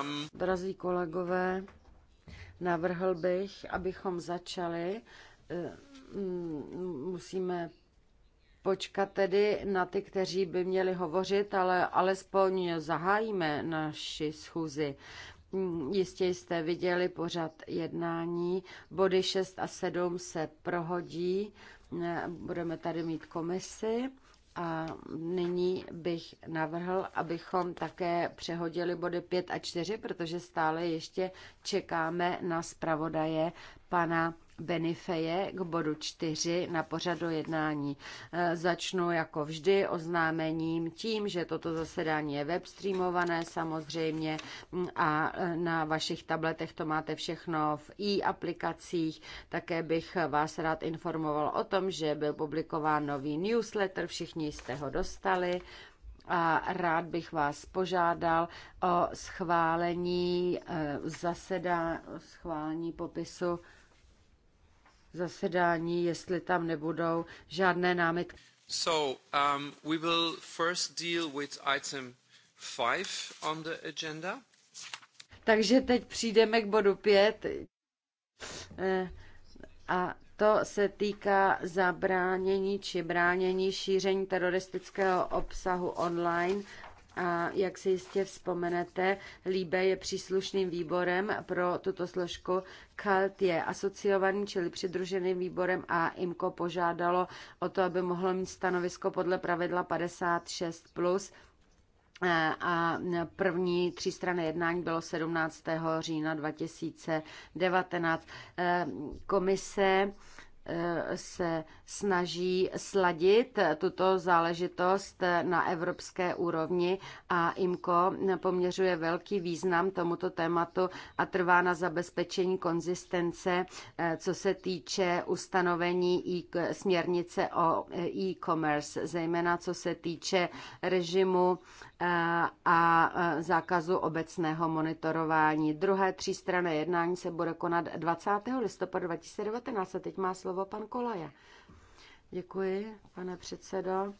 um... Drazí kolegové, navrhl bych, abychom začali. Eh, mm, musíme počkat tedy na ty, kteří by měli hovořit, ale alespoň zahájíme naši schůzi. Mm, jistě jste viděli pořad jednání. Body 6 a 7 se prohodí. Eh, budeme tady mít komisi a nyní bych navrhl, abychom také přehodili body 5 a 4, protože stále ještě čekáme na zpravodaje pana Benifeje k bodu 4 na pořadu jednání. E, začnu jako vždy oznámením tím, že toto zasedání je webstreamované samozřejmě a e, na vašich tabletech to máte všechno v e-aplikacích. Také bych vás rád informoval o tom, že byl publikován nový newsletter, všichni jste ho dostali a rád bych vás požádal o schválení o e, schválení popisu zasedání, jestli tam nebudou žádné námitky. So, um, we will first deal with item five on the agenda. Takže teď přijdeme k bodu pět. Eh, a to se týká zabránění či bránění šíření teroristického obsahu online a jak si jistě vzpomenete, Líbe je příslušným výborem pro tuto složku. KALT je asociovaný, čili přidruženým výborem a IMKO požádalo o to, aby mohlo mít stanovisko podle pravidla 56+. Plus e, a první třístranné jednání bylo 17. října 2019. E, komise se snaží sladit tuto záležitost na evropské úrovni a IMCO poměřuje velký význam tomuto tématu a trvá na zabezpečení konzistence, eh, co se týče ustanovení směrnice o e-commerce, zejména co se týče režimu a zákazu obecného monitorování. Druhé třístrané jednání se bude konat 20. listopadu 2019 a teď má slovo pan Kolaja. Děkuji, pane předsedo.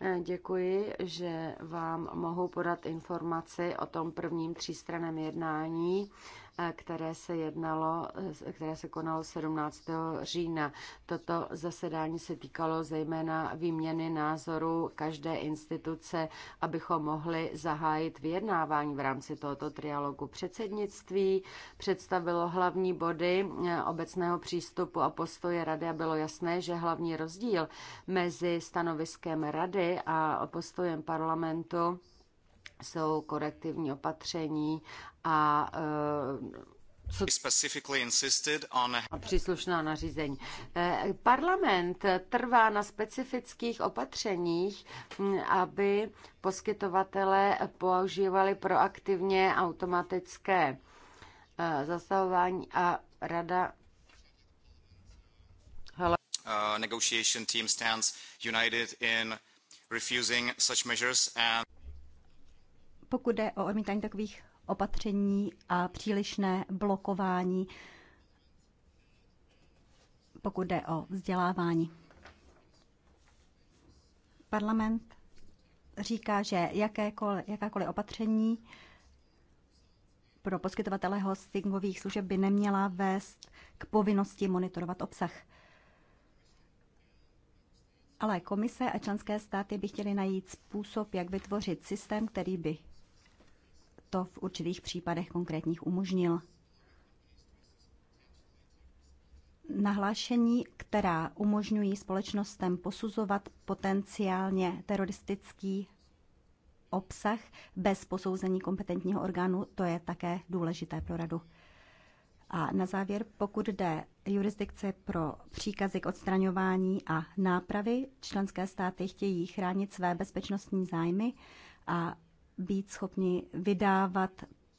Eh, děkuji, že vám mohu podat informaci o tom prvním třístraném jednání které se jednalo, které se konalo 17. října. Toto zasedání se týkalo zejména výměny názorů každé instituce, abychom mohli zahájit vyjednávání v rámci tohoto trialogu. Předsednictví představilo hlavní body obecného přístupu a postoje rady a bylo jasné, že hlavní rozdíl mezi stanoviskem rady a postojem parlamentu jsou korektivní opatření a eh, a příslušná nařízení. Eh, parlament trvá na specifických opatřeních, hm, aby poskytovatele používali proaktivně automatické eh, zasahování a rada Hello. Uh, negotiation team stands united in refusing such measures and pokud jde o odmítání takových opatření a přílišné blokování, pokud jde o vzdělávání. Parlament říká, že jakékoliv, jakákoliv opatření pro poskytovatele hostingových služeb by neměla vést k povinnosti monitorovat obsah. Ale komise a členské státy by chtěly najít způsob, jak vytvořit systém, který by to v určitých případech konkrétních umožnil. Nahlášení, která umožňují společnostem posuzovat potenciálně teroristický obsah bez posouzení kompetentního orgánu, to je také důležité pro radu. A na závěr, pokud jde jurisdikce pro příkazy k odstraňování a nápravy, členské státy chtějí chránit své bezpečnostní zájmy a být schopni vydávat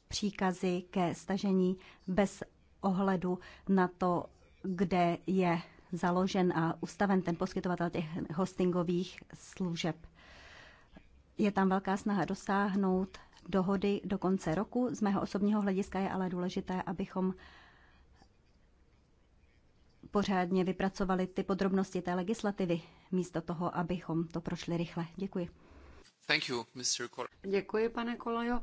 příkazy ke stažení bez ohledu na to, kde je založen a ustaven ten poskytovatel těch hostingových služeb. Je tam velká snaha dosáhnout dohody do konce roku. Z mého osobního hlediska je ale důležité, abychom pořádně vypracovali ty podrobnosti té legislativy, místo toho, abychom to prošli rychle. Děkuji. Thank you, Mr. Děkuji, pane Kolojo.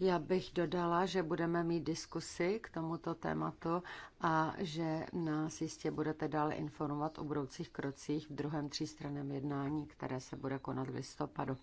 Já bych dodala, že budeme mít diskusy k tomuto tématu a že nás jistě budete dále informovat o budoucích krocích v druhém třístraném jednání, které se bude konat v listopadu.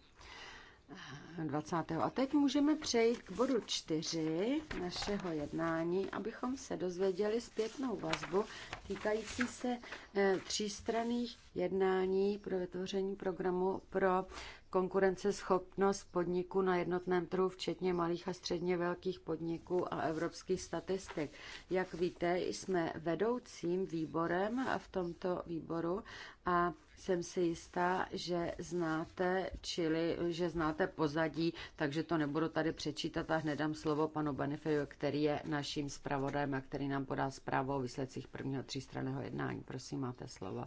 20. A teď můžeme přejít k bodu 4 našeho jednání, abychom se dozvěděli zpětnou vazbu týkající se eh, třístranných jednání pro vytvoření programu pro konkurenceschopnost podniků na jednotném trhu, včetně malých a středně velkých podniků a evropských statistik. Jak víte, jsme vedoucím výborem v tomto výboru a jsem si jistá, že znáte, čili že znáte pozadí, takže to nebudu tady přečítat a hned dám slovo panu Benefeju, který je naším zpravodajem a který nám podá zprávu o výsledcích prvního třístraného jednání. Prosím, máte slovo.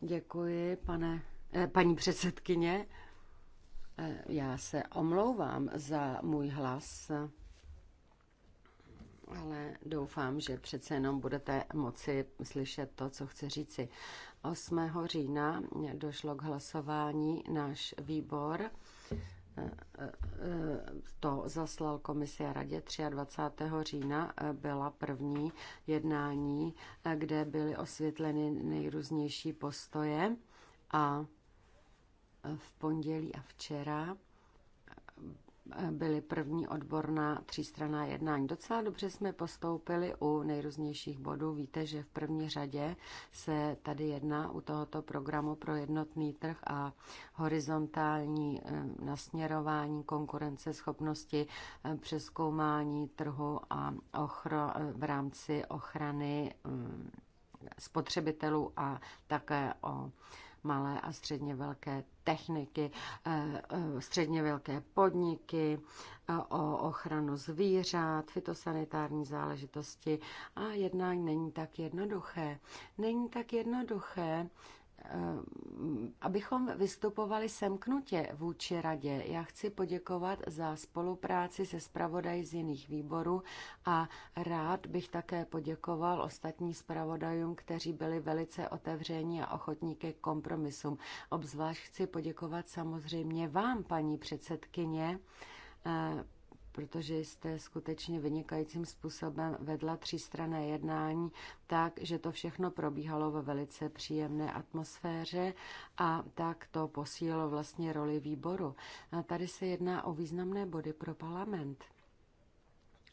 Děkuji, pane, eh, paní předsedkyně. Eh, já se omlouvám za můj hlas, ale doufám, že přece jenom budete moci slyšet to, co chci říci. Eh, 8. října došlo k hlasování. Náš výbor eh, eh, to zaslal komisi a radě 23. října eh, byla první jednání, kde byly osvětleny nejrůznější postoje a v pondělí a včera byly první odborná třístraná jednání. Docela dobře jsme postoupili u nejrůznějších bodů. Víte, že v první řadě se tady jedná u tohoto programu pro jednotný trh a horizontální eh, nasměrování konkurence schopnosti eh, přeskoumání trhu a ochro- eh, v rámci ochrany mm, spotřebitelů a také o malé a středně velké techniky, eh, eh, středně velké podniky, eh, o ochranu zvířat, fitosanitární záležitosti. A jednání není tak jednoduché. Není tak jednoduché Ehm, abychom vystupovali semknutě vůči radě. Já chci poděkovat za spolupráci se zpravodaji z jiných výborů a rád bych také poděkoval ostatním zpravodajům, kteří byli velice otevření a ochotní ke kompromisům. Obzvlášť chci poděkovat samozřejmě vám, paní předsedkyně, ehm, protože jste skutečně vynikajícím způsobem vedla třístrané jednání tak, že to všechno probíhalo ve velice příjemné atmosféře a tak to posílilo vlastně roli výboru. A tady se jedná o významné body pro parlament.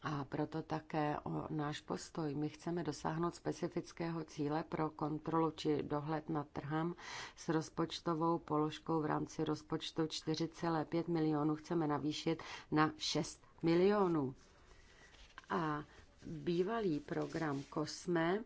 A proto také o náš postoj. My chceme dosáhnout specifického cíle pro kontrolu či dohled nad trhem s rozpočtovou položkou v rámci rozpočtu 4,5 milionů chceme navýšit na 6 milionů. A bývalý program COSME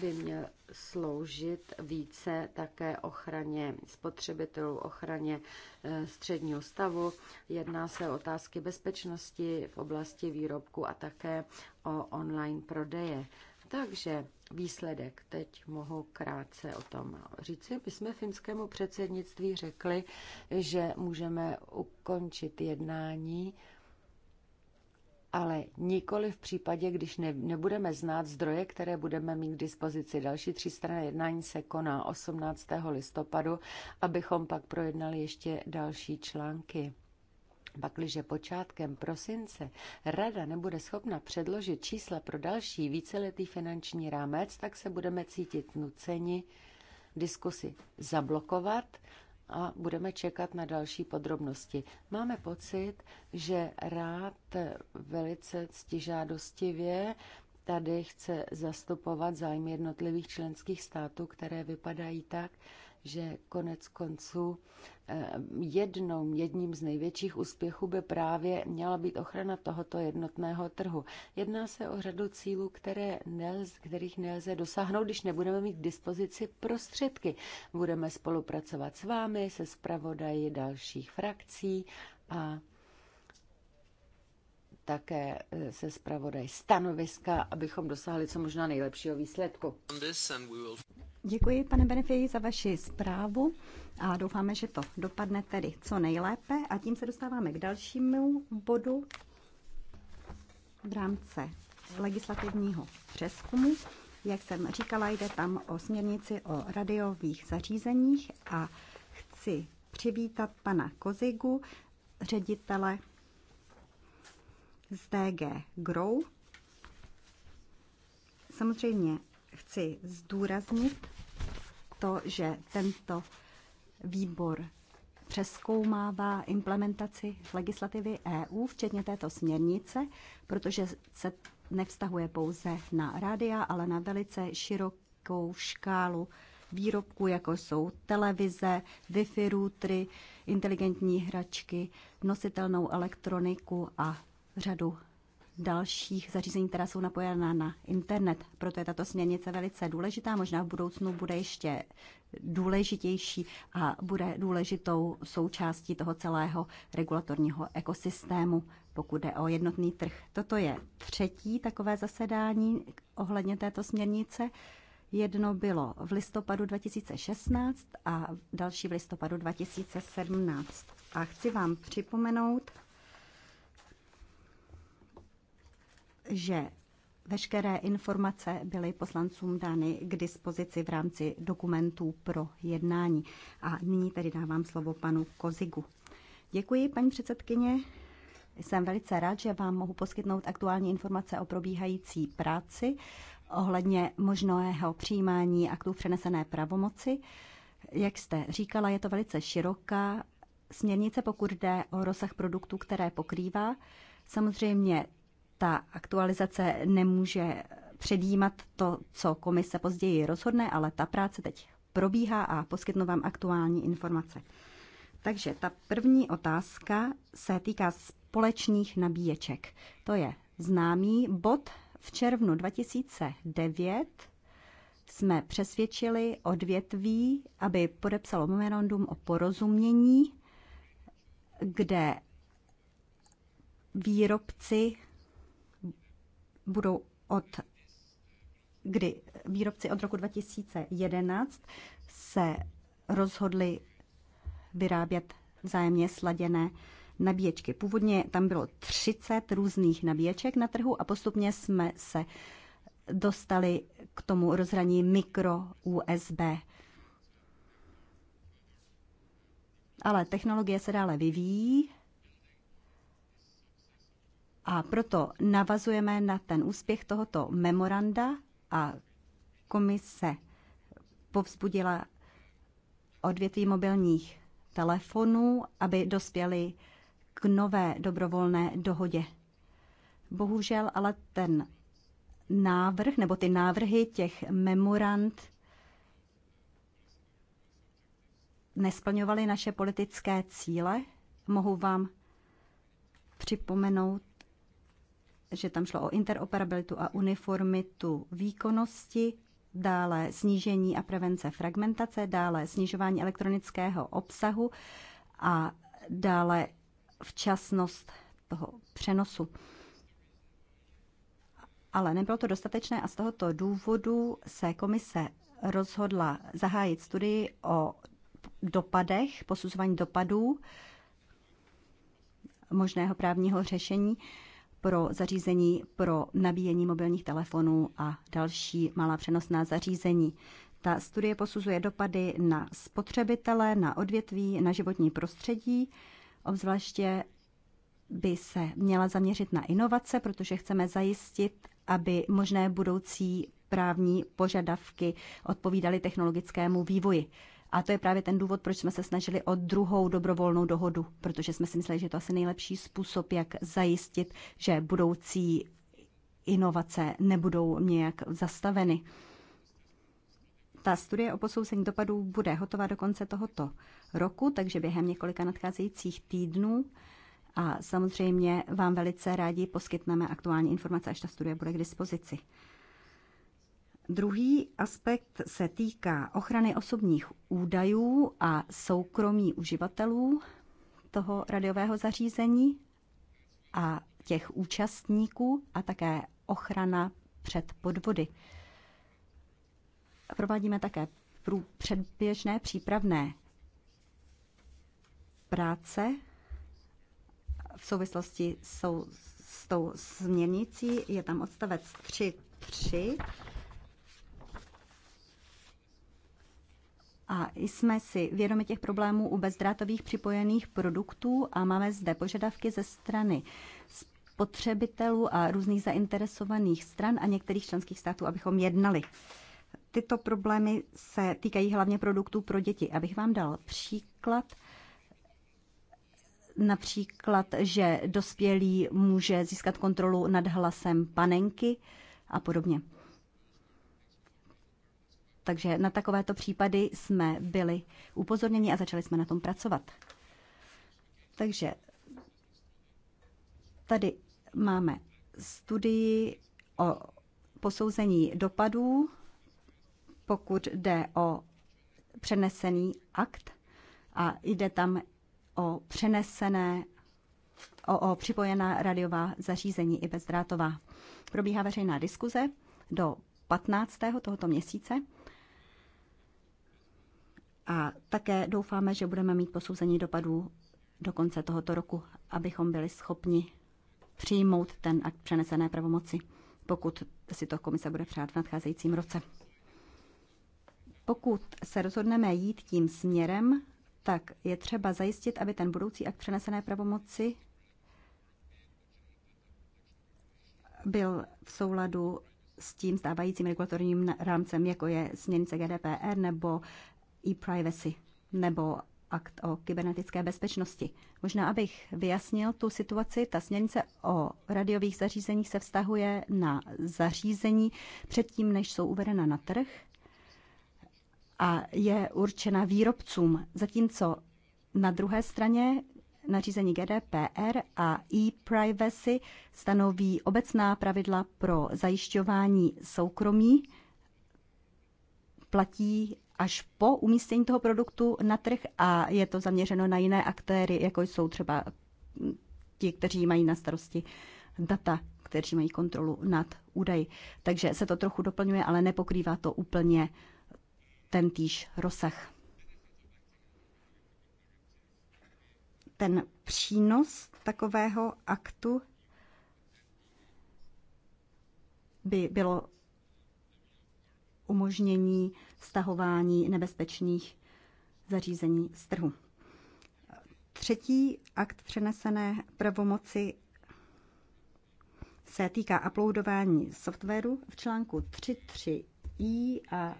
by měl sloužit více také ochraně spotřebitelů, ochraně eh, středního stavu. Jedná se o otázky bezpečnosti v oblasti výrobku a také o online prodeje. Takže výsledek. Teď mohu krátce o tom říci. My jsme finskému předsednictví řekli, že můžeme ukončit jednání, ale nikoli v případě, když ne, nebudeme znát zdroje, které budeme mít k dispozici. Další strany jednání se koná 18. listopadu, abychom pak projednali ještě další články. Pakliže počátkem prosince Rada nebude schopna předložit čísla pro další víceletý finanční rámec, tak se budeme cítit nuceni diskusi zablokovat a budeme čekat na další podrobnosti. Máme pocit, že rád velice ctižádostivě tady chce zastupovat zájmy jednotlivých členských států, které vypadají tak, že konec konců eh, jednou, jedním z největších úspěchů by právě měla být ochrana tohoto jednotného trhu. Jedná se o řadu cílů, které nelze, kterých nelze dosáhnout, když nebudeme mít k dispozici prostředky. Budeme spolupracovat s vámi, se zpravodaji dalších frakcí a také eh, se zpravodaj stanoviska, abychom dosáhli co možná nejlepšího výsledku. Děkuji, pane Benefii, za vaši zprávu a doufáme, že to dopadne tedy co nejlépe. A tím se dostáváme k dalšímu bodu v rámci legislativního přeskumu. Jak jsem říkala, jde tam o směrnici o radiových zařízeních a chci přivítat pana Kozigu, ředitele z DG Grow. Samozřejmě chci zdůraznit to, že tento výbor přeskoumává implementaci legislativy EU, včetně této směrnice, protože se nevztahuje pouze na rádia, ale na velice širokou škálu výrobků, jako jsou televize, Wi-Fi routery, inteligentní hračky, nositelnou elektroniku a řadu dalších zařízení, která jsou napojena na internet. Proto je tato směrnice velice důležitá, možná v budoucnu bude ještě důležitější a bude důležitou součástí toho celého regulatorního ekosystému, pokud jde o jednotný trh. Toto je třetí takové zasedání ohledně této směrnice. Jedno bylo v listopadu 2016 a další v listopadu 2017. A chci vám připomenout, že veškeré informace byly poslancům dány k dispozici v rámci dokumentů pro jednání. A nyní tedy dávám slovo panu Kozigu. Děkuji, paní předsedkyně. Jsem velice rád, že vám mohu poskytnout aktuální informace o probíhající práci ohledně možného přijímání aktů přenesené pravomoci. Jak jste říkala, je to velice široká směrnice, pokud jde o rozsah produktů, které pokrývá. Samozřejmě ta aktualizace nemůže předjímat to, co komise později rozhodne, ale ta práce teď probíhá a poskytnu vám aktuální informace. Takže ta první otázka se týká společných nabíječek. To je známý bod. V červnu 2009 jsme přesvědčili odvětví, aby podepsalo memorandum o porozumění, kde výrobci budou od kdy výrobci od roku 2011 se rozhodli vyrábět vzájemně sladěné nabíječky. Původně tam bylo 30 různých nabíječek na trhu a postupně jsme se dostali k tomu rozhraní mikro USB. Ale technologie se dále vyvíjí a proto navazujeme na ten úspěch tohoto memoranda a komise povzbudila odvětví mobilních telefonů, aby dospěli k nové dobrovolné dohodě. Bohužel ale ten návrh nebo ty návrhy těch memorand nesplňovaly naše politické cíle. Mohu vám připomenout že tam šlo o interoperabilitu a uniformitu výkonnosti, dále snížení a prevence fragmentace, dále snižování elektronického obsahu a dále včasnost toho přenosu. Ale nebylo to dostatečné a z tohoto důvodu se komise rozhodla zahájit studii o dopadech, posuzování dopadů možného právního řešení pro zařízení pro nabíjení mobilních telefonů a další malá přenosná zařízení. Ta studie posuzuje dopady na spotřebitele, na odvětví, na životní prostředí. Obzvláště by se měla zaměřit na inovace, protože chceme zajistit, aby možné budoucí právní požadavky odpovídaly technologickému vývoji. A to je právě ten důvod, proč jsme se snažili o druhou dobrovolnou dohodu, protože jsme si mysleli, že je to asi nejlepší způsob, jak zajistit, že budoucí inovace nebudou nějak zastaveny. Ta studie o posouzení dopadů bude hotová do konce tohoto roku, takže během několika nadcházejících týdnů. A samozřejmě vám velice rádi poskytneme aktuální informace, až ta studie bude k dispozici. Druhý aspekt se týká ochrany osobních údajů a soukromí uživatelů toho radiového zařízení a těch účastníků a také ochrana před podvody. Provádíme také předběžné přípravné práce v souvislosti s, tou směrnicí. Je tam odstavec 3.3 A jsme si vědomi těch problémů u bezdrátových připojených produktů a máme zde požadavky ze strany spotřebitelů a různých zainteresovaných stran a některých členských států, abychom jednali. Tyto problémy se týkají hlavně produktů pro děti. Abych vám dal příklad, například, že dospělý může získat kontrolu nad hlasem panenky a podobně. Takže na takovéto případy jsme byli upozorněni a začali jsme na tom pracovat. Takže tady máme studii o posouzení dopadů, pokud jde o přenesený akt a jde tam o přenesené, o, o připojená radiová zařízení i bezdrátová. Probíhá veřejná diskuze do 15. tohoto měsíce. A také doufáme, že budeme mít posouzení dopadů do konce tohoto roku, abychom byli schopni přijmout ten akt přenesené pravomoci, pokud si to komise bude přát v nadcházejícím roce. Pokud se rozhodneme jít tím směrem, tak je třeba zajistit, aby ten budoucí akt přenesené pravomoci byl v souladu s tím stávajícím regulatorním rámcem, jako je směrnice GDPR nebo e-privacy nebo akt o kybernetické bezpečnosti. Možná, abych vyjasnil tu situaci, ta směrnice o radiových zařízeních se vztahuje na zařízení předtím, než jsou uvedena na trh a je určena výrobcům, zatímco na druhé straně nařízení GDPR a e-privacy stanoví obecná pravidla pro zajišťování soukromí, platí až po umístění toho produktu na trh a je to zaměřeno na jiné aktéry, jako jsou třeba hm, ti, kteří mají na starosti data, kteří mají kontrolu nad údaji. Takže se to trochu doplňuje, ale nepokrývá to úplně ten týž rozsah. Ten přínos takového aktu by bylo umožnění stahování nebezpečných zařízení z trhu. Třetí akt přenesené pravomoci se týká uploadování softwaru v článku 3.3i a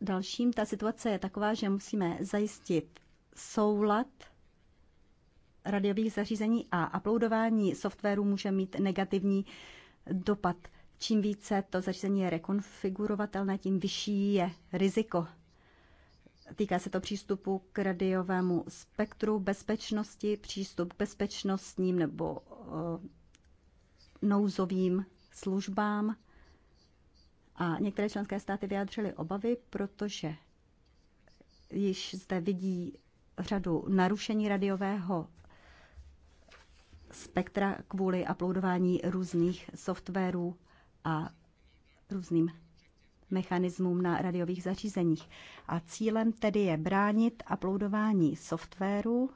dalším. Ta situace je taková, že musíme zajistit soulad radiových zařízení a uploadování softwaru může mít negativní dopad Čím více to zařízení je rekonfigurovatelné, tím vyšší je riziko. Týká se to přístupu k radiovému spektru bezpečnosti, přístup k bezpečnostním nebo eh, nouzovým službám. A některé členské státy vyjádřily obavy, protože již zde vidí řadu narušení radiového spektra kvůli uploadování různých softwarů a různým mechanismům na radiových zařízeních. A cílem tedy je bránit uploadování softwaru,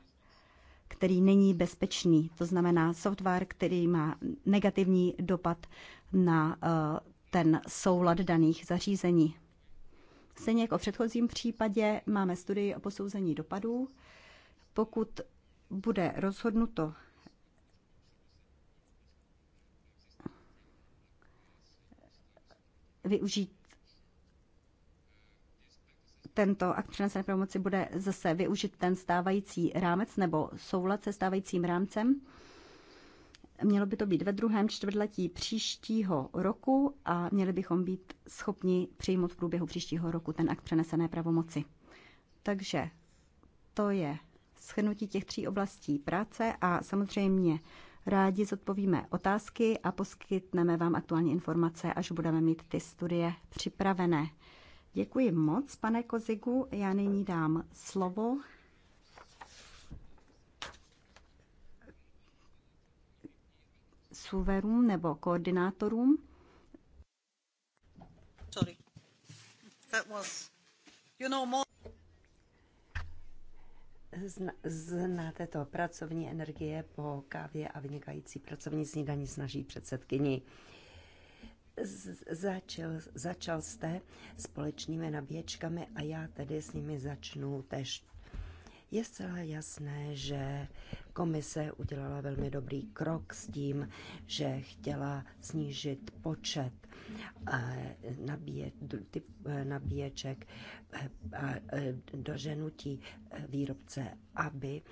který není bezpečný. To znamená software, který má negativní dopad na eh, ten soulad daných zařízení. Stejně jako v předchozím případě máme studii o posouzení dopadů. Pokud bude rozhodnuto využít tento akt přenesené pravomoci bude zase využit ten stávající rámec nebo soulad se stávajícím rámcem. Mělo by to být ve druhém čtvrtletí příštího roku a měli bychom být schopni přijmout v průběhu příštího roku ten akt přenesené pravomoci. Takže to je schrnutí těch tří oblastí práce a samozřejmě Rádi zodpovíme otázky a poskytneme vám aktuální informace, až budeme mít ty studie připravené. Děkuji moc, pane Kozigu. Já nyní dám slovo suverům nebo koordinátorům. Sorry. That was... You know more Znáte to, pracovní energie po kávě a vynikající pracovní snídaní s naší předsedkyní. Začal, začal jste společnými nabíječkami a já tedy s nimi začnu tež. Je zcela jasné, že komise udělala velmi dobrý krok s tím, že chtěla snížit počet nabíje, typ e, nabíječek e, a e, doženutí výrobce, aby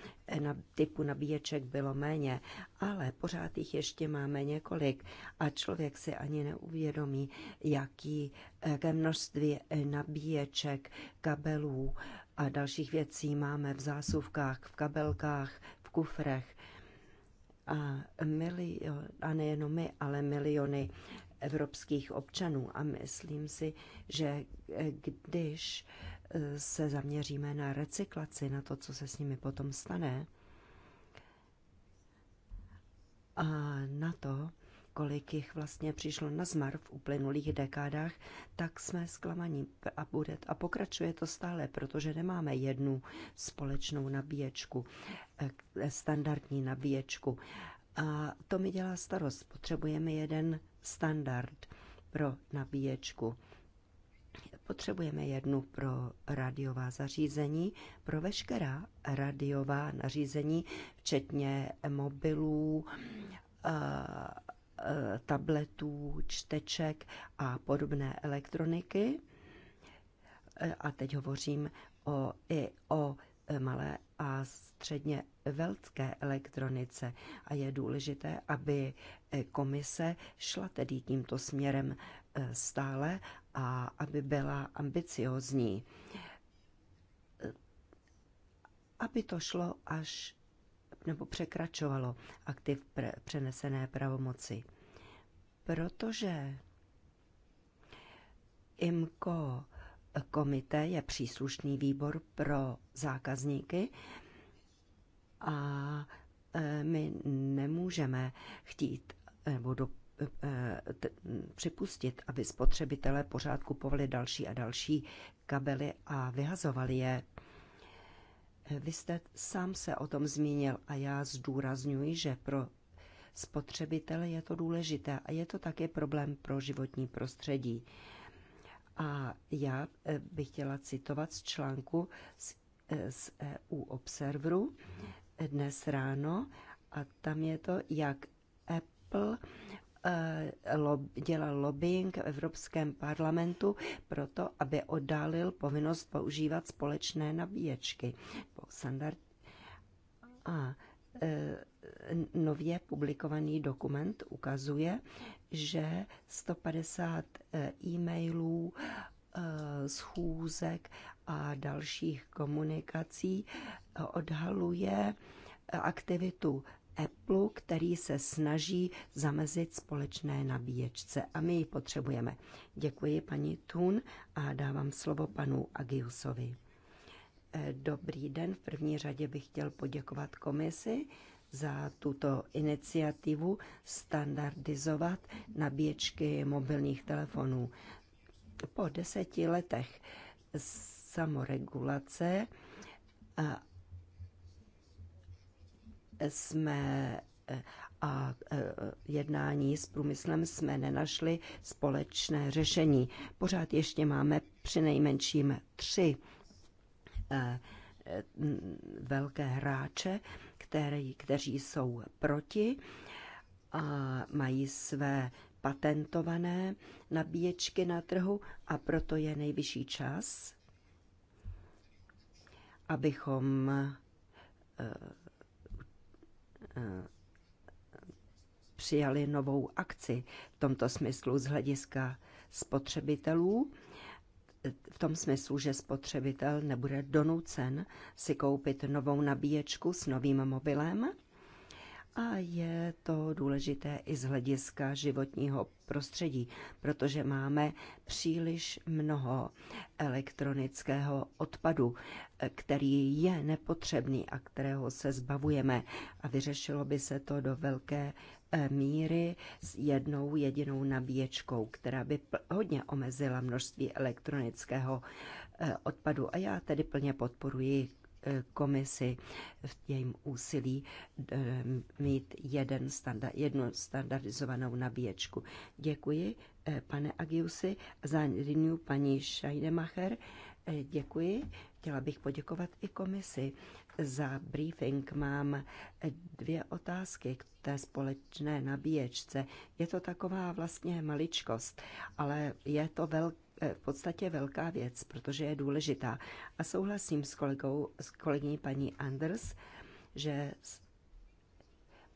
na typu nabíječek bylo méně, ale pořád jich ještě máme několik a člověk si ani neuvědomí, jaký, jaké množství nabíječek, kabelů a dalších věcí máme v zásuvkách, v kabelkách, v kufrech a, milion, a nejenom my, ale miliony evropských občanů. A myslím si, že eh, když eh, se zaměříme na recyklaci, na to, co se s nimi potom stane, a na to, kolik jich vlastně přišlo na zmar v uplynulých dekádách, tak jsme zklamaní a, bude, a pokračuje to stále, protože nemáme jednu společnou nabíječku, eh, standardní nabíječku. A to mi dělá starost. Potřebujeme jeden standard pro nabíječku. Potřebujeme jednu pro rádiová zařízení, pro veškerá rádiová nařízení, včetně mobilů, tabletů, čteček a podobné elektroniky. A teď hovořím o, i o malé a středně velké elektronice a je důležité, aby eh, komise šla tedy tímto směrem eh, stále a aby byla ambiciozní. Eh, aby to šlo až nebo překračovalo aktiv přenesené pravomoci. Protože IMCO komité je příslušný výbor pro zákazníky a e, my nemůžeme chtít e, nebo do, e, připustit, aby spotřebitelé pořád kupovali další a další kabely a vyhazovali je. Vy jste sám se o tom zmínil a já zdůrazňuji, že pro spotřebitele je to důležité a je to také problém pro životní prostředí. A já eh, bych chtěla citovat z článku z, eh, z EU Observeru dnes ráno a tam je to, jak Apple eh, dělal lobbying v Evropském parlamentu proto, aby oddálil povinnost používat společné nabíječky. Standard a Eh, nově publikovaný dokument ukazuje, že 150 eh, e-mailů, eh, schůzek a dalších komunikací odhaluje aktivitu Apple, který se snaží zamezit společné nabíječce a my ji potřebujeme. Děkuji paní Tun a dávám slovo panu Agiusovi. Dobrý den. V první řadě bych chtěl poděkovat komisi za tuto iniciativu standardizovat nabíječky mobilních telefonů. Po deseti letech samoregulace jsme a jednání s průmyslem jsme nenašli společné řešení. Pořád ještě máme při nejmenším tři Eh, mm, velké hráče, který, kteří jsou proti a mají své patentované nabíječky na trhu a proto je nejvyšší čas, abychom eh, eh, přijali novou akci v tomto smyslu z hlediska spotřebitelů v tom smyslu, že spotřebitel nebude donucen si koupit novou nabíječku s novým mobilem. A je to důležité i z hlediska životního prostředí, protože máme příliš mnoho elektronického odpadu, který je nepotřebný a kterého se zbavujeme. A vyřešilo by se to do velké míry s jednou jedinou nabíječkou, která by hodně omezila množství elektronického eh, odpadu. A já tedy plně podporuji eh, komisi v jejím úsilí mít jeden standard, jednu standardizovanou nabíječku. Děkuji, eh, pane Agiusi, za paní Scheidemacher. Děkuji. Chtěla bych poděkovat i komisi za briefing mám dvě otázky k té společné nabíječce. Je to taková vlastně maličkost, ale je to velk, eh, v podstatě velká věc, protože je důležitá. A souhlasím s kolegou, s kolegyní paní Anders, že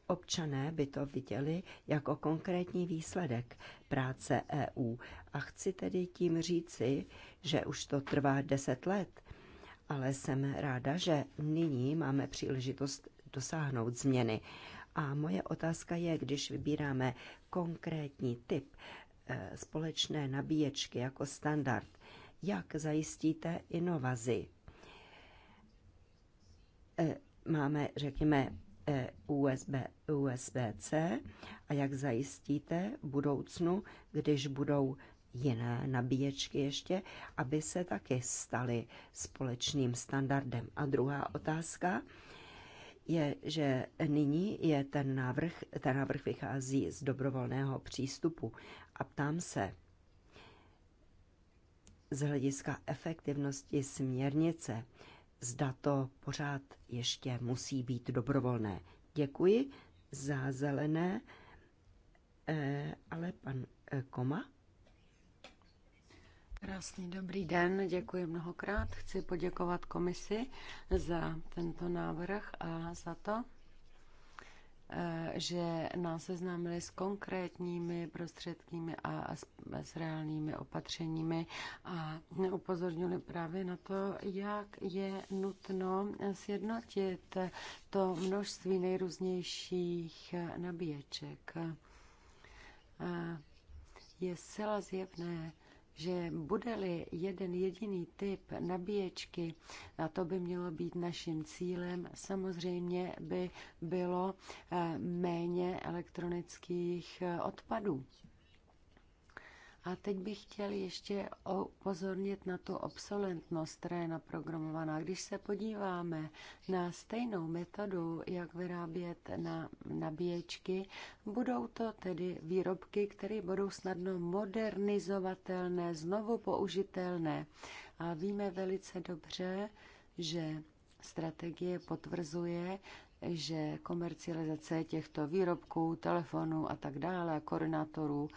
občané by to viděli jako konkrétní výsledek práce EU. A chci tedy tím říci, že už to trvá deset let ale jsem ráda, že nyní máme příležitost dosáhnout změny. A moje otázka je, když vybíráme konkrétní typ eh, společné nabíječky jako standard, jak zajistíte inovazi? Eh, máme, řekněme, eh, USB, USB-C a jak zajistíte budoucnu, když budou jiné nabíječky ještě, aby se taky staly společným standardem. A druhá otázka je, že nyní je ten návrh, ten návrh vychází z dobrovolného přístupu. A ptám se, z hlediska efektivnosti směrnice, zda to pořád ještě musí být dobrovolné. Děkuji za zelené, eh, ale pan eh, Koma? Krásný dobrý den, děkuji mnohokrát. Chci poděkovat komisi za tento návrh a za to, eh, že nás seznámili s konkrétními prostředkými a s reálnými opatřeními a upozornili právě na to, jak je nutno sjednotit to množství nejrůznějších nabíječek. Eh, je zcela zjevné, že bude-li jeden jediný typ nabíječky, a to by mělo být naším cílem, samozřejmě by bylo eh, méně elektronických eh, odpadů. A teď bych chtěl ještě upozornit na tu obsolentnost, která je naprogramovaná. Když se podíváme na stejnou metodu, jak vyrábět na nabíječky, budou to tedy výrobky, které budou snadno modernizovatelné, znovu použitelné. A víme velice dobře, že strategie potvrzuje, že komercializace těchto výrobků, telefonů a tak dále, koordinátorů,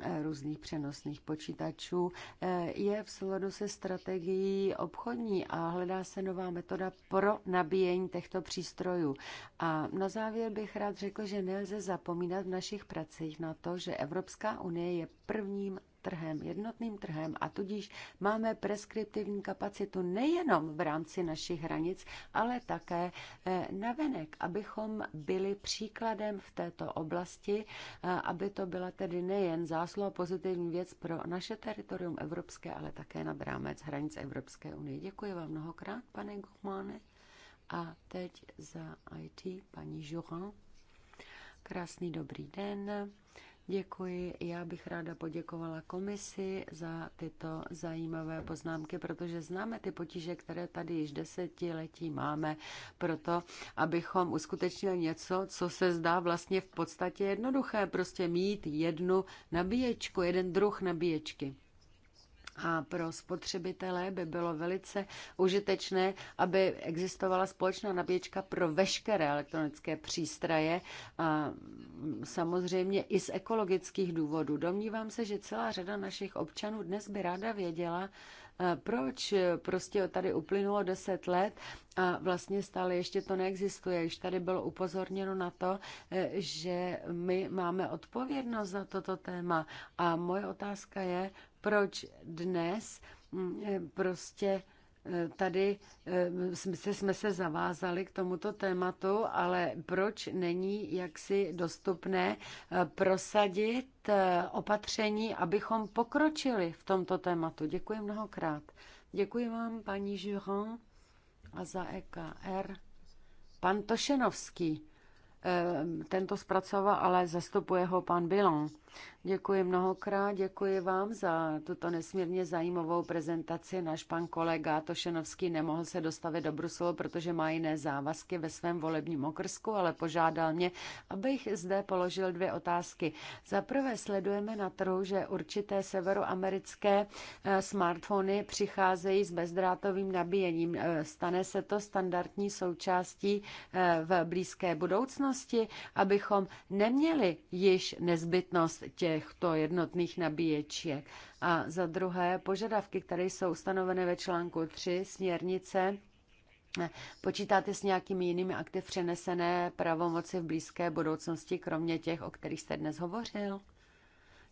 Eh, různých přenosných počítačů eh, je v souladu se strategií obchodní a hledá se nová metoda pro nabíjení těchto přístrojů. A na závěr bych rád řekl, že nelze zapomínat v našich pracích na to, že Evropská unie je prvním trhem, jednotným trhem a tudíž máme preskriptivní kapacitu nejenom v rámci našich hranic, ale také eh, navenek, abychom byli příkladem v této oblasti, eh, aby to byla tedy nejen zásluha pozitivní věc pro naše teritorium evropské, ale také nad rámec hranic Evropské unie. Děkuji vám mnohokrát, pane Guchmane. A teď za IT paní Joran. Krásný dobrý den. Děkuji. Já bych ráda poděkovala komisi za tyto zajímavé poznámky, protože známe ty potíže, které tady již desetiletí máme, proto abychom uskutečnili něco, co se zdá vlastně v podstatě jednoduché, prostě mít jednu nabíječku, jeden druh nabíječky. A pro spotřebitele by bylo velice užitečné, aby existovala společná nabíječka pro veškeré elektronické přístroje, a samozřejmě i z ekologických důvodů. Domnívám se, že celá řada našich občanů dnes by ráda věděla, eh, proč prostě tady uplynulo deset let a vlastně stále ještě to neexistuje. Již tady bylo upozorněno na to, eh, že my máme odpovědnost za toto téma. A moje otázka je, proč dnes mm, eh, prostě eh, tady eh, jsme se zavázali k tomuto tématu, ale proč není jaksi dostupné prosadit opatření, abychom pokročili v tomto tématu? Děkuji mnohokrát. Děkuji vám, paní Juron, a za EKR. Pan Tošenovský, tento zpracoval, ale zastupuje ho pan Bilon. Děkuji mnohokrát, děkuji vám za tuto nesmírně zajímavou prezentaci. Náš pan kolega Tošenovský nemohl se dostavit do Bruselu, protože má jiné závazky ve svém volebním okrsku, ale požádal mě, abych zde položil dvě otázky. Za prvé sledujeme na trhu, že určité severoamerické eh, smartfony přicházejí s bezdrátovým nabíjením. Eh, stane se to standardní součástí eh, v blízké budoucnosti, abychom neměli již nezbytnost těchto jednotných nabíječek. A za druhé, požadavky, které jsou stanoveny ve článku 3 směrnice, Počítáte s nějakými jinými akty přenesené pravomoci v blízké budoucnosti, kromě těch, o kterých jste dnes hovořil?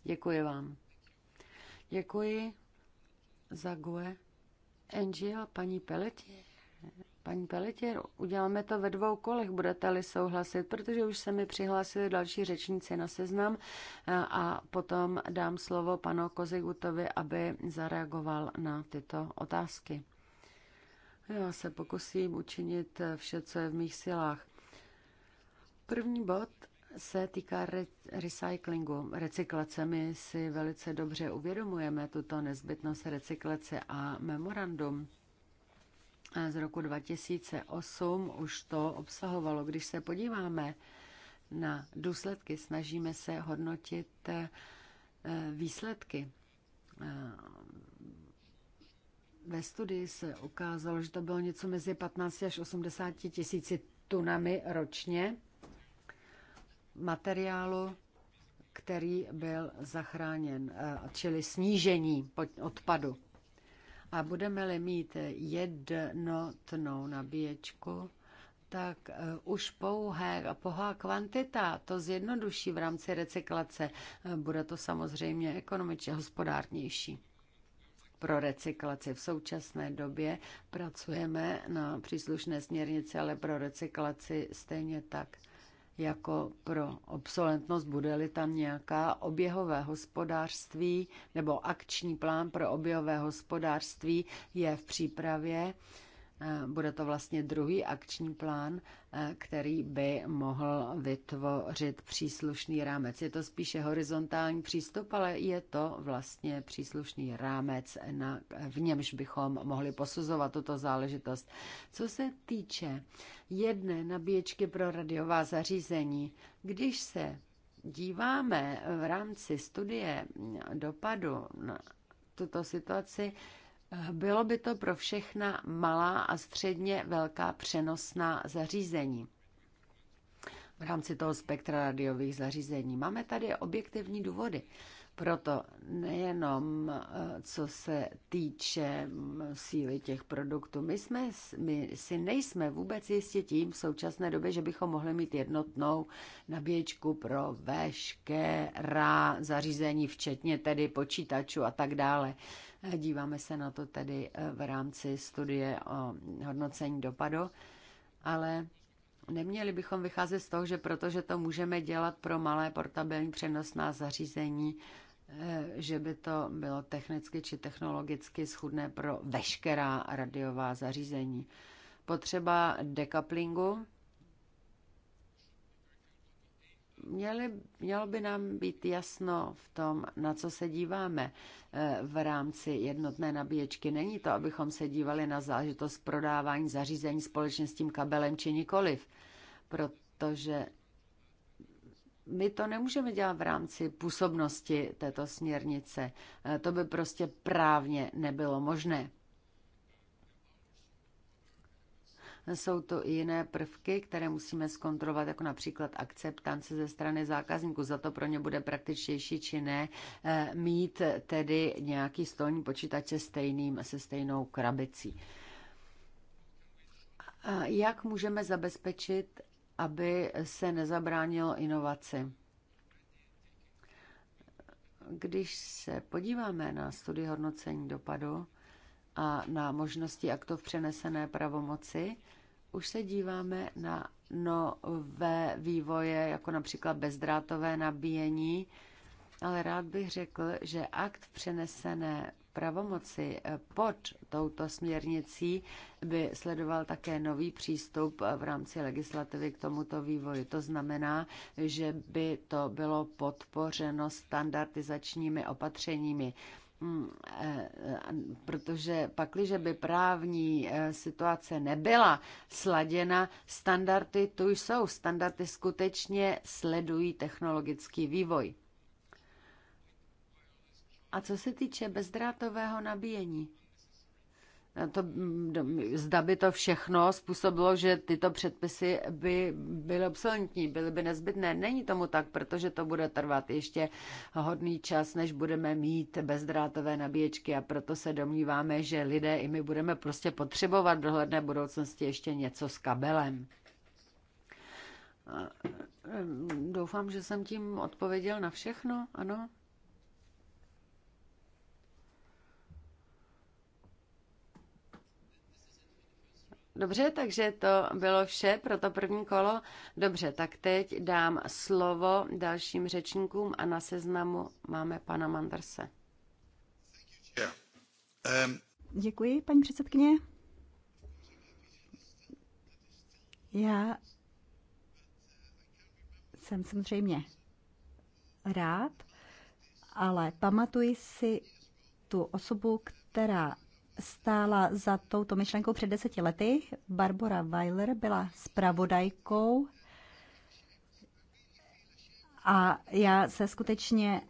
Děkuji vám. Děkuji za GUE. NGL paní Peleti. Paní Pelitěr, uděláme to ve dvou kolech, budete-li souhlasit, protože už se mi přihlásili další řečníci na seznam eh, a potom dám slovo panu Kozigutovi, aby zareagoval na tyto otázky. Já se pokusím učinit eh, vše, co je v mých silách. První bod se týká re- recyklingu. Recyklace my si velice dobře uvědomujeme tuto nezbytnost recyklace a memorandum z roku 2008 už to obsahovalo. Když se podíváme na důsledky, snažíme se hodnotit eh, výsledky. Ve studii se ukázalo, že to bylo něco mezi 15 až 80 tisíci tunami ročně materiálu, který byl zachráněn, eh, čili snížení odpadu. A budeme-li mít jednotnou nabíječku, tak eh, už pouhé, pohá kvantita, to zjednoduší v rámci recyklace. Eh, bude to samozřejmě ekonomičně hospodárnější. Pro recyklaci v současné době pracujeme na příslušné směrnici, ale pro recyklaci stejně tak jako pro obsolentnost, bude-li tam nějaká oběhové hospodářství nebo akční plán pro oběhové hospodářství je v přípravě Eh, bude to vlastně druhý akční plán, eh, který by mohl vytvořit příslušný rámec. Je to spíše horizontální přístup, ale je to vlastně příslušný rámec, na, v němž bychom mohli posuzovat tuto záležitost. Co se týče jedné nabíječky pro radiová zařízení, když se díváme v rámci studie dopadu na tuto situaci, bylo by to pro všechna malá a středně velká přenosná zařízení v rámci toho spektra radiových zařízení. Máme tady objektivní důvody. Proto nejenom eh, co se týče mm, síly těch produktů, my, jsme, my si nejsme vůbec jistě tím v současné době, že bychom mohli mít jednotnou nabíječku pro veškerá zařízení, včetně tedy počítačů a tak dále. Díváme se na to tedy eh, v rámci studie o hodnocení dopadu, ale neměli bychom vycházet z toho, že protože to můžeme dělat pro malé portabilní přenosná zařízení, eh, že by to bylo technicky či technologicky schudné pro veškerá radiová zařízení. Potřeba dekaplingu, měli, mělo by nám být jasno v tom, na co se díváme eh, v rámci jednotné nabíječky. Není to, abychom se dívali na zážitost prodávání zařízení společně s tím kabelem či nikoliv, protože my to nemůžeme dělat v rámci působnosti této směrnice. Eh, to by prostě právně nebylo možné. Jsou to i jiné prvky, které musíme zkontrolovat, jako například akceptance ze strany zákazníků. Za to pro ně bude praktičtější či ne eh, mít tedy nějaký stolní počítač se, stejným, se stejnou krabicí. Jak můžeme zabezpečit, aby se nezabránilo inovaci? Když se podíváme na studii hodnocení dopadu, a na možnosti aktov přenesené pravomoci, už se díváme na nové vývoje, jako například bezdrátové nabíjení, ale rád bych řekl, že akt přenesené pravomoci pod touto směrnicí by sledoval také nový přístup v rámci legislativy k tomuto vývoji. To znamená, že by to bylo podpořeno standardizačními opatřeními. Mm, eh, eh, protože pakliže by právní eh, situace nebyla sladěna, standardy tu jsou, standardy skutečně sledují technologický vývoj. A co se týče bezdrátového nabíjení, to, zda by to všechno způsobilo, že tyto předpisy by byly obsolentní, byly by nezbytné. Není tomu tak, protože to bude trvat ještě hodný čas, než budeme mít bezdrátové nabíječky a proto se domníváme, že lidé i my budeme prostě potřebovat v dohledné budoucnosti ještě něco s kabelem. Doufám, že jsem tím odpověděl na všechno, ano? Dobře, takže to bylo vše pro to první kolo. Dobře, tak teď dám slovo dalším řečníkům a na seznamu máme pana Mandrse. Děkuji, paní předsedkyně. Já jsem samozřejmě rád, ale pamatuji si tu osobu, která stála za touto myšlenkou před deseti lety. Barbara Weiler byla spravodajkou a já se skutečně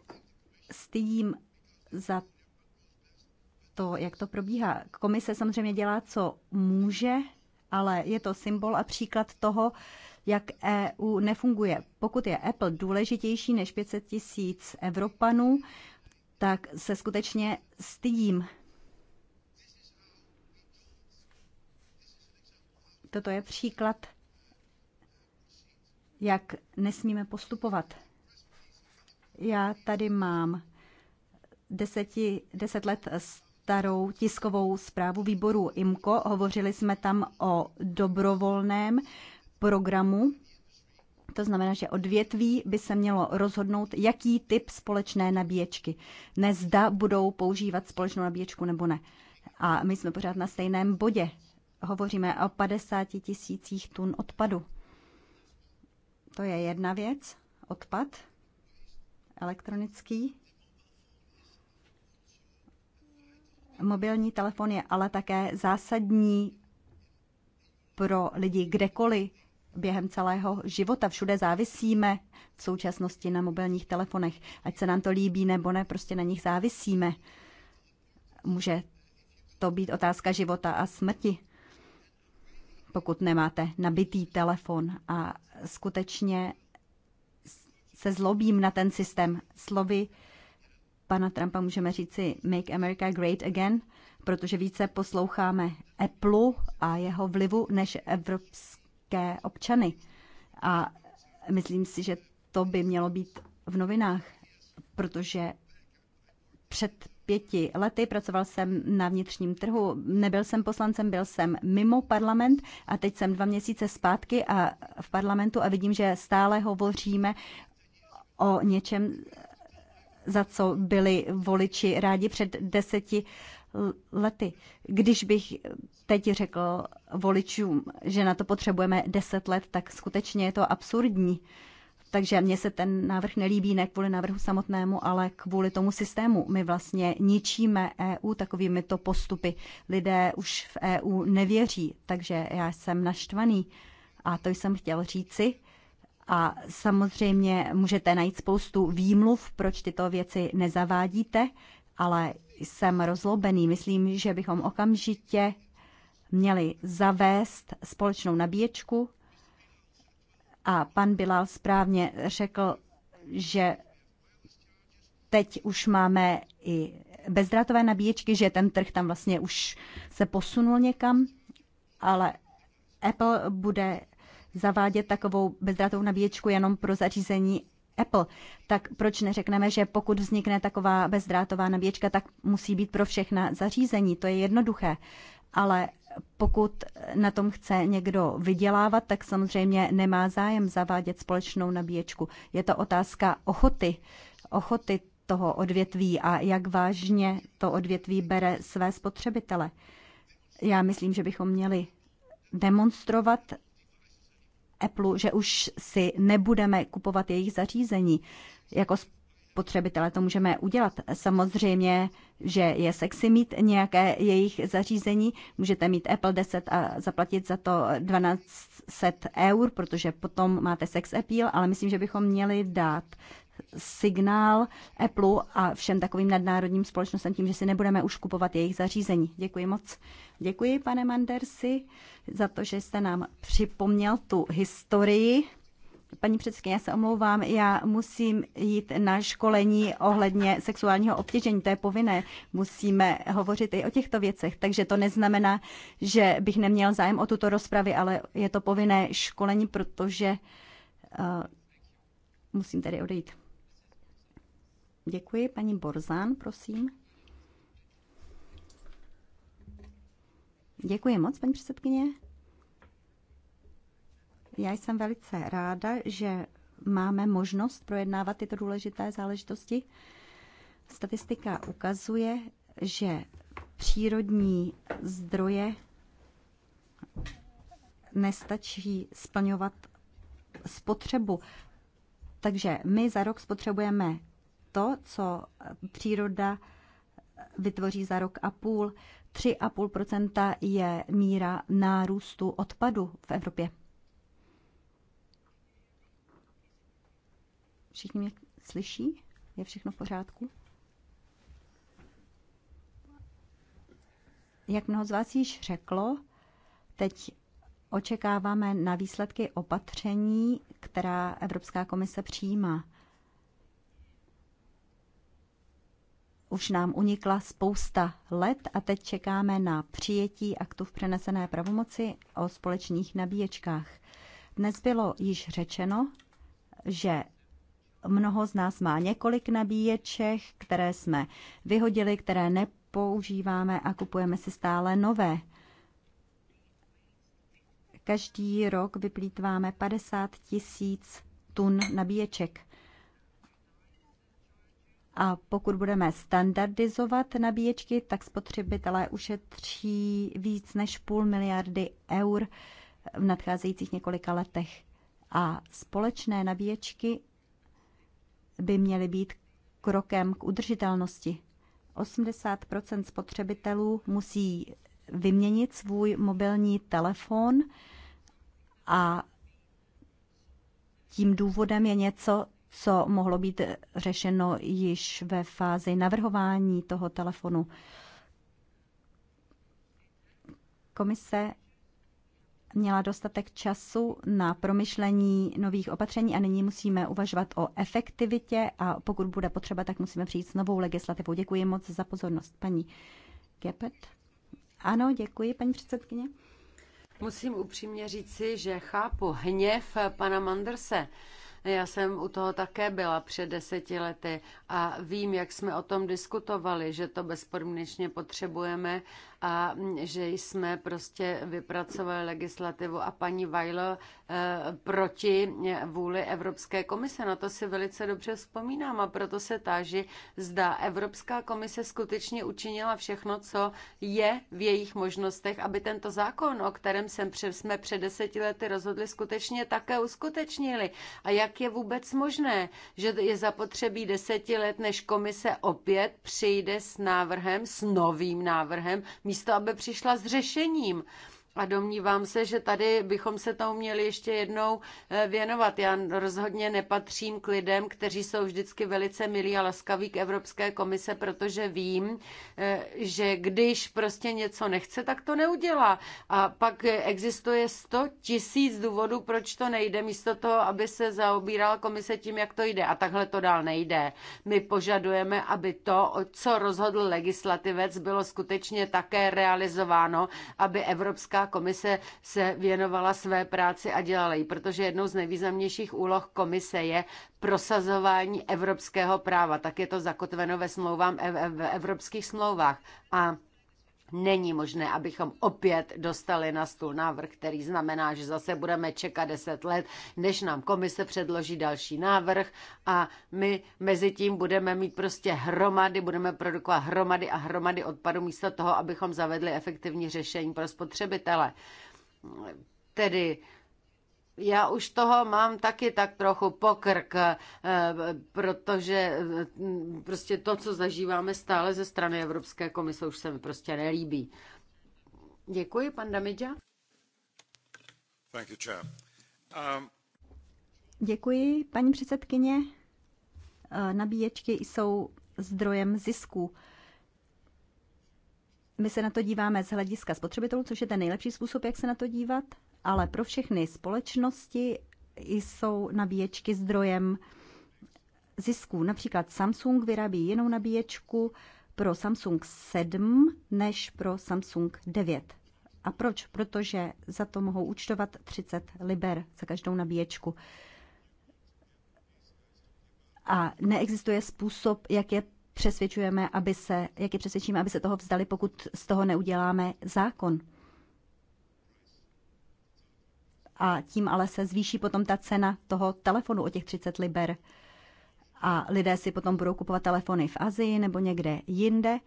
stydím za to, jak to probíhá. Komise samozřejmě dělá, co může, ale je to symbol a příklad toho, jak EU nefunguje. Pokud je Apple důležitější než 500 tisíc Evropanů, tak se skutečně stydím Toto je příklad, jak nesmíme postupovat. Já tady mám deseti, deset let starou tiskovou zprávu výboru IMKO. Hovořili jsme tam o dobrovolném programu. To znamená, že odvětví by se mělo rozhodnout, jaký typ společné nabíječky. Nezda budou používat společnou nabíječku nebo ne. A my jsme pořád na stejném bodě hovoříme o 50 tisících tun odpadu. To je jedna věc, odpad elektronický. Mobilní telefon je ale také zásadní pro lidi kdekoliv během celého života. Všude závisíme v současnosti na mobilních telefonech. Ať se nám to líbí nebo ne, prostě na nich závisíme. Může to být otázka života a smrti pokud nemáte nabitý telefon. A skutečně se zlobím na ten systém. Slovy pana Trumpa můžeme říci Make America Great Again, protože více posloucháme Apple a jeho vlivu než evropské občany. A myslím si, že to by mělo být v novinách, protože před pěti lety, pracoval jsem na vnitřním trhu, nebyl jsem poslancem, byl jsem mimo parlament a teď jsem dva měsíce zpátky a v parlamentu a vidím, že stále hovoříme o něčem, za co byli voliči rádi před deseti lety. Když bych teď řekl voličům, že na to potřebujeme deset let, tak skutečně je to absurdní. Takže mně se ten návrh nelíbí ne kvůli návrhu samotnému, ale kvůli tomu systému. My vlastně ničíme EU takovými to postupy. Lidé už v EU nevěří, takže já jsem naštvaný. A to jsem chtěl říci. A samozřejmě můžete najít spoustu výmluv, proč tyto věci nezavádíte, ale jsem rozlobený. Myslím, že bychom okamžitě měli zavést společnou nabíječku a pan Bilal správně řekl, že teď už máme i bezdrátové nabíječky, že ten trh tam vlastně už se posunul někam, ale Apple bude zavádět takovou bezdrátovou nabíječku jenom pro zařízení Apple, tak proč neřekneme, že pokud vznikne taková bezdrátová nabíječka, tak musí být pro všechna zařízení? To je jednoduché. Ale pokud na tom chce někdo vydělávat, tak samozřejmě nemá zájem zavádět společnou nabíječku. Je to otázka ochoty, ochoty toho odvětví a jak vážně to odvětví bere své spotřebitele. Já myslím, že bychom měli demonstrovat Apple, že už si nebudeme kupovat jejich zařízení. Jako spotřebitele to můžeme udělat. Samozřejmě, že je sexy mít nějaké jejich zařízení. Můžete mít Apple 10 a zaplatit za to 1200 eur, protože potom máte sex appeal, ale myslím, že bychom měli dát signál Apple a všem takovým nadnárodním společnostem tím, že si nebudeme už kupovat jejich zařízení. Děkuji moc. Děkuji, pane Mandersi, za to, že jste nám připomněl tu historii Paní předsedkyně, já se omlouvám, já musím jít na školení ohledně sexuálního obtěžení, to je povinné, musíme hovořit i o těchto věcech, takže to neznamená, že bych neměl zájem o tuto rozpravy, ale je to povinné školení, protože uh, musím tedy odejít. Děkuji, paní Borzán, prosím. Děkuji moc, paní předsedkyně. Já jsem velice ráda, že máme možnost projednávat tyto důležité záležitosti. Statistika ukazuje, že přírodní zdroje nestačí splňovat spotřebu. Takže my za rok spotřebujeme to, co příroda vytvoří za rok a půl. 3,5 je míra nárůstu odpadu v Evropě. Všichni mě slyší? Je všechno v pořádku? Jak mnoho z vás již řeklo, teď očekáváme na výsledky opatření, která Evropská komise přijímá. Už nám unikla spousta let a teď čekáme na přijetí aktu v přenesené pravomoci o společných nabíječkách. Dnes bylo již řečeno, že mnoho z nás má několik nabíječek, které jsme vyhodili, které nepoužíváme a kupujeme si stále nové. Každý rok vyplýtváme 50 tisíc tun nabíječek. A pokud budeme standardizovat nabíječky, tak spotřebitelé ušetří víc než půl miliardy eur v nadcházejících několika letech. A společné nabíječky by měly být krokem k udržitelnosti. 80 spotřebitelů musí vyměnit svůj mobilní telefon a tím důvodem je něco, co mohlo být řešeno již ve fázi navrhování toho telefonu. Komise měla dostatek času na promyšlení nových opatření a nyní musíme uvažovat o efektivitě a pokud bude potřeba, tak musíme přijít s novou legislativou. Děkuji moc za pozornost, paní Kepet. Ano, děkuji, paní předsedkyně. Musím upřímně říci, že chápu hněv pana Mandrse. Já jsem u toho také byla před deseti lety a vím, jak jsme o tom diskutovali, že to bezpodmínečně potřebujeme a že jsme prostě vypracovali legislativu a paní Weiler proti vůli Evropské komise. Na to si velice dobře vzpomínám a proto se táži, zda Evropská komise skutečně učinila všechno, co je v jejich možnostech, aby tento zákon, o kterém jsem před, jsme před deseti lety rozhodli, skutečně také uskutečnili. A jak je vůbec možné, že je zapotřebí deseti let, než komise opět přijde s návrhem, s novým návrhem, místo aby přišla s řešením. A domnívám se, že tady bychom se tomu měli ještě jednou eh, věnovat. Já rozhodně nepatřím k lidem, kteří jsou vždycky velice milí a laskaví k Evropské komise, protože vím, eh, že když prostě něco nechce, tak to neudělá. A pak existuje 100 tisíc důvodů, proč to nejde, místo toho, aby se zaobírala komise tím, jak to jde. A takhle to dál nejde. My požadujeme, aby to, co rozhodl legislativec, bylo skutečně také realizováno, aby Evropská komise se věnovala své práci a dělala ji, protože jednou z nejvýznamnějších úloh komise je prosazování evropského práva. Tak je to zakotveno ve smlouvám, e, v evropských smlouvách. A Není možné, abychom opět dostali na stůl návrh, který znamená, že zase budeme čekat 10 let, než nám komise předloží další návrh a my mezi tím budeme mít prostě hromady, budeme produkovat hromady a hromady odpadu místo toho, abychom zavedli efektivní řešení pro spotřebitele. Tedy já už toho mám taky tak trochu pokrk, eh, protože eh, prostě to, co zažíváme stále ze strany Evropské komise, už se mi prostě nelíbí. Děkuji, pan Damidža. Um, Děkuji, paní předsedkyně. Eh, nabíječky jsou zdrojem zisku. My se na to díváme z hlediska spotřebitelů, což je ten nejlepší způsob, jak se na to dívat, ale pro všechny společnosti jsou nabíječky zdrojem zisků. Například Samsung vyrábí jinou nabíječku pro Samsung 7 než pro Samsung 9. A proč? Protože za to mohou účtovat 30 liber za každou nabíječku. A neexistuje způsob, jak je přesvědčujeme, aby se, jak je přesvědčíme, aby se toho vzdali, pokud z toho neuděláme zákon a tím ale se zvýší potom ta cena toho telefonu o těch 30 liber. A lidé si potom budou kupovat telefony v Azii nebo někde jinde.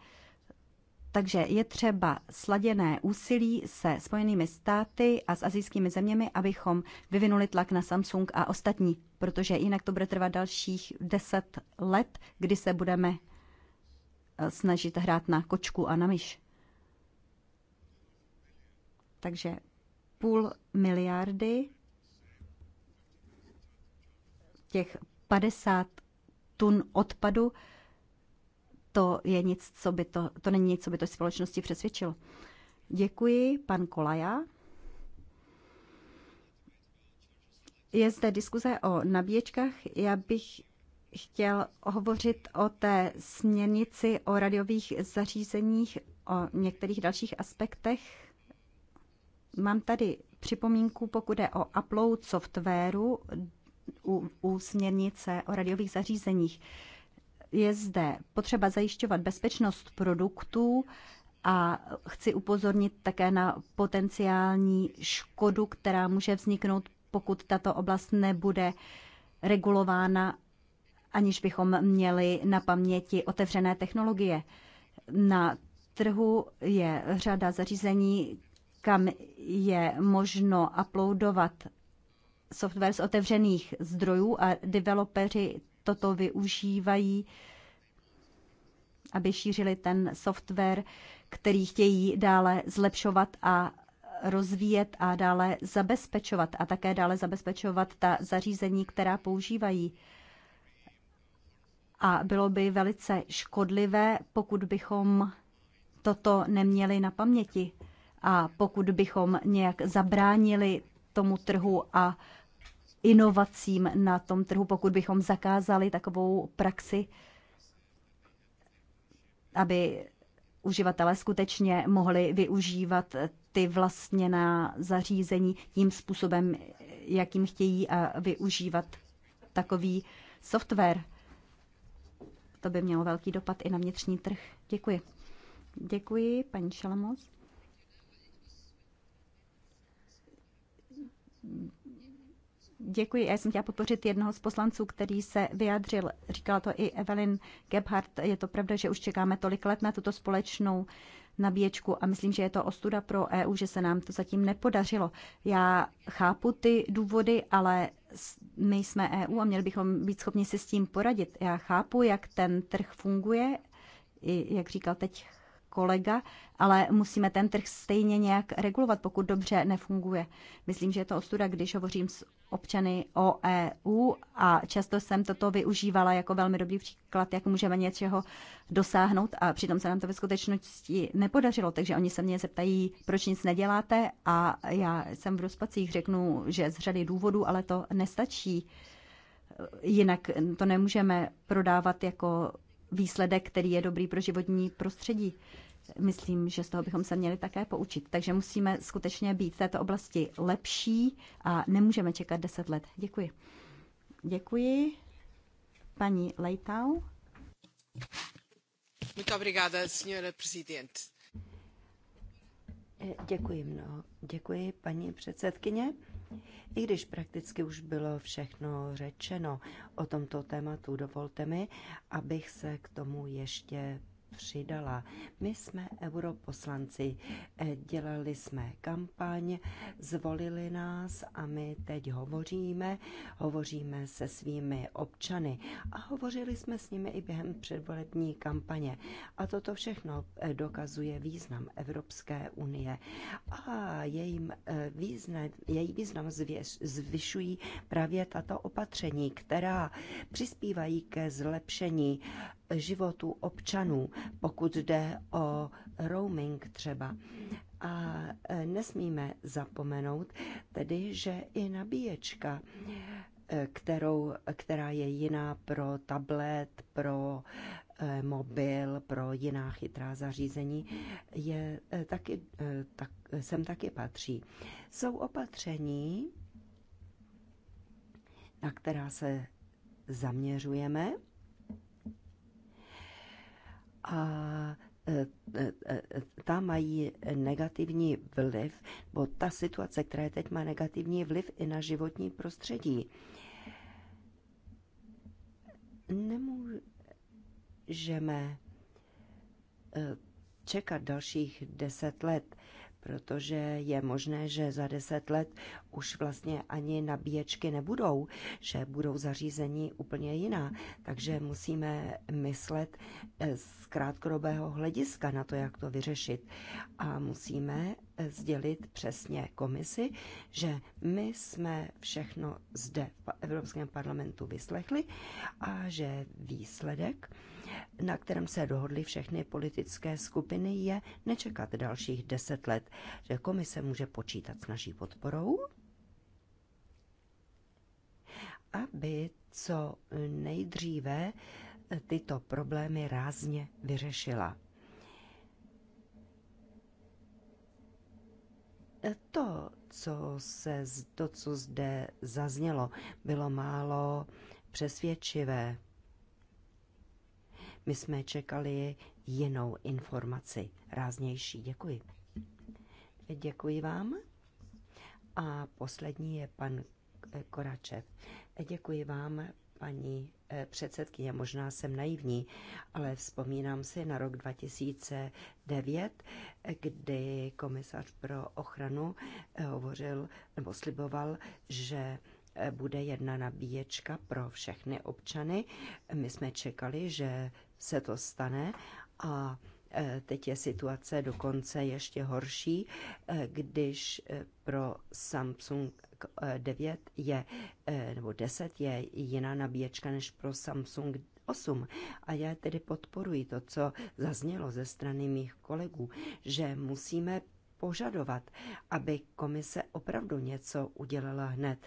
Takže je třeba sladěné úsilí se Spojenými státy a s azijskými zeměmi, abychom vyvinuli tlak na Samsung a ostatní, protože jinak to bude trvat dalších deset let, kdy se budeme eh, snažit hrát na kočku a na myš. Takže půl miliardy těch 50 tun odpadu, to je nic, co by to, to není nic, co by to společnosti přesvědčilo. Děkuji, pan Kolaja. Je zde diskuze o nabíječkách. Já bych chtěl hovořit o té směrnici o radiových zařízeních, o některých dalších aspektech Mám tady připomínku, pokud je o upload softwaru u, u směrnice o radiových zařízeních. Je zde potřeba zajišťovat bezpečnost produktů a chci upozornit také na potenciální škodu, která může vzniknout, pokud tato oblast nebude regulována, aniž bychom měli na paměti otevřené technologie. Na trhu je řada zařízení, kam je možno uploadovat software z otevřených zdrojů a developeři toto využívají, aby šířili ten software, který chtějí dále zlepšovat a rozvíjet a dále zabezpečovat a také dále zabezpečovat ta zařízení, která používají. A bylo by velice škodlivé, pokud bychom toto neměli na paměti. A pokud bychom nějak zabránili tomu trhu a inovacím na tom trhu, pokud bychom zakázali takovou praxi, aby uživatelé skutečně mohli využívat ty vlastně na zařízení tím způsobem, jakým chtějí a využívat takový software. To by mělo velký dopad i na vnitřní trh. Děkuji. Děkuji, paní Šalamos. Děkuji. Já jsem chtěla podpořit jednoho z poslanců, který se vyjadřil. Říkala to i Evelyn Gebhardt. Je to pravda, že už čekáme tolik let na tuto společnou nabíječku a myslím, že je to ostuda pro EU, že se nám to zatím nepodařilo. Já chápu ty důvody, ale my jsme EU a měli bychom být schopni si s tím poradit. Já chápu, jak ten trh funguje, i jak říkal teď kolega, ale musíme ten trh stejně nějak regulovat, pokud dobře nefunguje. Myslím, že je to ostuda, když hovořím s občany o EU a často jsem toto využívala jako velmi dobrý příklad, jak můžeme něčeho dosáhnout a přitom se nám to ve skutečnosti nepodařilo, takže oni se mě zeptají, proč nic neděláte a já jsem v rozpacích řeknu, že z řady důvodů, ale to nestačí. Jinak to nemůžeme prodávat jako výsledek, který je dobrý pro životní prostředí myslím, že z toho bychom se měli také poučit. Takže musíme skutečně být v této oblasti lepší a nemůžeme čekat deset let. Děkuji. Děkuji. Paní Lejtau. Muito obrigada, senhora presidente. Eh, děkuji mnoho. Děkuji, paní předsedkyně. I když prakticky už bylo všechno řečeno o tomto tématu, dovolte mi, abych se k tomu ještě přidala. My jsme europoslanci, eh, dělali jsme kampaň, zvolili nás a my teď hovoříme, hovoříme se svými občany a hovořili jsme s nimi i během předvolební kampaně. A toto všechno eh, dokazuje význam Evropské unie a jejím eh, význam, její význam zvyšují právě tato opatření, která přispívají ke zlepšení životů občanů, pokud jde o roaming třeba. A e, nesmíme zapomenout tedy, že i nabíječka, e, kterou, která je jiná pro tablet, pro e, mobil, pro jiná chytrá zařízení, je taky, tak, sem taky patří. Jsou opatření, na která se zaměřujeme a e, e, e, ta mají negativní vliv, bo ta situace, která je teď, má negativní vliv i na životní prostředí. Nemůžeme čekat dalších deset let protože je možné, že za deset let už vlastně ani nabíječky nebudou, že budou zařízení úplně jiná. Takže musíme myslet eh, z krátkodobého hlediska na to, jak to vyřešit. A musíme eh, sdělit přesně komisi, že my jsme všechno zde v Evropském parlamentu vyslechli a že výsledek na kterém se dohodly všechny politické skupiny, je nečekat dalších deset let, že komise může počítat s naší podporou, aby co nejdříve tyto problémy rázně vyřešila. To, co, se, to, co zde zaznělo, bylo málo přesvědčivé. My jsme čekali jinou informaci, ráznější. Děkuji. Děkuji vám. A poslední je pan eh, Koračev. Děkuji vám, paní eh, předsedkyně, možná jsem naivní, ale vzpomínám si na rok 2009, kdy komisař pro ochranu eh, hovořil nebo sliboval, že bude jedna nabíječka pro všechny občany. My jsme čekali, že se to stane a e, Teď je situace dokonce ještě horší, e, když e, pro Samsung 9 je, nebo 10 je jiná nabíječka než pro Samsung 8. A já tedy podporuji to, co zaznělo ze strany mých kolegů, že musíme požadovat, aby komise opravdu něco udělala hned,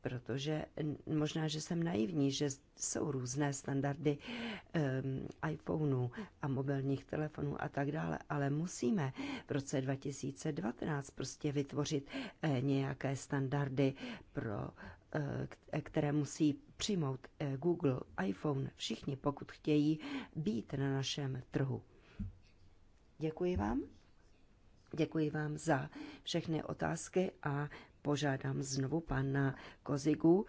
protože možná, že jsem naivní, že jsou různé standardy um, ehm, iPhoneů a mobilních telefonů a tak dále, ale musíme v roce 2019 prostě vytvořit eh, nějaké standardy pro eh, které musí přijmout eh, Google, iPhone, všichni, pokud chtějí být na našem trhu. Děkuji vám. Děkuji vám za všechny otázky a požádám znovu pana Kozigu,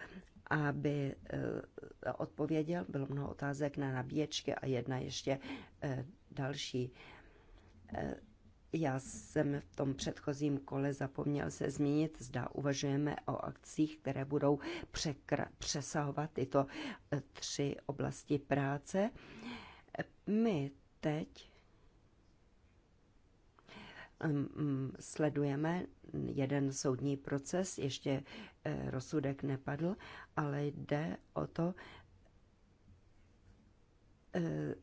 aby eh, odpověděl. Bylo mnoho otázek na nabíječky a jedna ještě eh, další. Eh, já jsem v tom předchozím kole zapomněl se zmínit, zda uvažujeme o akcích, které budou přesahovat tyto tři oblasti práce. My teď Mm, sledujeme jeden soudní proces, ještě eh, rozsudek nepadl, ale jde o to, eh,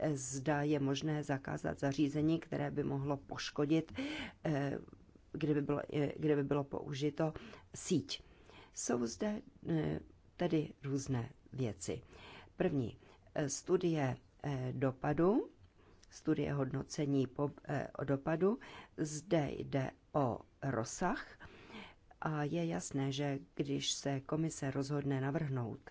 eh, zda je možné zakázat zařízení, které by mohlo poškodit, kdyby bylo, kdyby bylo použito síť. Jsou zde tedy různé věci. První, studie dopadu studie hodnocení po, eh, dopadu. Zde jde o rozsah a je jasné, že když se komise rozhodne navrhnout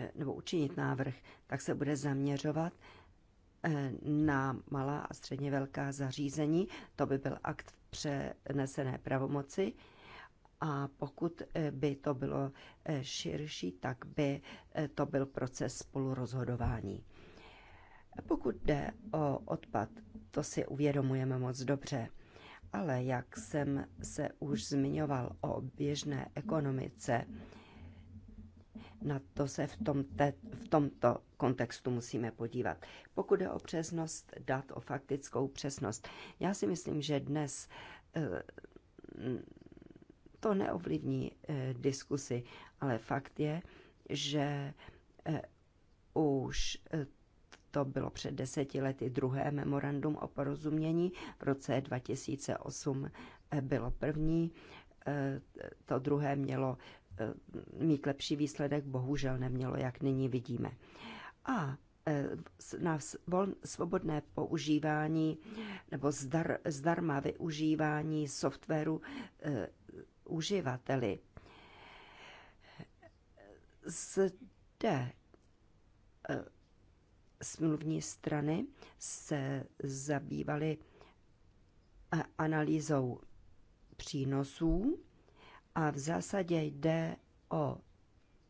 eh, nebo učinit návrh, tak se bude zaměřovat eh, na malá a středně velká zařízení. To by byl akt přenesené pravomoci a pokud eh, by to bylo eh, širší, tak by eh, to byl proces spolurozhodování. Pokud jde o odpad, to si uvědomujeme moc dobře. Ale jak jsem se už zmiňoval o běžné ekonomice, na to se v, tom te, v tomto kontextu musíme podívat. Pokud je o přesnost dat, o faktickou přesnost, já si myslím, že dnes to neovlivní eh, diskusy, ale fakt je, že eh, už eh, to bylo před deseti lety druhé memorandum o porozumění, v roce 2008 bylo první, to druhé mělo mít lepší výsledek, bohužel nemělo, jak nyní vidíme. A na svobodné používání nebo zdar, zdarma využívání softwaru uživateli. Zde smluvní eh, strany se zabývaly eh, analýzou přínosů a v zásadě jde o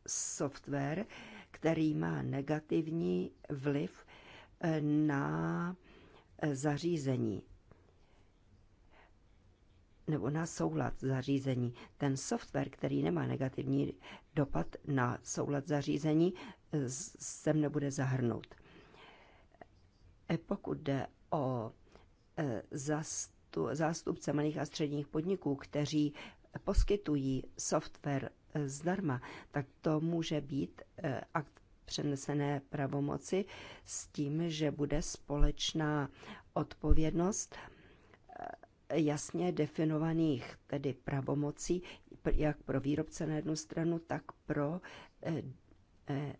software, který má negativní vliv eh, na zařízení nebo na soulad zařízení. Ten software, který nemá negativní dopad na soulad zařízení, sem nebude zahrnout. E, pokud jde o e, zástupce malých a středních podniků, kteří poskytují software e, zdarma, tak to může být akt přenesené pravomoci s tím, že bude společná odpovědnost jasně definovaných tedy pravomocí, jak pro výrobce na jednu stranu, tak pro eh, eh,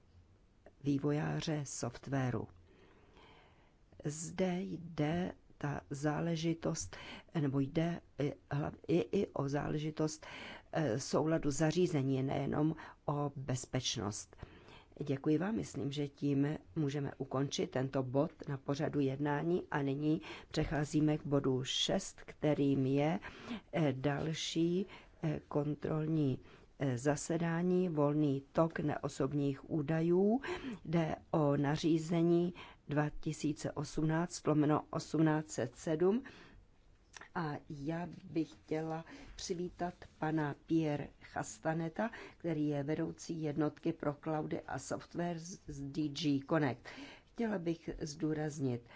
vývojáře softwaru. Zde jde ta záležitost, eh, nebo jde i, i o záležitost souladu zařízení, nejenom o bezpečnost. Děkuji vám, myslím, že tím můžeme ukončit tento bod na pořadu jednání a nyní přecházíme k bodu 6, kterým je eh, další eh, kontrolní eh, zasedání, volný tok neosobních údajů. Jde o nařízení 2018 lomeno 1807 a já bych chtěla přivítat pana Pierre Chastaneta, který je vedoucí jednotky pro cloudy a software z DG Connect. Chtěla bych zdůraznit,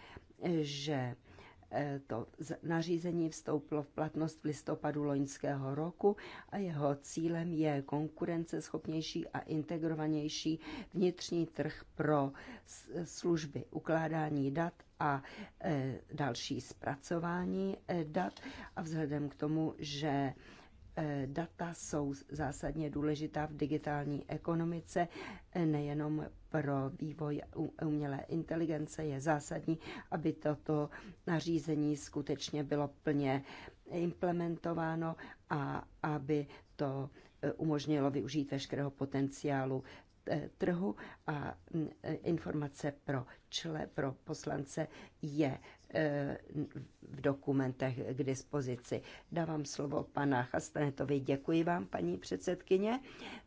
že Eh, to nařízení vstoupilo v platnost v listopadu loňského roku a jeho cílem je konkurenceschopnější a integrovanější vnitřní trh pro služby ukládání dat a eh, další zpracování eh, dat. A vzhledem k tomu, že data jsou zásadně důležitá v digitální ekonomice, nejenom pro vývoj umělé inteligence je zásadní, aby toto nařízení skutečně bylo plně implementováno a aby to e, umožnilo využít veškerého potenciálu e, trhu a e, informace pro, čle, pro poslance je v dokumentech k dispozici. Dávám slovo pana Chastanetovi. Děkuji vám, paní předsedkyně.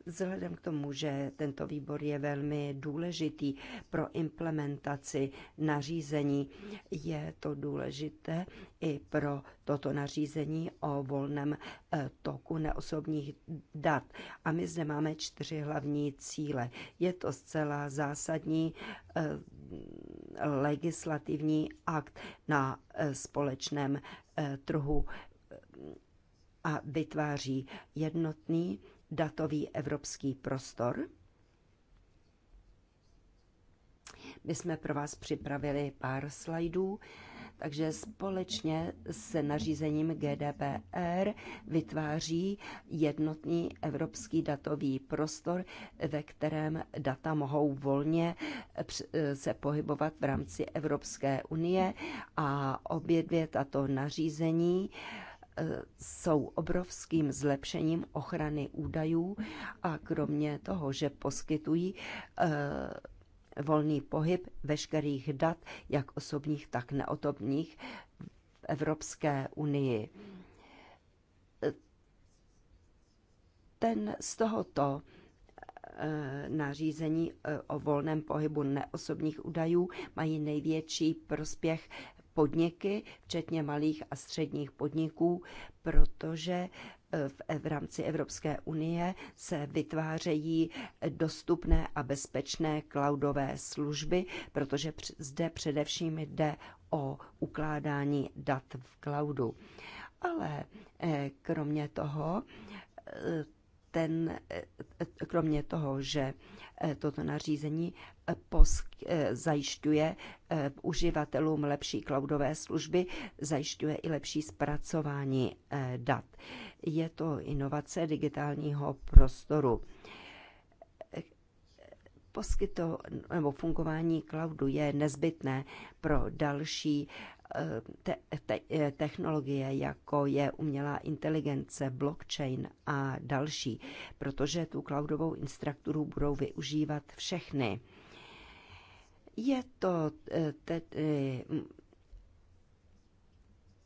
Vzhledem k tomu, že tento výbor je velmi důležitý pro implementaci nařízení, je to důležité i pro toto nařízení o volném eh, toku neosobních dat. A my zde máme čtyři hlavní cíle. Je to zcela zásadní eh, legislativní akt na eh, společném eh, trhu eh, a vytváří jednotný datový evropský prostor. My jsme pro vás připravili pár slajdů. Takže společně s nařízením GDPR vytváří jednotný evropský datový prostor, ve kterém data mohou volně eh, se pohybovat v rámci Evropské unie a obě dvě tato nařízení eh, jsou obrovským zlepšením ochrany údajů a kromě toho, že poskytují eh, volný pohyb veškerých dat, jak osobních, tak neotobních, v Evropské unii. Ten z tohoto eh, nařízení eh, o volném pohybu neosobních údajů mají největší prospěch podniky, včetně malých a středních podniků, protože v, e, v rámci Evropské unie se vytvářejí dostupné a bezpečné cloudové služby, protože zde především jde o ukládání dat v cloudu. Ale e, kromě toho e, ten, eh, kromě toho, že eh, toto nařízení eh, posk, zajišťuje uživatelům lepší cloudové služby, zajišťuje i lepší zpracování dat. Je to inovace digitálního prostoru poskyto, nebo fungování cloudu je nezbytné pro další te, te, technologie, jako je umělá inteligence, blockchain a další, protože tu cloudovou instrukturu budou využívat všechny. Je to e, tedy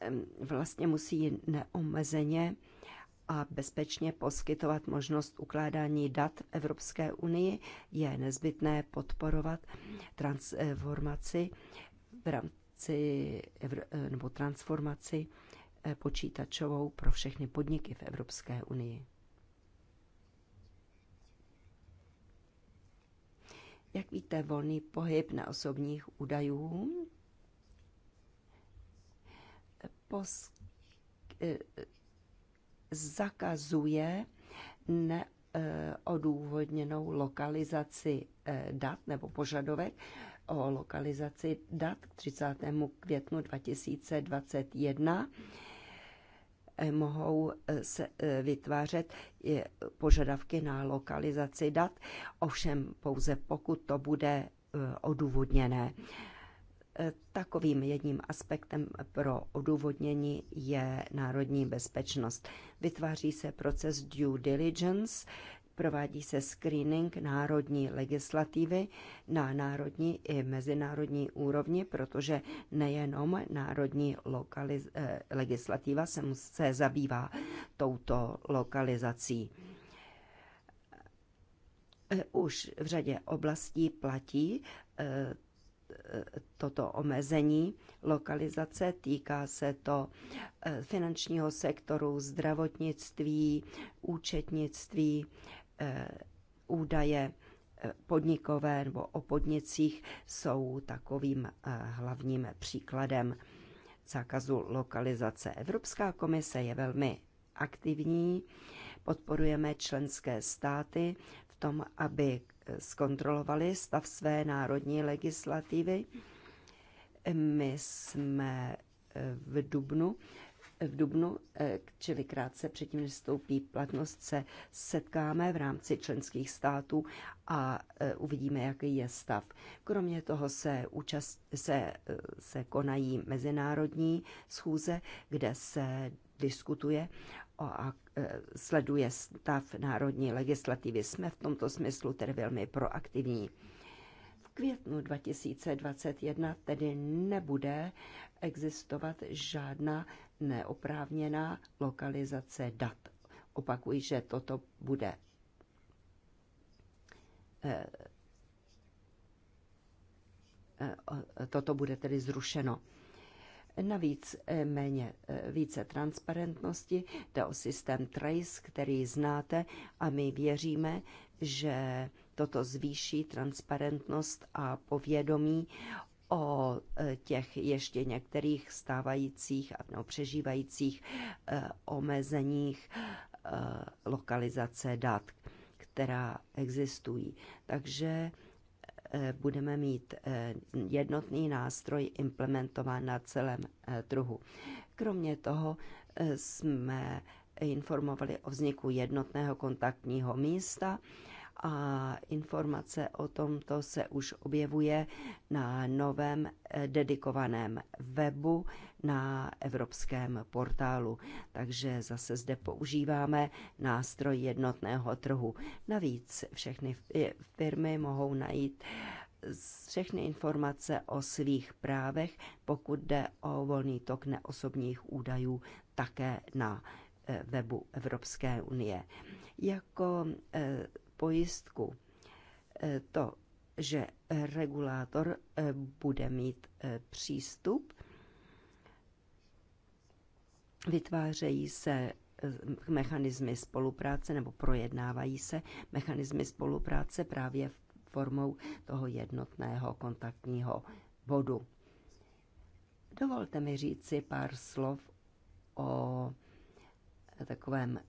e, vlastně musí neomezeně a bezpečně poskytovat možnost ukládání dat v Evropské unii, je nezbytné podporovat transformaci v rámci modernizaci eh, nebo transformaci eh, počítačovou pro všechny podniky v Evropské unii. Jak víte, volný pohyb na osobních údajů pos- eh, zakazuje neodůvodněnou lokalizaci dat nebo požadovek o lokalizaci dat k 30. květnu 2021 eh, mohou eh, se eh, vytvářet požadavky na lokalizaci dat, ovšem pouze pokud to bude odůvodněné. Takovým jedním aspektem pro odůvodnění je národní bezpečnost. Vytváří se proces due diligence, Provádí se screening národní legislativy na národní i mezinárodní úrovni, protože nejenom národní lokaliz- eh, legislativa se, se zabývá touto lokalizací. Eh, už v řadě oblastí platí eh, toto omezení lokalizace. Týká se to finančního sektoru, zdravotnictví, účetnictví, Eh, údaje eh, podnikové nebo o podnicích jsou takovým eh, hlavním příkladem zákazu lokalizace. Evropská komise je velmi aktivní, podporujeme členské státy v tom, aby zkontrolovali stav své národní legislativy. My jsme v Dubnu v Dubnu, eh, čili krátce předtím, než stoupí platnost, se setkáme v rámci členských států a eh, uvidíme, jaký je stav. Kromě toho se, účast, se, eh, se konají mezinárodní schůze, kde se diskutuje a sleduje stav národní legislativy. Jsme v tomto smyslu tedy velmi proaktivní. V květnu 2021 tedy nebude existovat žádná neoprávněná lokalizace dat. Opakuji, že toto bude eh, eh, toto bude tedy zrušeno. Navíc eh, méně, více transparentnosti, jde o systém Trace, který znáte a my věříme, že toto zvýší transparentnost a povědomí o e, těch ještě některých stávajících no, přežívajících e, omezeních e, lokalizace dat, která existují. Takže budeme mít jednotný nástroj implementován na celém trhu. Kromě toho jsme informovali o vzniku jednotného kontaktního místa, a informace o tomto se už objevuje na novém eh, dedikovaném webu na evropském portálu. Takže zase zde používáme nástroj jednotného trhu. Navíc všechny eh, firmy mohou najít všechny informace o svých právech, pokud jde o volný tok neosobních údajů, také na eh, webu Evropské unie. Jako pojistku. E, to, že regulátor e, bude mít e, přístup, vytvářejí se mechanismy spolupráce nebo projednávají se mechanismy spolupráce právě formou toho jednotného kontaktního bodu. Dovolte mi říci pár slov o takovém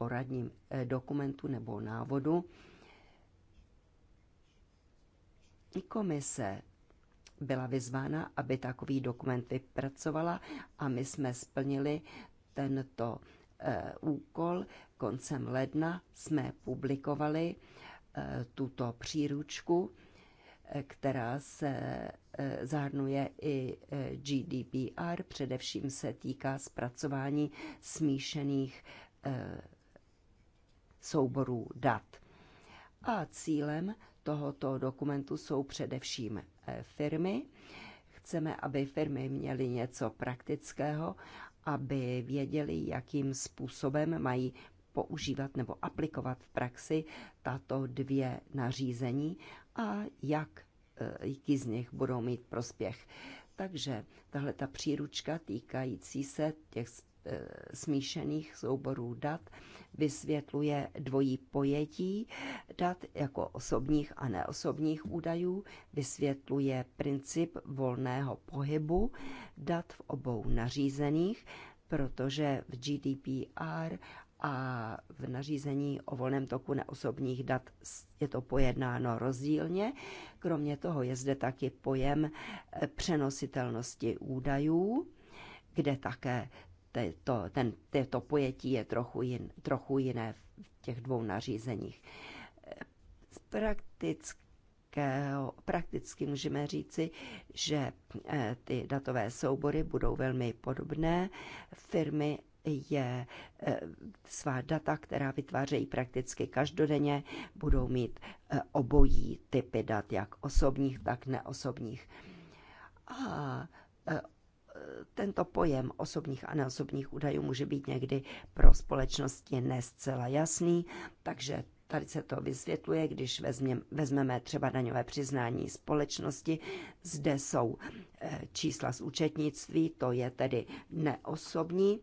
poradním eh, dokumentu nebo návodu. Komise byla vyzvána, aby takový dokument vypracovala a my jsme splnili tento eh, úkol. Koncem ledna jsme publikovali eh, tuto příručku, která se zahrnuje i GDPR, především se týká zpracování smíšených souborů dat. A cílem tohoto dokumentu jsou především eh, firmy. Chceme, aby firmy měly něco praktického, aby věděli, jakým způsobem mají používat nebo aplikovat v praxi tato dvě nařízení a jak eh, jaký z nich budou mít prospěch. Takže tahle ta příručka týkající se těch Eh, smíšených souborů dat vysvětluje dvojí pojetí dat jako osobních a neosobních údajů, vysvětluje princip volného pohybu dat v obou nařízených, protože v GDPR a v nařízení o volném toku neosobních dat je to pojednáno rozdílně. Kromě toho je zde taky pojem eh, přenositelnosti údajů, kde také to, ten, to pojetí je trochu, jin, trochu jiné v těch dvou nařízeních. Z praktického, prakticky můžeme říci, že eh, ty datové soubory budou velmi podobné. Firmy je eh, svá data, která vytvářejí prakticky každodenně, budou mít eh, obojí typy dat, jak osobních, tak neosobních. A tento pojem osobních a neosobních údajů může být někdy pro společnosti ne zcela jasný, takže tady se to vysvětluje, když vezmeme třeba daňové přiznání společnosti. Zde jsou eh, čísla z účetnictví, to je tedy neosobní,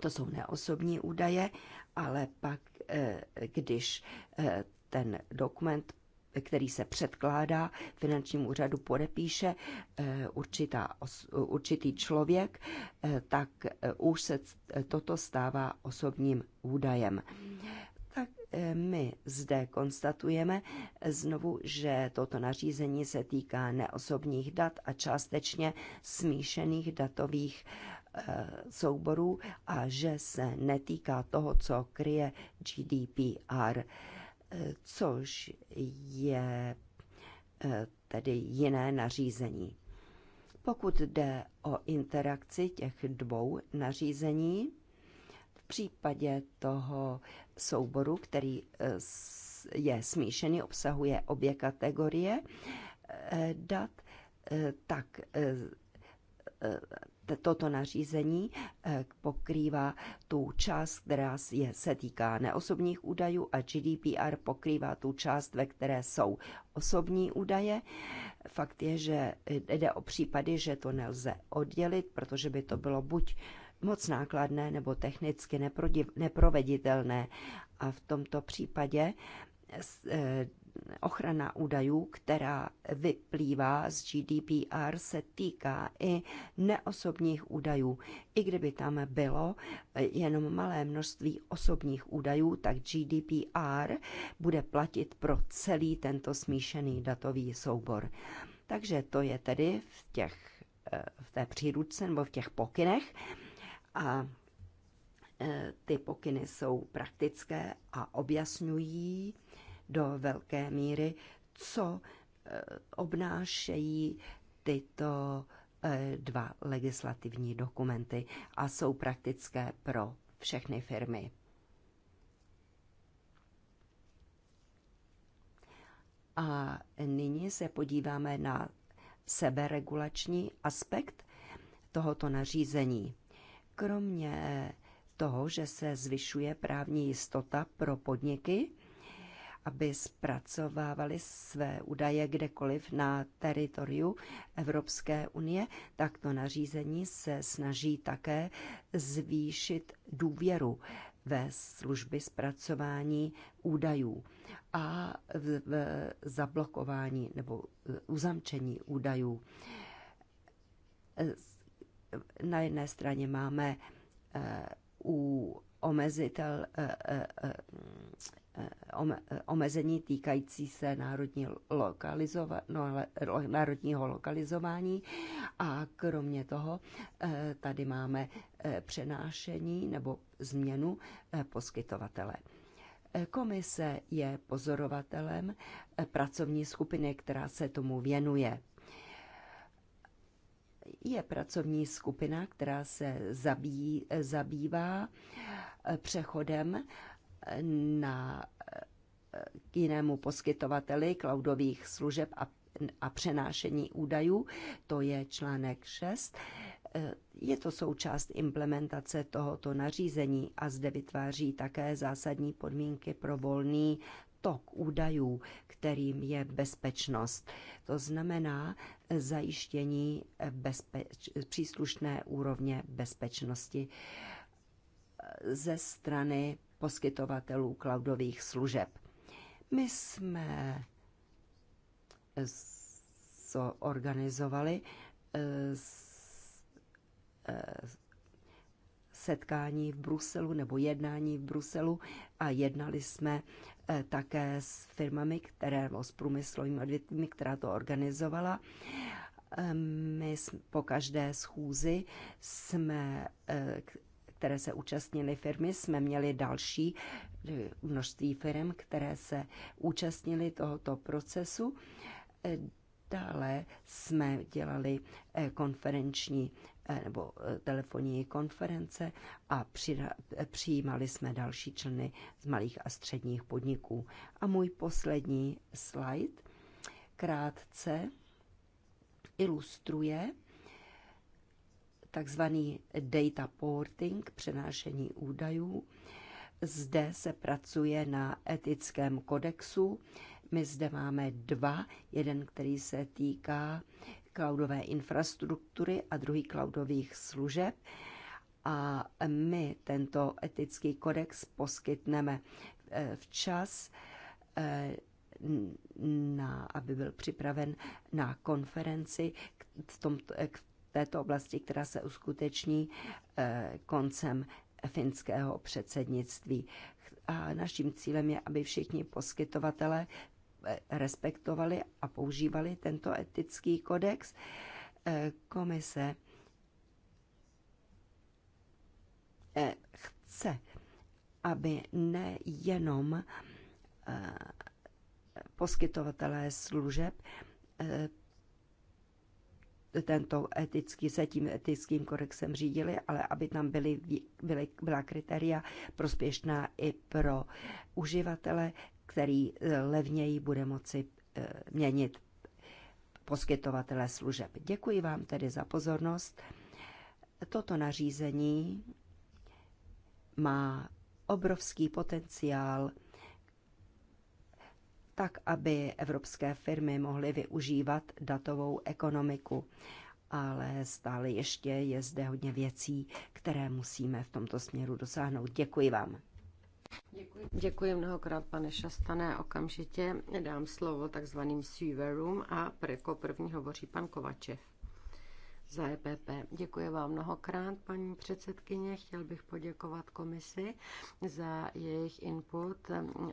to jsou neosobní údaje, ale pak, eh, když eh, ten dokument který se předkládá finančnímu úřadu, podepíše eh, určitá, určitý člověk, eh, tak eh, už se toto stává osobním údajem. Tak my zde konstatujeme znovu, že toto nařízení se týká neosobních dat a částečně smíšených datových souborů a že se netýká toho, co kryje GDPR což je eh, tedy jiné nařízení. Pokud jde o interakci těch dvou nařízení, v případě toho souboru, který eh, je smíšený, obsahuje obě kategorie eh, dat, tak toto nařízení eh, pokrývá tu část, která je, se týká neosobních údajů a GDPR pokrývá tu část, ve které jsou osobní údaje. Fakt je, že eh, jde o případy, že to nelze oddělit, protože by to bylo buď moc nákladné nebo technicky neproveditelné. A v tomto případě eh, ochrana údajů, která vyplývá z GDPR, se týká i neosobních údajů. I kdyby tam bylo jenom malé množství osobních údajů, tak GDPR bude platit pro celý tento smíšený datový soubor. Takže to je tedy v, těch, eh, v té příručce nebo v těch pokynech. A eh, ty pokyny jsou praktické a objasňují do velké míry, co eh, obnášejí tyto eh, dva legislativní dokumenty a jsou praktické pro všechny firmy. A nyní se podíváme na seberegulační aspekt tohoto nařízení. Kromě toho, že se zvyšuje právní jistota pro podniky, aby zpracovávali své údaje kdekoliv na teritoriu Evropské unie, tak to nařízení se snaží také zvýšit důvěru ve služby zpracování údajů a v, v zablokování nebo uzamčení údajů. Na jedné straně máme eh, u omezitel eh, eh, omezení týkající se národní lokalizova, no, národního lokalizování a kromě toho eh, tady máme eh, přenášení nebo změnu eh, poskytovatele. Komise je pozorovatelem pracovní skupiny, která se tomu věnuje je pracovní skupina, která se zabí, zabývá přechodem na, k eh, jinému poskytovateli cloudových služeb a, a přenášení údajů, to je článek 6. Eh, je to součást implementace tohoto nařízení a zde vytváří také zásadní podmínky pro volný tok údajů, kterým je bezpečnost. To znamená zajištění bezpeč- příslušné úrovně bezpečnosti eh, ze strany poskytovatelů cloudových služeb. My jsme co organizovali eh, eh, setkání v Bruselu nebo jednání v Bruselu a jednali jsme eh, také s firmami, které, nebo s průmyslovými odvětvími, která to organizovala. My po každé schůzi jsme které se účastnily firmy, jsme měli další množství firm, které se účastnily tohoto procesu. E, dále jsme dělali e, konferenční e, nebo telefonní konference a přijímali jsme další členy z malých a středních podniků. A můj poslední slide krátce ilustruje takzvaný data porting, přenášení údajů. Zde se pracuje na etickém kodexu. My zde máme dva, jeden, který se týká cloudové infrastruktury a druhý cloudových služeb. A my tento etický kodex poskytneme eh, včas, eh, na, aby byl připraven na konferenci k, v tom, eh, k této oblasti, která se uskuteční eh, koncem finského předsednictví. A naším cílem je, aby všichni poskytovatele eh, respektovali a používali tento etický kodex. Eh, komise chce, aby nejenom poskytovatelé služeb tento etický, se tím etickým kodexem řídili, ale aby tam byly, byly, byla kritéria prospěšná i pro uživatele, který e, levněji bude moci e, měnit poskytovatele služeb. Děkuji vám tedy za pozornost. Toto nařízení má obrovský potenciál tak aby evropské firmy mohly využívat datovou ekonomiku. Ale stále ještě je zde hodně věcí, které musíme v tomto směru dosáhnout. Děkuji vám. Děkuji. Děkuji mnohokrát, pane Šastané. Okamžitě dám slovo takzvaným Seaverům a jako první hovoří pan Kovačev za EPP. Děkuji vám mnohokrát, paní předsedkyně. Chtěl bych poděkovat komisi za jejich input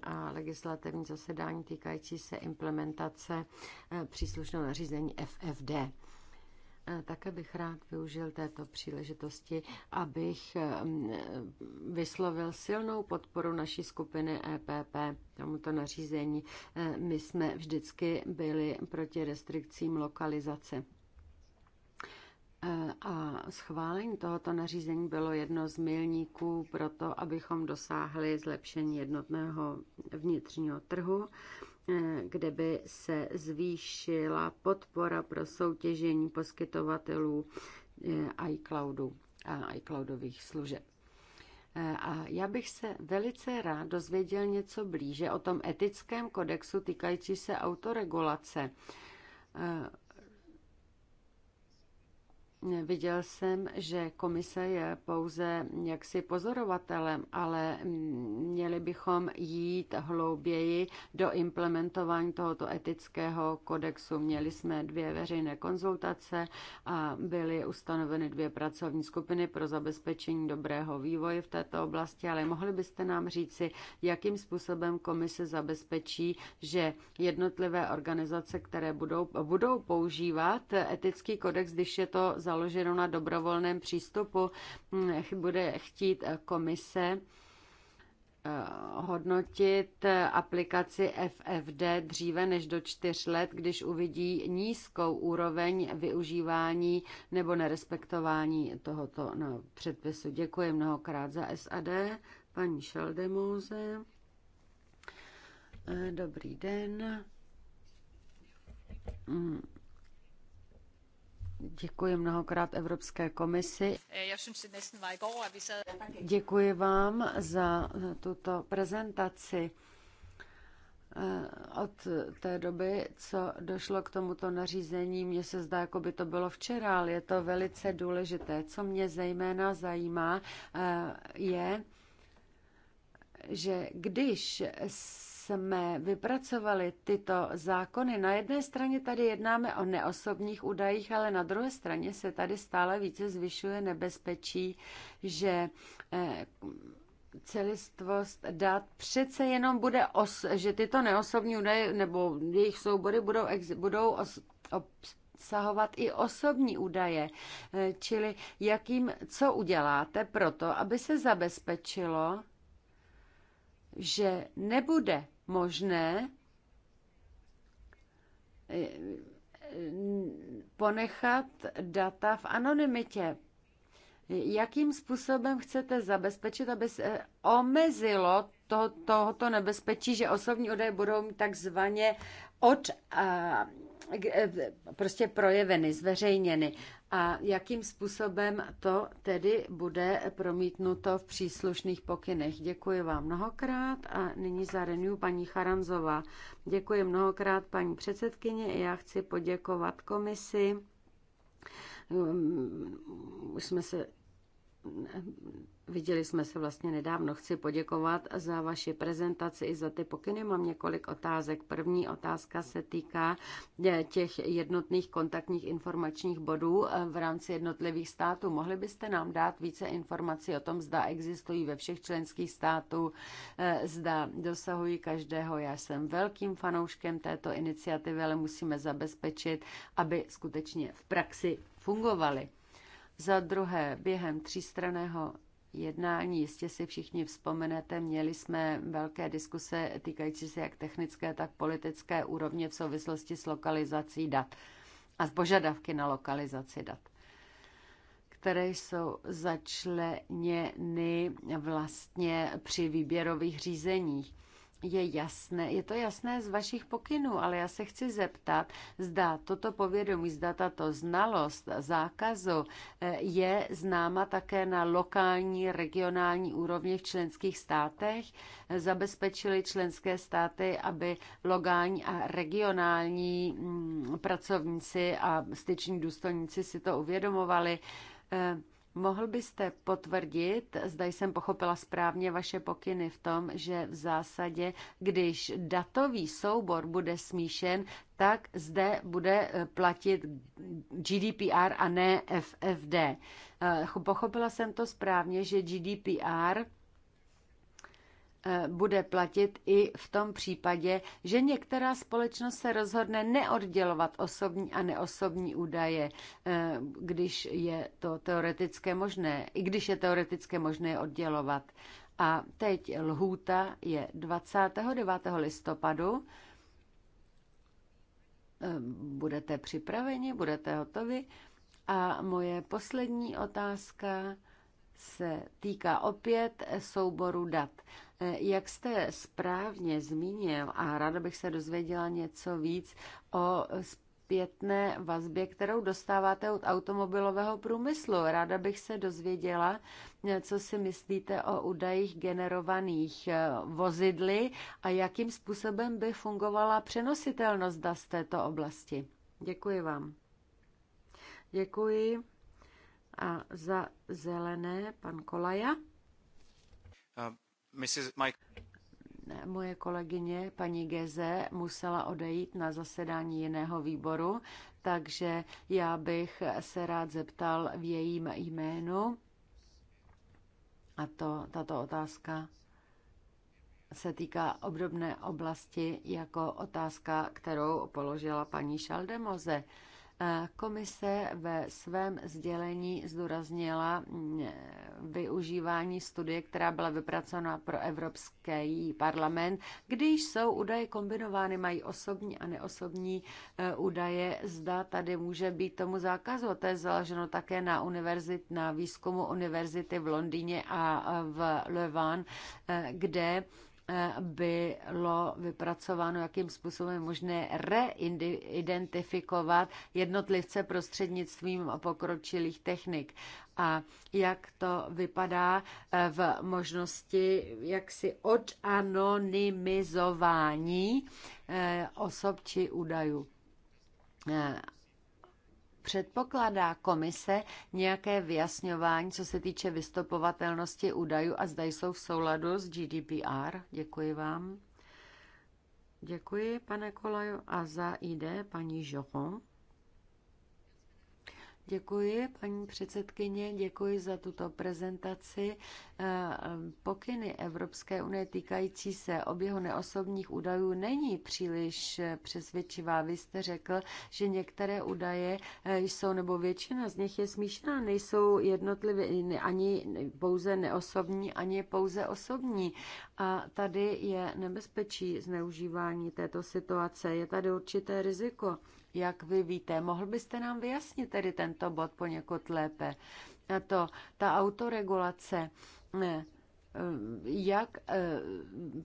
a legislativní zasedání týkající se implementace eh, příslušného nařízení FFD. Eh, také bych rád využil této příležitosti, abych eh, vyslovil silnou podporu naší skupiny EPP tomuto nařízení. My jsme vždycky byli proti restrikcím lokalizace a schválení tohoto nařízení bylo jedno z milníků pro to, abychom dosáhli zlepšení jednotného vnitřního trhu, eh, kde by se zvýšila podpora pro soutěžení poskytovatelů eh, iCloudu a iCloudových služeb. Eh, a já bych se velice rád dozvěděl něco blíže o tom etickém kodexu týkající se autoregulace Viděl jsem, že komise je pouze jaksi pozorovatelem, ale měli bychom jít hlouběji do implementování tohoto etického kodexu. Měli jsme dvě veřejné konzultace a byly ustanoveny dvě pracovní skupiny pro zabezpečení dobrého vývoje v této oblasti, ale mohli byste nám říci, jakým způsobem komise zabezpečí, že jednotlivé organizace, které budou, budou používat etický kodex, když je to za založeno na dobrovolném přístupu, hm, bude chtít komise eh, hodnotit aplikaci FFD dříve než do čtyř let, když uvidí nízkou úroveň využívání nebo nerespektování tohoto no, předpisu. Děkuji mnohokrát za SAD, paní Šeldemouze. Eh, dobrý den. Mm. Děkuji mnohokrát Evropské komisi. Eh, Děkuji vám za tuto prezentaci. Eh, od té doby, co došlo k tomuto nařízení, mně se zdá, jako by to bylo včera, ale je to velice důležité. Co mě zejména zajímá, eh, je, že když jsme vypracovali tyto zákony, na jedné straně tady jednáme o neosobních údajích, ale na druhé straně se tady stále více zvyšuje nebezpečí, že eh, celistvost dat přece jenom bude, os, že tyto neosobní údaje nebo jejich soubory budou, ex, budou os, obsahovat i osobní údaje, eh, čili jakým, co uděláte pro to, aby se zabezpečilo, že nebude možné eh, ponechat data v anonymitě. Jakým způsobem chcete zabezpečit, aby se omezilo to, tohoto nebezpečí, že osobní údaje budou mít takzvaně od a, eh, prostě projeveny, zveřejněny a jakým způsobem to tedy bude promítnuto v příslušných pokynech. Děkuji vám mnohokrát a nyní za Renew paní Charanzová. Děkuji mnohokrát paní předsedkyně i já chci poděkovat komisi. Už jsme se Viděli jsme se vlastně nedávno. Chci poděkovat za vaši prezentaci i za ty pokyny. Mám několik otázek. První otázka se týká eh, těch jednotných kontaktních informačních bodů eh, v rámci jednotlivých států. Mohli byste nám dát více informací o tom, zda existují ve všech členských států, eh, zda dosahují každého. Já jsem velkým fanouškem této iniciativy, ale musíme zabezpečit, aby skutečně v praxi fungovaly. Za druhé, během třístraného jednání, jistě si všichni vzpomenete, měli jsme velké diskuse týkající se jak technické, tak politické úrovně v souvislosti s lokalizací dat a s požadavky na lokalizaci dat které jsou začleněny vlastně při výběrových řízeních je jasné, je to jasné z vašich pokynů, ale já se chci zeptat, zda toto povědomí, zda tato znalost zákazu eh, je známa také na lokální, regionální úrovni v členských státech. Eh, zabezpečili členské státy, aby lokální a regionální mm, pracovníci a styční důstojníci si to uvědomovali eh, Mohl byste potvrdit, zda jsem pochopila správně vaše pokyny v tom, že v zásadě, když datový soubor bude smíšen, tak zde bude eh, platit GDPR a ne FFD. Eh, pochopila jsem to správně, že GDPR Eh, bude platit i v tom případě, že některá společnost se rozhodne neoddělovat osobní a neosobní údaje, eh, když je to teoretické možné, i když je teoretické možné oddělovat. A teď lhůta je 29. listopadu. Eh, budete připraveni, budete hotovi. A moje poslední otázka se týká opět souboru dat. E, jak jste správně zmínil, a ráda bych se dozvěděla něco víc o zpětné vazbě, kterou dostáváte od automobilového průmyslu. Ráda bych se dozvěděla, e, co si myslíte o údajích generovaných e, vozidly a jakým způsobem by fungovala přenositelnost z této oblasti. Děkuji vám. Děkuji. A za zelené pan Kolaja. Moje kolegyně paní Geze musela odejít na zasedání jiného výboru, takže já bych se rád zeptal v jejím jménu. A to, tato otázka se týká obdobné oblasti jako otázka, kterou položila paní Šaldemoze. Komise ve svém sdělení zdůraznila mm, využívání studie, která byla vypracována pro Evropský parlament, když jsou údaje kombinovány, mají osobní a neosobní e, údaje, zda tady může být tomu zákazu. To je založeno také na, univerzit, na výzkumu univerzity v Londýně a v Levan, e, kde bylo vypracováno, jakým způsobem je možné reidentifikovat jednotlivce prostřednictvím pokročilých technik a jak to vypadá eh, v možnosti jaksi odanonymizování eh, osob či údajů eh, Předpokládá komise nějaké vyjasňování, co se týče vystopovatelnosti údajů a zda jsou v souladu s GDPR? Děkuji vám. Děkuji, pane Kolaju. A za ID paní Jochon. Děkuji, paní předsedkyně, děkuji za tuto prezentaci. Eh, pokyny Evropské unie týkající se oběhu neosobních údajů není příliš eh, přesvědčivá. Vy jste řekl, že některé údaje eh, jsou, nebo většina z nich je smíšená, nejsou jednotlivě ani pouze neosobní, ani pouze osobní. A tady je nebezpečí zneužívání této situace. Je tady určité riziko jak vy víte. Mohl byste nám vyjasnit tedy tento bod poněkud lépe? A to, ta autoregulace, ne, eh, jak eh,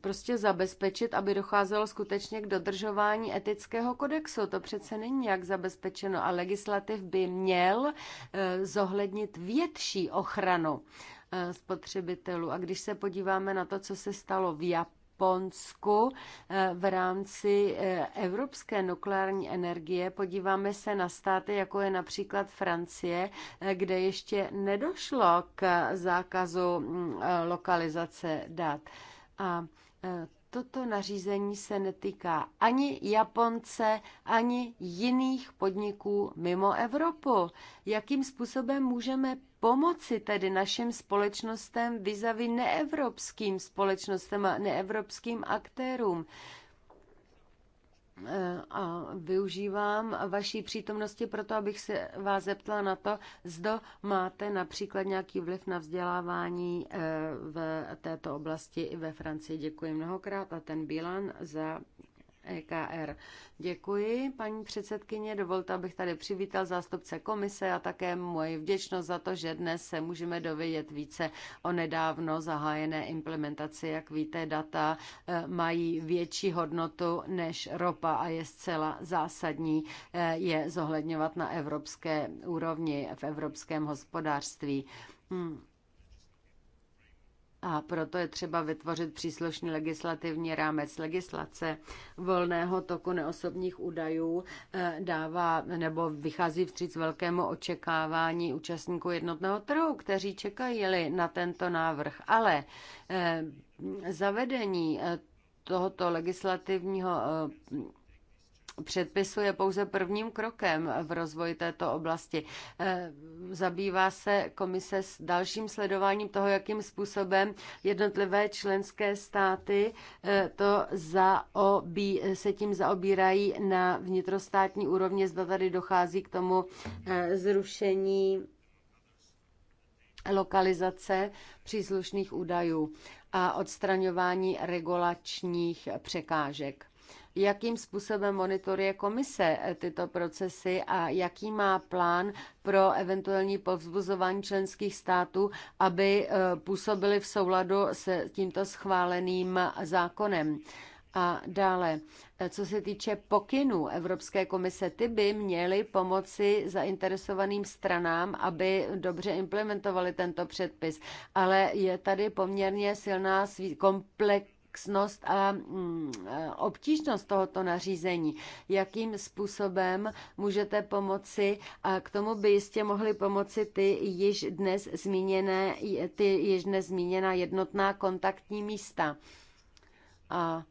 prostě zabezpečit, aby docházelo skutečně k dodržování etického kodexu. To přece není jak zabezpečeno a legislativ by měl eh, zohlednit větší ochranu spotřebitelů. A když se podíváme na to, co se stalo v Japonsku, Japonsku eh, v rámci eh, evropské nukleární energie. Podíváme se na státy, jako je například Francie, eh, kde ještě nedošlo k zákazu mm, lokalizace dat. A toto nařízení se netýká ani Japonce, ani jiných podniků mimo Evropu. Jakým způsobem můžeme pomoci tedy našim společnostem vyzavi neevropským společnostem a neevropským aktérům. E, a využívám vaší přítomnosti proto, abych se vás zeptala na to, zda máte například nějaký vliv na vzdělávání e, v této oblasti i ve Francii. Děkuji mnohokrát a ten bilan za EKR. Děkuji, paní předsedkyně. Dovolte, abych tady přivítal zástupce komise a také moji vděčnost za to, že dnes se můžeme dovědět více o nedávno zahájené implementaci. Jak víte, data e, mají větší hodnotu než ropa a je zcela zásadní e, je zohledňovat na evropské úrovni v evropském hospodářství. Hmm. A proto je třeba vytvořit příslušný legislativní rámec legislace volného toku neosobních údajů eh, dává nebo vychází vstříc velkému očekávání účastníků jednotného trhu, kteří čekají na tento návrh. Ale eh, zavedení eh, tohoto legislativního předpisu je pouze prvním krokem v rozvoji této oblasti. Eh, zabývá se komise s dalším sledováním toho, jakým způsobem jednotlivé členské státy eh, to zaobí, se tím zaobírají na vnitrostátní úrovně, zda tady dochází k tomu eh, zrušení lokalizace příslušných údajů a odstraňování regulačních překážek jakým způsobem monitoruje komise eh, tyto procesy a jaký má plán pro eventuální povzbuzování členských států, aby eh, působili v souladu s tímto schváleným zákonem. A dále, eh, co se týče pokynů Evropské komise, ty by měly pomoci zainteresovaným stranám, aby dobře implementovali tento předpis. Ale je tady poměrně silná komplex komplexnost mm, a obtížnost tohoto nařízení. Jakým způsobem můžete pomoci a k tomu by jistě mohly pomoci ty již dnes zmíněné, ty již dnes zmíněná jednotná kontaktní místa. A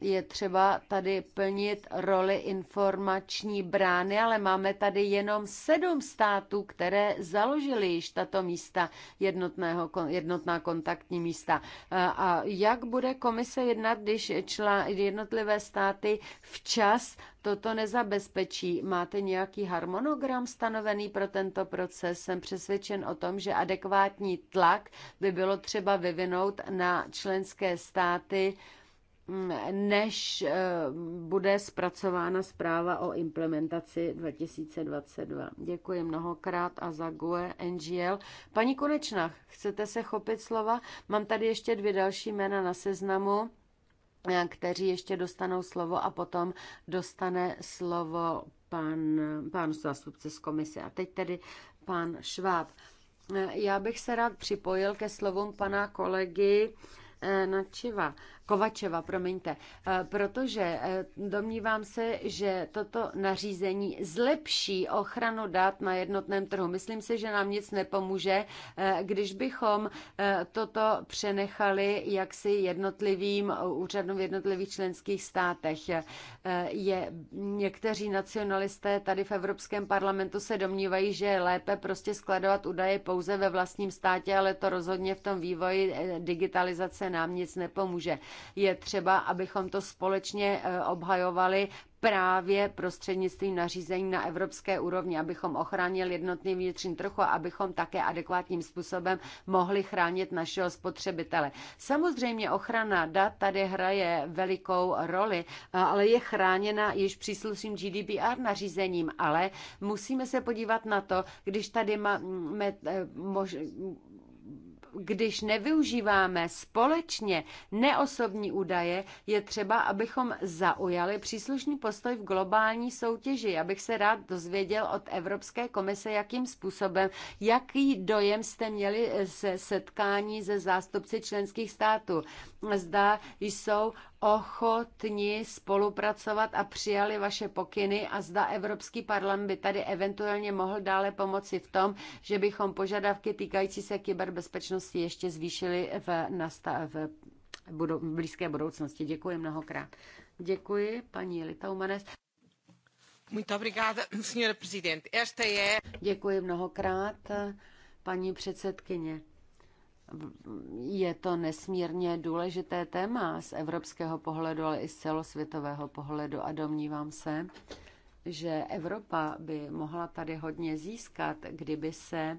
je třeba tady plnit roli informační brány, ale máme tady jenom sedm států, které založily již tato místa jednotného, jednotná kontaktní místa. A jak bude komise jednat, když člá, jednotlivé státy včas toto nezabezpečí? Máte nějaký harmonogram stanovený pro tento proces? Jsem přesvědčen o tom, že adekvátní tlak by bylo třeba vyvinout na členské státy, než eh, bude zpracována zpráva o implementaci 2022. Děkuji mnohokrát a za GUE NGL. Paní Konečná, chcete se chopit slova? Mám tady ještě dvě další jména na seznamu eh, kteří ještě dostanou slovo a potom dostane slovo pan, pan zástupce z komise. A teď tedy pan Šváb. Eh, já bych se rád připojil ke slovům pana kolegy Načiva. Kovačeva, promiňte, eh, protože eh, domnívám se, že toto nařízení zlepší ochranu dát na jednotném trhu. Myslím si, že nám nic nepomůže, eh, když bychom toto přenechali jaksi jednotlivým úřadům v jednotlivých členských státech. Je, někteří nacionalisté tady v Evropském parlamentu se domnívají, že je lépe prostě skladovat údaje pouze ve vlastním státě, ale to rozhodně v tom vývoji digitalizace nám nic nepomůže je třeba, abychom to společně e, obhajovali právě prostřednictvím nařízení na evropské úrovni, abychom ochránili jednotný vnitřní trochu a abychom také adekvátním způsobem mohli chránit našeho spotřebitele. Samozřejmě ochrana dat tady hraje velikou roli, e, ale je chráněna již příslušným GDPR nařízením, ale musíme se podívat na to, když tady máme e, když nevyužíváme společně neosobní údaje, je třeba, abychom zaujali příslušný postoj v globální soutěži. Já bych se rád dozvěděl od Evropské komise, jakým způsobem, jaký dojem jste měli se setkání ze zástupci členských států. Zda jsou ochotni spolupracovat a přijali vaše pokyny a zda Evropský parlament by tady eventuálně mohl dále pomoci v tom, že bychom požadavky týkající se kyberbezpečnosti ještě zvýšili v, nastav, v blízké budoucnosti. Děkuji mnohokrát. Děkuji, paní Litaumanes. Muito obrigada, senhora presidente. Esta Děkuji mnohokrát, paní předsedkyně je to nesmírně důležité téma z evropského pohledu, ale i z celosvětového pohledu a domnívám se, že Evropa by mohla tady hodně získat, kdyby se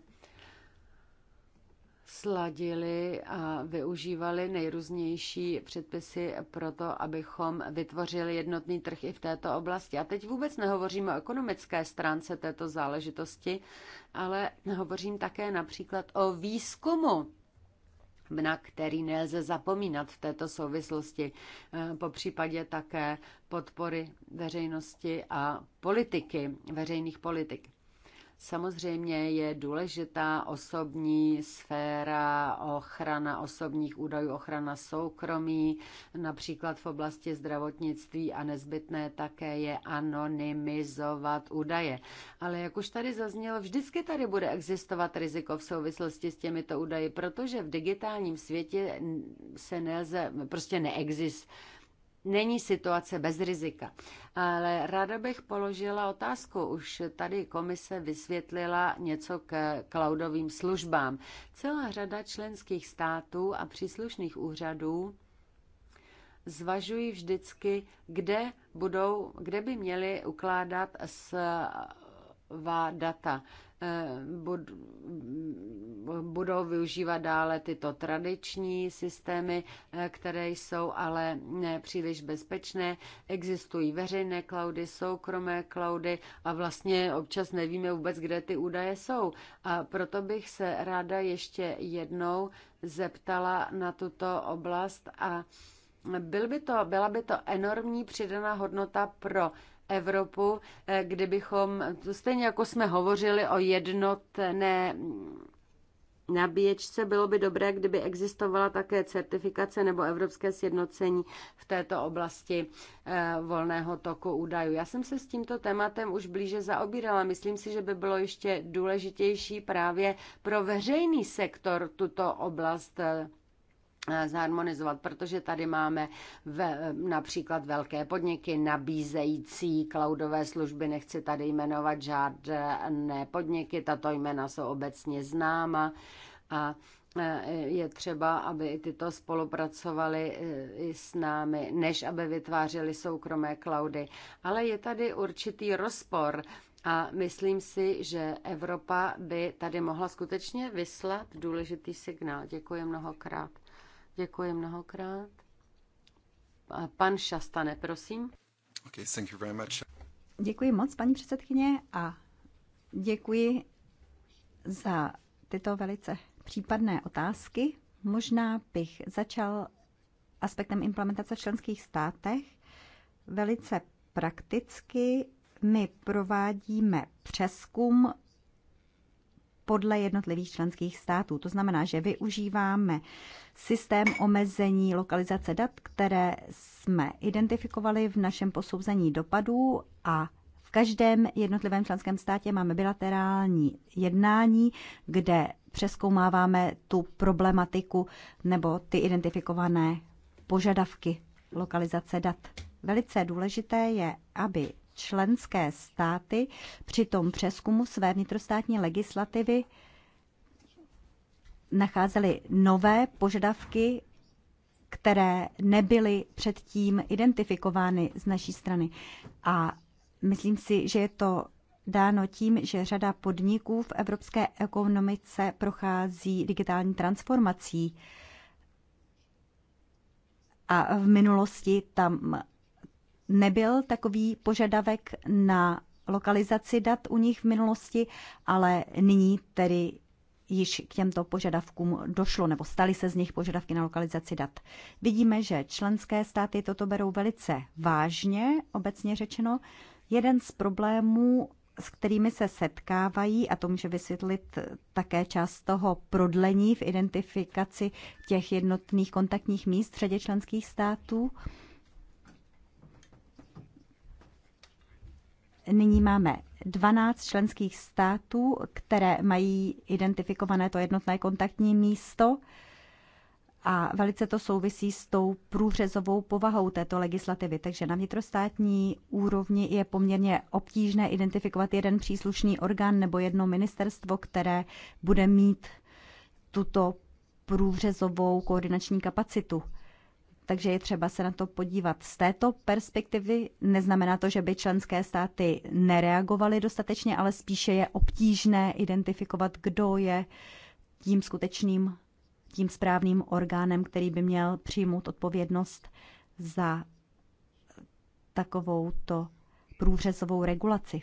sladili a využívali nejrůznější předpisy pro to, abychom vytvořili jednotný trh i v této oblasti. A teď vůbec nehovořím o ekonomické stránce této záležitosti, ale hovořím také například o výzkumu na který nelze zapomínat v této souvislosti, eh, po případě také podpory veřejnosti a politiky, veřejných politik. Samozřejmě je důležitá osobní sféra, ochrana osobních údajů, ochrana soukromí, například v oblasti zdravotnictví a nezbytné také je anonymizovat údaje. Ale jak už tady zaznělo, vždycky tady bude existovat riziko v souvislosti s těmito údaji, protože v digitálním světě se nelze, prostě neexistuje není situace bez rizika. Ale ráda bych položila otázku. Už tady komise vysvětlila něco k cloudovým službám. Celá řada členských států a příslušných úřadů zvažují vždycky, kde, budou, kde by měli ukládat svá data. Eh, mm, budou využívat dále tyto tradiční systémy, eh, které jsou ale příliš bezpečné. Existují veřejné cloudy, soukromé cloudy a vlastně občas nevíme vůbec, kde ty údaje jsou. A proto bych se ráda ještě jednou zeptala na tuto oblast a byl by to, byla by to enormní přidaná hodnota pro Evropu, eh, kdybychom, stejně jako jsme hovořili o jednotné nabíječce, bylo by dobré, kdyby existovala také certifikace nebo evropské sjednocení v této oblasti eh, volného toku údajů. Já jsem se s tímto tématem už blíže zaobírala. Myslím si, že by bylo ještě důležitější právě pro veřejný sektor tuto oblast eh, Eh, zharmonizovat, protože tady máme ve, eh, například velké podniky nabízející cloudové služby, nechci tady jmenovat žádné podniky, tato jména jsou obecně známa a eh, je třeba, aby i tyto spolupracovali i s námi, než aby vytvářeli soukromé cloudy. Ale je tady určitý rozpor a myslím si, že Evropa by tady mohla skutečně vyslat důležitý signál. Děkuji mnohokrát. Děkuji mnohokrát. Pan Šastane, prosím. Okay, thank you very much. Děkuji moc, paní předsedkyně, a děkuji za tyto velice případné otázky. Možná bych začal aspektem implementace v členských státech. Velice prakticky my provádíme přeskum podle jednotlivých členských států. To znamená, že využíváme systém omezení lokalizace dat, které jsme identifikovali v našem posouzení dopadů a v každém jednotlivém členském státě máme bilaterální jednání, kde přeskoumáváme tu problematiku nebo ty identifikované požadavky lokalizace dat. Velice důležité je, aby členské státy při tom přeskumu své vnitrostátní legislativy nacházely nové požadavky, které nebyly předtím identifikovány z naší strany. A myslím si, že je to dáno tím, že řada podniků v evropské ekonomice prochází digitální transformací. A v minulosti tam nebyl takový požadavek na lokalizaci dat u nich v minulosti, ale nyní tedy již k těmto požadavkům došlo nebo staly se z nich požadavky na lokalizaci dat. Vidíme, že členské státy toto berou velice vážně, obecně řečeno. Jeden z problémů, s kterými se setkávají, a to může vysvětlit také část toho prodlení v identifikaci těch jednotných kontaktních míst v řadě členských států, nyní máme 12 členských států, které mají identifikované to jednotné kontaktní místo a velice to souvisí s tou průřezovou povahou této legislativy. Takže na vnitrostátní úrovni je poměrně obtížné identifikovat jeden příslušný orgán nebo jedno ministerstvo, které bude mít tuto průřezovou koordinační kapacitu takže je třeba se na to podívat z této perspektivy. Neznamená to, že by členské státy nereagovaly dostatečně, ale spíše je obtížné identifikovat, kdo je tím skutečným, tím správným orgánem, který by měl přijmout odpovědnost za takovouto průřezovou regulaci.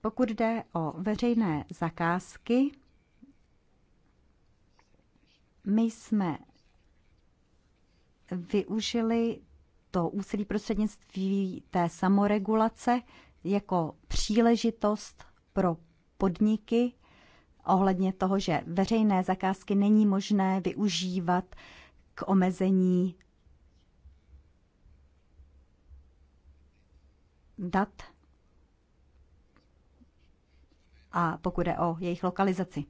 Pokud jde o veřejné zakázky, my jsme využili to úsilí prostřednictví té samoregulace jako příležitost pro podniky ohledně toho, že veřejné zakázky není možné využívat k omezení dat a pokud je o jejich lokalizaci.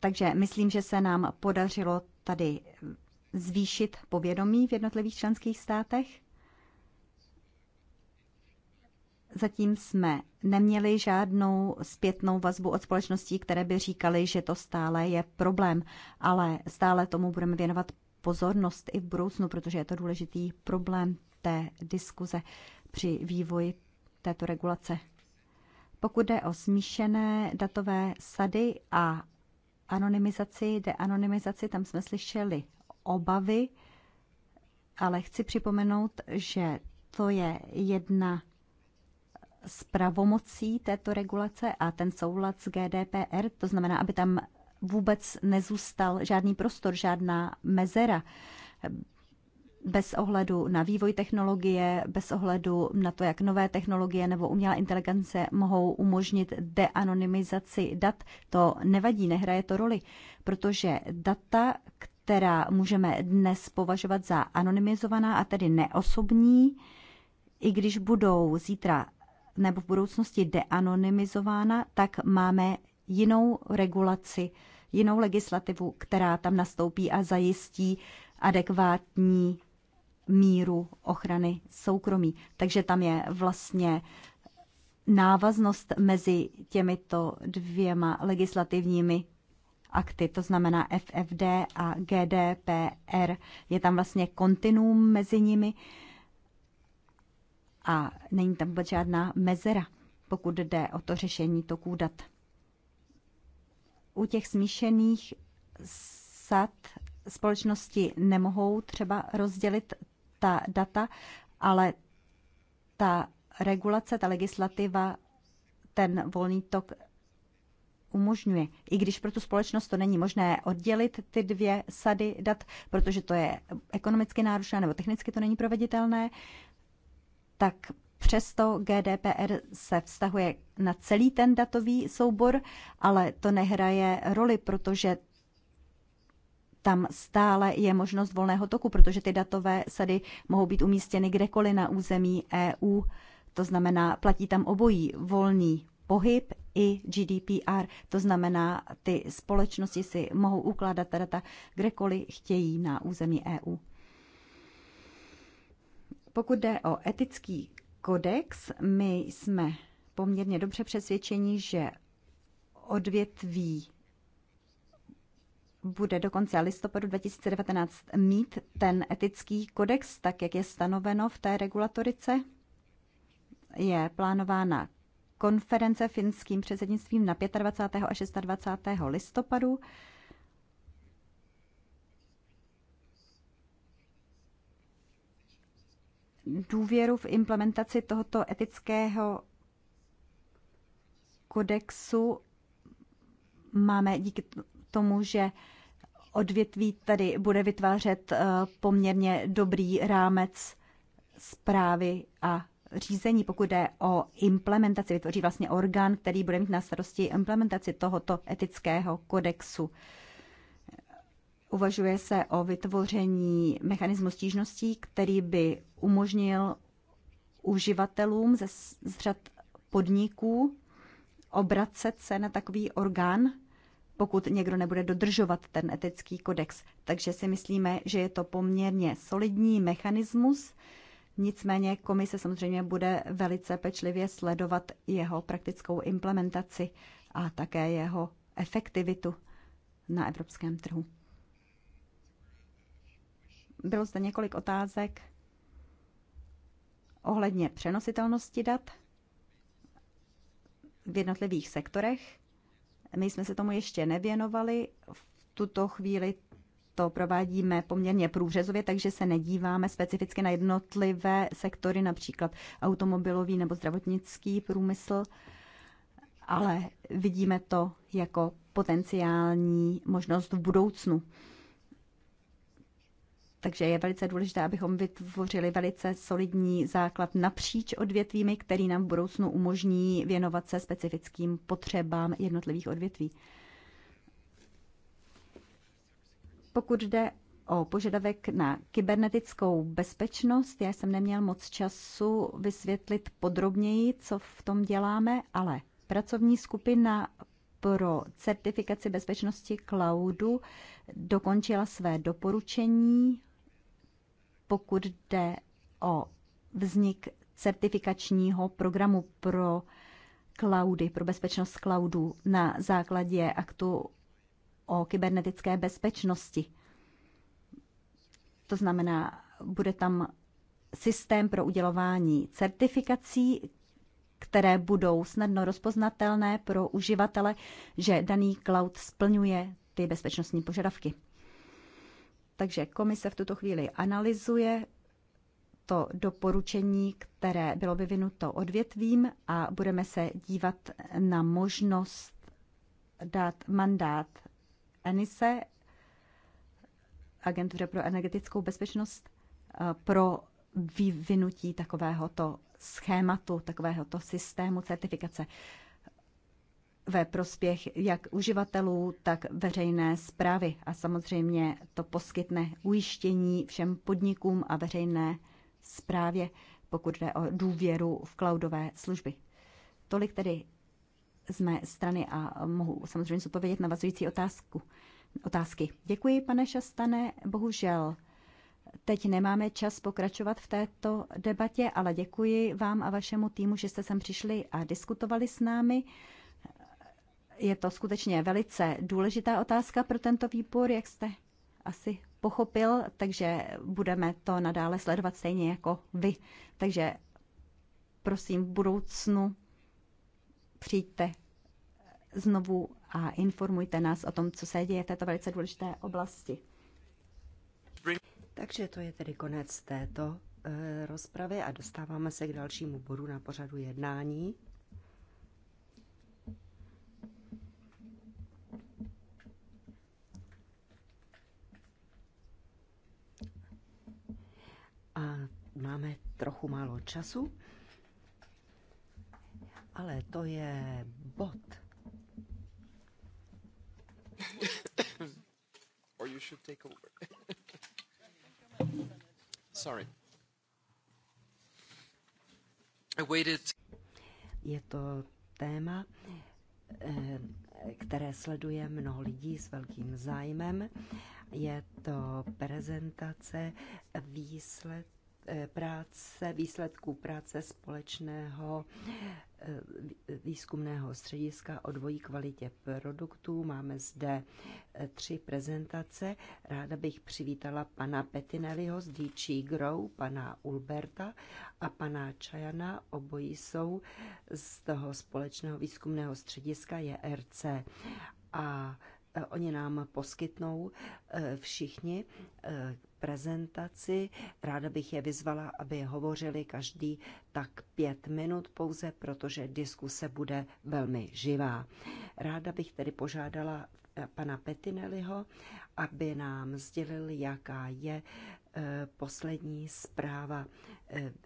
Takže myslím, že se nám podařilo tady zvýšit povědomí v jednotlivých členských státech. Zatím jsme neměli žádnou zpětnou vazbu od společností, které by říkali, že to stále je problém, ale stále tomu budeme věnovat pozornost i v budoucnu, protože je to důležitý problém té diskuze při vývoji této regulace. Pokud jde o smíšené datové sady a anonymizaci, deanonymizaci, tam jsme slyšeli obavy, ale chci připomenout, že to je jedna z pravomocí této regulace a ten soulad s GDPR, to znamená, aby tam vůbec nezůstal žádný prostor, žádná mezera bez ohledu na vývoj technologie, bez ohledu na to, jak nové technologie nebo umělá inteligence mohou umožnit deanonymizaci dat, to nevadí, nehraje to roli, protože data, která která můžeme dnes považovat za anonymizovaná a tedy neosobní, i když budou zítra nebo v budoucnosti deanonymizována, tak máme jinou regulaci, jinou legislativu, která tam nastoupí a zajistí adekvátní míru ochrany soukromí. Takže tam je vlastně návaznost mezi těmito dvěma legislativními akty, to znamená FFD a GDPR. Je tam vlastně kontinuum mezi nimi a není tam vůbec žádná mezera, pokud jde o to řešení toků dat. U těch smíšených sad společnosti nemohou třeba rozdělit ta data, ale ta regulace, ta legislativa ten volný tok umožňuje. I když pro tu společnost to není možné oddělit ty dvě sady dat, protože to je ekonomicky náročné nebo technicky to není proveditelné, tak Přesto GDPR se vztahuje na celý ten datový soubor, ale to nehraje roli, protože tam stále je možnost volného toku, protože ty datové sady mohou být umístěny kdekoliv na území EU. To znamená, platí tam obojí volný pohyb i GDPR. To znamená, ty společnosti si mohou ukládat ta data kdekoliv chtějí na území EU. Pokud jde o etický kodex, my jsme poměrně dobře přesvědčeni, že odvětví bude do konce listopadu 2019 mít ten etický kodex, tak jak je stanoveno v té regulatorice. Je plánována konference finským předsednictvím na 25. a 26. listopadu. Důvěru v implementaci tohoto etického kodexu máme díky tomu, že odvětví tady bude vytvářet eh, poměrně dobrý rámec zprávy a řízení, pokud jde o implementaci, vytvoří vlastně orgán, který bude mít na starosti implementaci tohoto etického kodexu. Uvažuje se o vytvoření mechanismu stížností, který by umožnil uživatelům ze řad podniků obracet se na takový orgán, pokud někdo nebude dodržovat ten etický kodex. Takže si myslíme, že je to poměrně solidní mechanismus, Nicméně komise samozřejmě bude velice pečlivě sledovat jeho praktickou implementaci a také jeho efektivitu na evropském trhu. Bylo zde několik otázek ohledně přenositelnosti dat v jednotlivých sektorech. My jsme se tomu ještě nevěnovali. V tuto chvíli to provádíme poměrně průřezově, takže se nedíváme specificky na jednotlivé sektory, například automobilový nebo zdravotnický průmysl, ale vidíme to jako potenciální možnost v budoucnu. Takže je velice důležité, abychom vytvořili velice solidní základ napříč odvětvími, který nám v budoucnu umožní věnovat se specifickým potřebám jednotlivých odvětví. Pokud jde o požadavek na kybernetickou bezpečnost, já jsem neměl moc času vysvětlit podrobněji, co v tom děláme, ale pracovní skupina pro certifikaci bezpečnosti cloudu dokončila své doporučení, pokud jde o vznik certifikačního programu pro cloudy, pro bezpečnost cloudu na základě aktu o kybernetické bezpečnosti. To znamená, bude tam systém pro udělování certifikací, které budou snadno rozpoznatelné pro uživatele, že daný cloud splňuje ty bezpečnostní požadavky. Takže komise v tuto chvíli analyzuje to doporučení, které bylo vyvinuto odvětvím a budeme se dívat na možnost dát mandát ENISE, Agentuře pro energetickou bezpečnost, eh, pro vyvinutí takovéhoto schématu, takovéhoto systému certifikace ve prospěch jak uživatelů, tak veřejné zprávy. A samozřejmě to poskytne ujištění všem podnikům a veřejné zprávě, pokud jde o důvěru v cloudové služby. Tolik tedy z mé strany a mohu samozřejmě zodpovědět navazující otázku. otázky. Děkuji, pane Šastane. Bohužel teď nemáme čas pokračovat v této debatě, ale děkuji vám a vašemu týmu, že jste sem přišli a diskutovali s námi. Je to skutečně velice důležitá otázka pro tento výbor, jak jste asi pochopil, takže budeme to nadále sledovat stejně jako vy. Takže prosím, v budoucnu přijďte znovu a informujte nás o tom, co se děje v této velice důležité oblasti. Takže to je tedy konec této eh, rozpravy a dostáváme se k dalšímu bodu na pořadu jednání. A máme trochu málo času ale to je bot. Or you should take over. Sorry. I waited. Je to téma, eh, které sleduje mnoho lidí s velkým zájmem. Je to prezentace výsled Eh, práce, výsledků práce společného eh, výzkumného střediska o dvojí kvalitě produktů. Máme zde eh, tři prezentace. Ráda bych přivítala pana Petinelliho z DG Grow, pana Ulberta a pana Čajana. Obojí jsou z toho společného výzkumného střediska JRC. A Eh, oni nám poskytnou eh, všichni eh, prezentaci. Ráda bych je vyzvala, aby hovořili každý tak pět minut pouze, protože diskuse bude velmi živá. Ráda bych tedy požádala pana Petinelliho, aby nám sdělil, jaká je poslední zpráva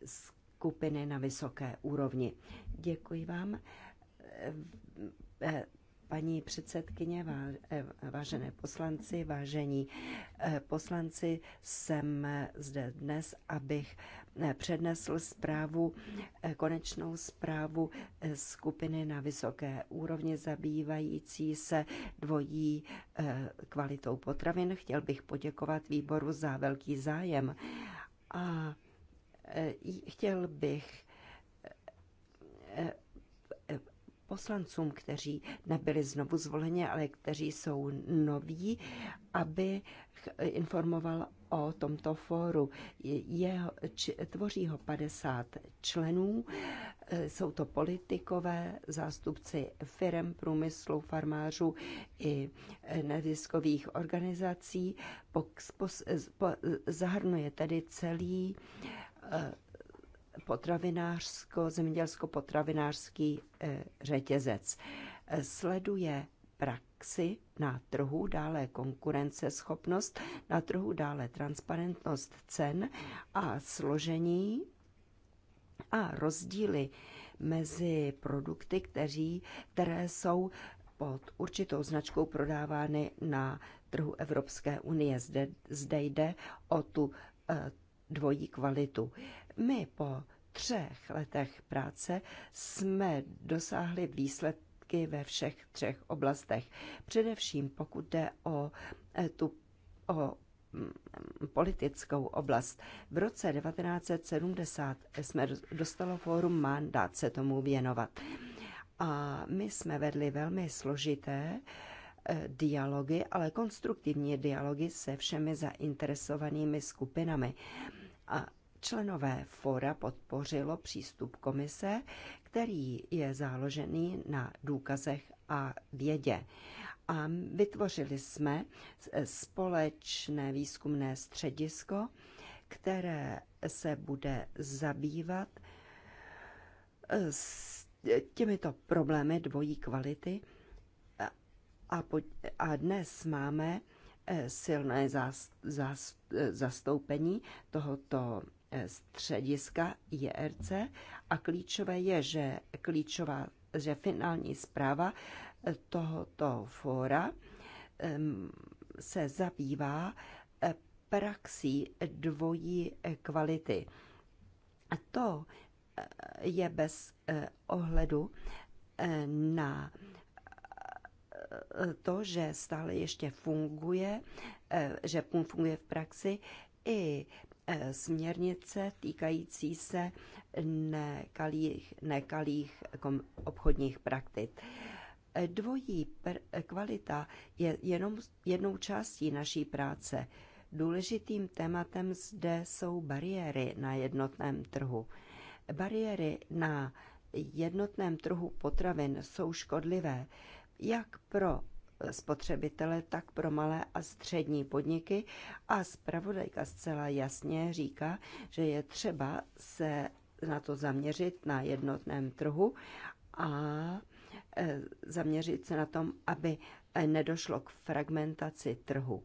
skupiny na vysoké úrovni. Děkuji vám paní předsedkyně, eh, vážené poslanci, vážení eh, poslanci, jsem zde dnes, abych eh, přednesl zprávu, konečnou zprávu skupiny na vysoké úrovni zabývající se dvojí kvalitou potravin. Chtěl bych poděkovat výboru za velký zájem a chtěl bych poslancům, kteří nebyli znovu zvoleni, ale kteří jsou noví, aby informoval o tomto fóru. Je, tvoří ho 50 členů, e, jsou to politikové, zástupci firm, průmyslu, farmářů i e, neziskových organizací. Zahrnuje tedy celý e, potravinářsko, zemědělsko-potravinářský eh, řetězec. Eh, sleduje praxi na trhu, dále konkurenceschopnost, na trhu dále transparentnost cen a složení a rozdíly mezi produkty, kteří, které jsou pod určitou značkou prodávány na trhu Evropské unie. Zde, zde jde o tu eh, dvojí kvalitu. My po třech letech práce jsme dosáhli výsledky ve všech třech oblastech. Především pokud jde o eh, tu o mm, politickou oblast. V roce 1970 jsme dostalo fórum mandát se tomu věnovat. A my jsme vedli velmi složité eh, dialogy, ale konstruktivní dialogy se všemi zainteresovanými skupinami. A Členové fora podpořilo přístup komise, který je záložený na důkazech a vědě. A vytvořili jsme společné výzkumné středisko, které se bude zabývat eh, s těmito problémy dvojí kvality. A, po, a dnes máme eh, silné zas, zas, eh, zastoupení tohoto střediska IRC a klíčové je, že, klíčová, že finální zpráva eh, tohoto fóra se zabývá eh, praxí dvojí eh, kvality. A to je bez ohledu na to, že stále ještě funguje, že funguje v praxi i Eh, směrnice týkající se nekalých, nekalých obchodních praktik. Eh, dvojí eh, kvalita je jenom jednou částí naší práce. Důležitým tématem zde jsou bariéry na jednotném trhu. Bariéry na jednotném trhu potravin jsou škodlivé jak pro spotřebitele, tak pro malé a střední podniky. A zpravodajka zcela jasně říká, že je třeba se na to zaměřit na jednotném trhu a e, zaměřit se na tom, aby e, nedošlo k fragmentaci trhu.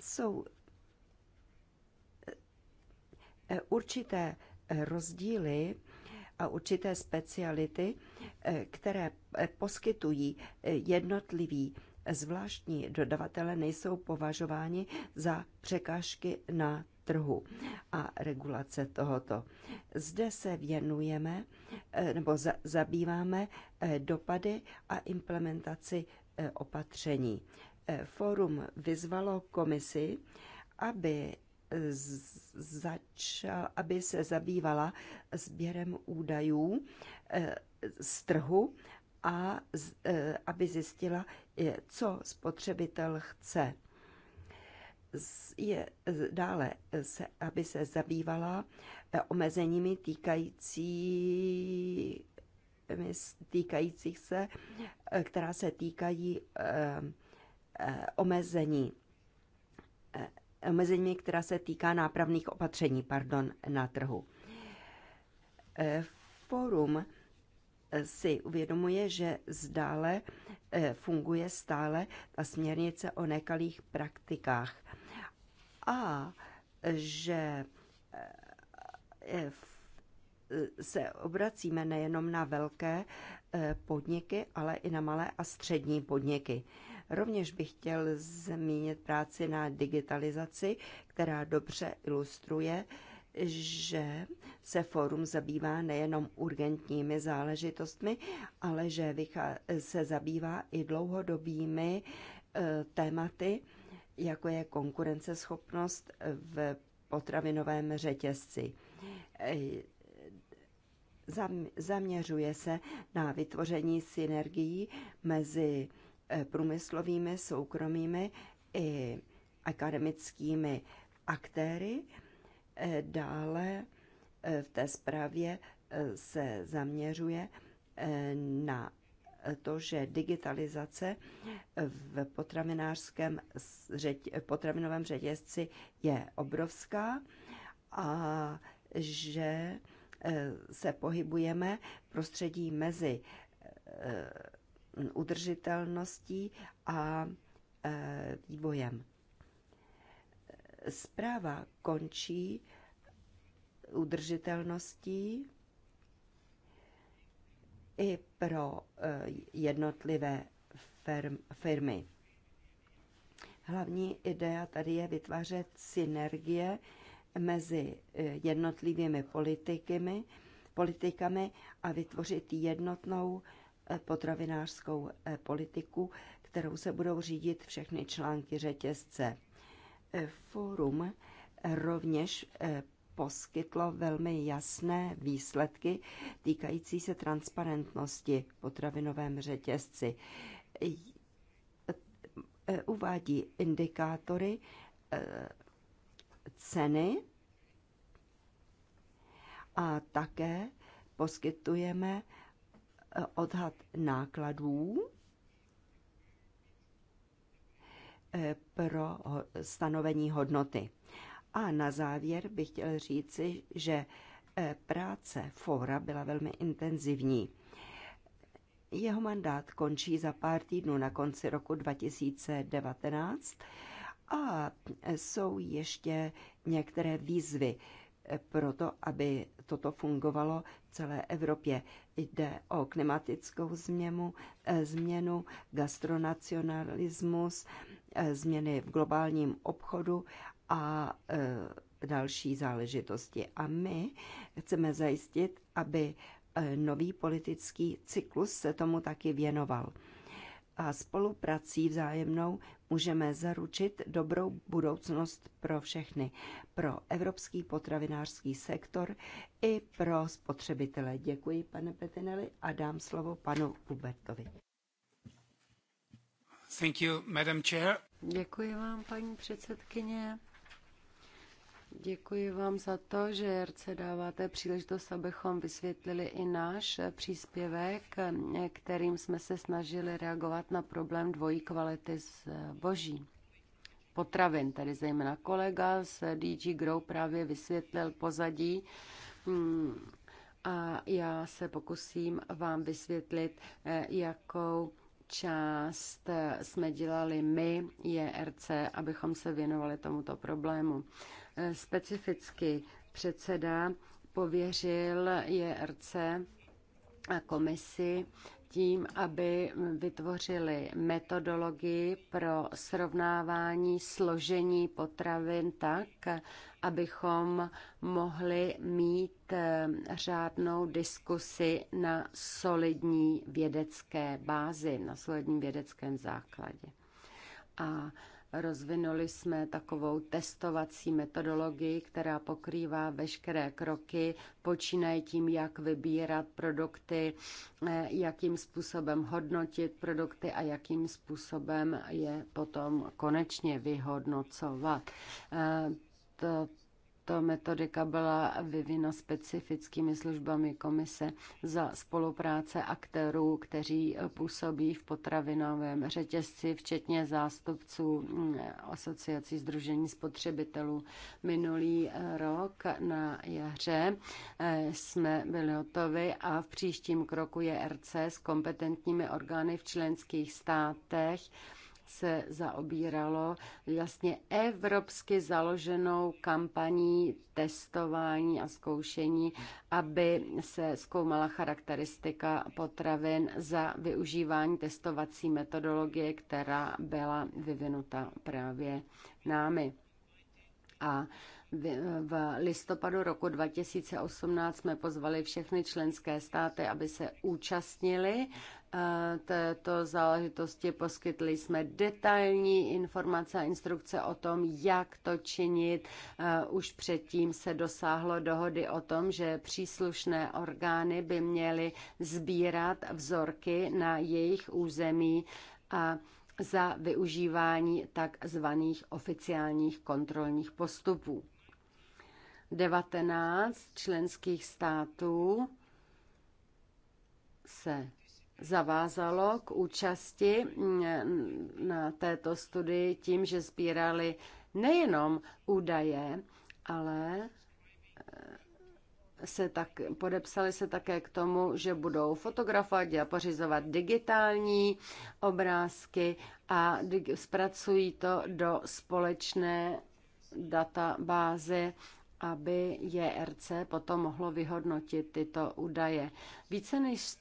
Jsou e, určité rozdíly a určité speciality, eh, které eh, poskytují eh, jednotliví zvláštní dodavatele, nejsou považováni za překážky na trhu a regulace tohoto. Zde se věnujeme nebo zabýváme dopady a implementaci opatření. Fórum vyzvalo komisi, aby začal, aby se zabývala sběrem údajů eh, z trhu a eh, aby zjistila, co spotřebitel chce. Je, dále, se, aby se zabývala eh, omezeními týkající, týkajících se, která se týkají omezení omezení, která se týká nápravných opatření pardon, na trhu. Eh, Forum eh, si uvědomuje, že zdále eh, funguje stále ta směrnice o nekalých praktikách a že se obracíme nejenom na velké podniky, ale i na malé a střední podniky. Rovněž bych chtěl zmínit práci na digitalizaci, která dobře ilustruje, že se fórum zabývá nejenom urgentními záležitostmi, ale že se zabývá i dlouhodobými e, tématy, jako je konkurenceschopnost v potravinovém řetězci. E, zaměřuje se na vytvoření synergií mezi Eh, průmyslovými, soukromými i akademickými aktéry. Eh, dále eh, v té zprávě se zaměřuje na to, že digitalizace v potravinářském řeť, potravinovém řetězci je obrovská a že se pohybujeme v prostředí mezi udržitelností a e, vývojem. Zpráva končí udržitelností i pro e, jednotlivé firmy. Hlavní idea tady je vytvářet synergie mezi e, jednotlivými politikami, politikami a vytvořit jednotnou potravinářskou eh, politiku, kterou se budou řídit všechny články řetězce. Eh, Forum eh, rovněž poskytlo velmi jasné výsledky týkající se transparentnosti v potravinovém řetězci. Uvádí indikátory ceny a také poskytujeme odhad nákladů eh, pro stanovení hodnoty. A na závěr bych chtěl říci, že eh, práce fóra byla velmi intenzivní. Jeho mandát končí za pár týdnů na konci roku 2019 a jsou ještě některé výzvy, proto, aby toto fungovalo v celé Evropě. Jde o klimatickou změnu, e, změnu gastronacionalismus, e, změny v globálním obchodu a e, další záležitosti. A my chceme zajistit, aby nový politický cyklus se tomu taky věnoval. A spoluprací vzájemnou můžeme zaručit dobrou budoucnost pro všechny, pro evropský potravinářský sektor i pro spotřebitele. Děkuji, pane Petinelli, a dám slovo panu Hubertovi. Thank you, Madam Chair. Děkuji vám, paní předsedkyně. Děkuji vám za to, že Jarce dáváte příležitost, abychom vysvětlili i náš příspěvek, kterým jsme se snažili reagovat na problém dvojí kvality zboží. Potravin, tedy zejména kolega z DG Grow právě vysvětlil pozadí a já se pokusím vám vysvětlit, jakou část jsme dělali my, JRC, abychom se věnovali tomuto problému specificky předseda pověřil JRC a komisi tím, aby vytvořili metodologii pro srovnávání složení potravin tak, abychom mohli mít eh, řádnou diskusi na solidní vědecké bázi, na solidním vědeckém základě. A Rozvinuli jsme takovou testovací metodologii, která pokrývá veškeré kroky, počínaje tím, jak vybírat produkty, eh, jakým způsobem hodnotit produkty a jakým způsobem je potom konečně vyhodnocovat. Eh, to tato metodika byla vyvina specifickými službami komise za spolupráce aktérů, kteří působí v potravinovém řetězci, včetně zástupců mm, asociací Združení spotřebitelů. Minulý eh, rok na jaře eh, jsme byli hotovi a v příštím kroku je RC s kompetentními orgány v členských státech se zaobíralo vlastně evropsky založenou kampaní testování a zkoušení, aby se zkoumala charakteristika potravin za využívání testovací metodologie, která byla vyvinuta právě námi. A v listopadu roku 2018 jsme pozvali všechny členské státy, aby se účastnili Eh, této záležitosti poskytli jsme detailní informace a instrukce o tom, jak to činit. Eh, už předtím se dosáhlo dohody o tom, že příslušné orgány by měly sbírat vzorky na jejich území a za využívání takzvaných oficiálních kontrolních postupů. 19 členských států se zavázalo k účasti mm, na této studii tím, že sbírali nejenom údaje, ale eh, se tak, podepsali se také k tomu, že budou fotografovat a pořizovat digitální obrázky a dig- zpracují to do společné databázy, aby JRC potom mohlo vyhodnotit tyto údaje. Více než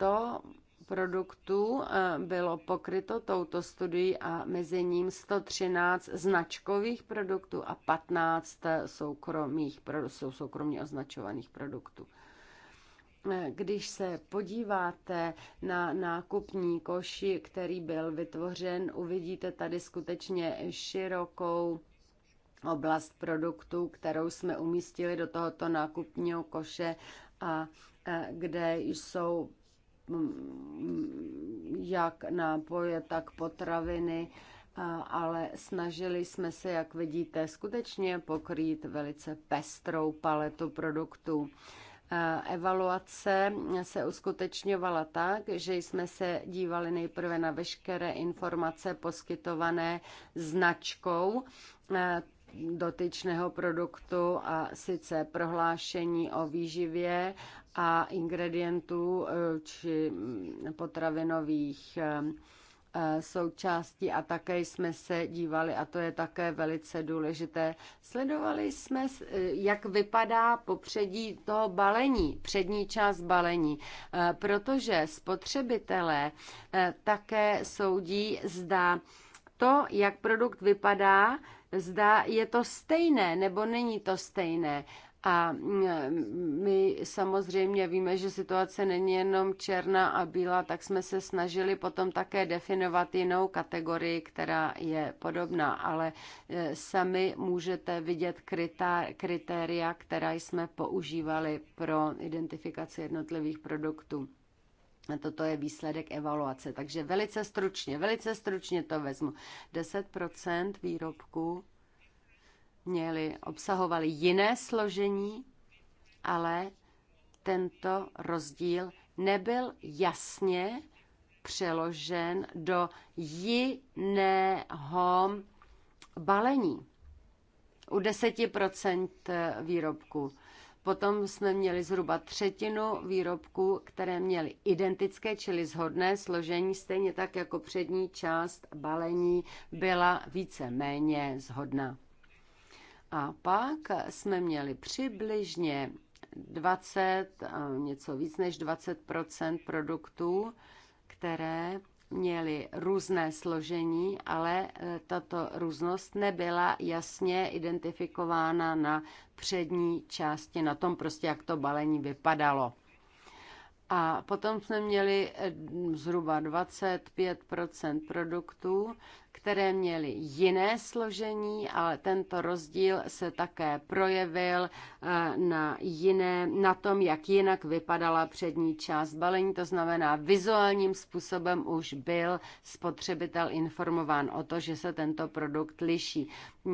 100 produktů eh, bylo pokryto touto studií a mezi ním 113 značkových produktů a 15 eh, soukromých, jsou soukromně označovaných produktů. Eh, když se podíváte na nákupní koši, který byl vytvořen, uvidíte tady skutečně širokou oblast produktů, kterou jsme umístili do tohoto nákupního koše a kde jsou jak nápoje, tak potraviny, ale snažili jsme se, jak vidíte, skutečně pokrýt velice pestrou paletu produktů. Evaluace se uskutečňovala tak, že jsme se dívali nejprve na veškeré informace poskytované značkou dotyčného produktu a sice prohlášení o výživě a ingredientů eh, či mm, potravinových eh, eh, součástí a také jsme se dívali, a to je také velice důležité, sledovali jsme, jak vypadá popředí toho balení, přední část balení, protože spotřebitelé také soudí, zda to, jak produkt vypadá, zda je to stejné nebo není to stejné. A mm, my samozřejmě víme, že situace není jenom černá a bílá, tak jsme se snažili potom také definovat jinou kategorii, která je podobná, ale e, sami můžete vidět kritéria, která jsme používali pro identifikaci jednotlivých produktů. A toto je výsledek evaluace. Takže velice stručně, velice stručně to vezmu. 10% výrobků měly, obsahovaly jiné složení, ale tento rozdíl nebyl jasně přeložen do jiného balení u 10% výrobků. Potom jsme měli zhruba třetinu výrobků, které měly identické, čili zhodné složení, stejně tak jako přední část balení byla více méně zhodná. A pak jsme měli přibližně 20, něco víc než 20 produktů, které měly různé složení, ale e, tato různost nebyla jasně identifikována na přední části, na tom prostě, jak to balení vypadalo. A potom jsme měli e, zhruba 25 produktů, které měly jiné složení, ale tento rozdíl se také projevil eh, na, jiné, na tom, jak jinak vypadala přední část balení, to znamená vizuálním způsobem už byl spotřebitel informován o to, že se tento produkt liší.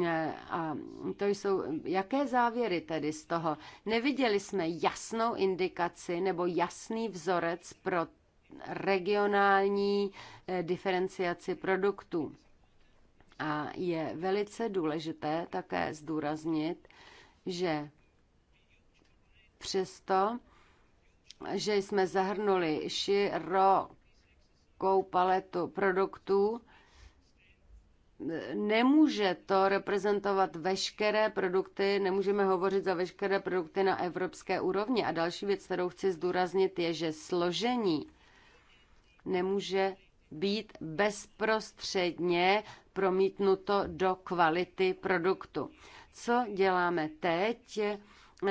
Eh, a to jsou, jaké závěry tedy z toho? Neviděli jsme jasnou indikaci nebo jasný vzorec pro regionální eh, diferenciaci produktů. A je velice důležité také zdůraznit, že přesto, že jsme zahrnuli širokou paletu produktů, nemůže to reprezentovat veškeré produkty, nemůžeme hovořit za veškeré produkty na evropské úrovni. A další věc, kterou chci zdůraznit, je, že složení nemůže být bezprostředně promítnuto do kvality produktu. Co děláme teď?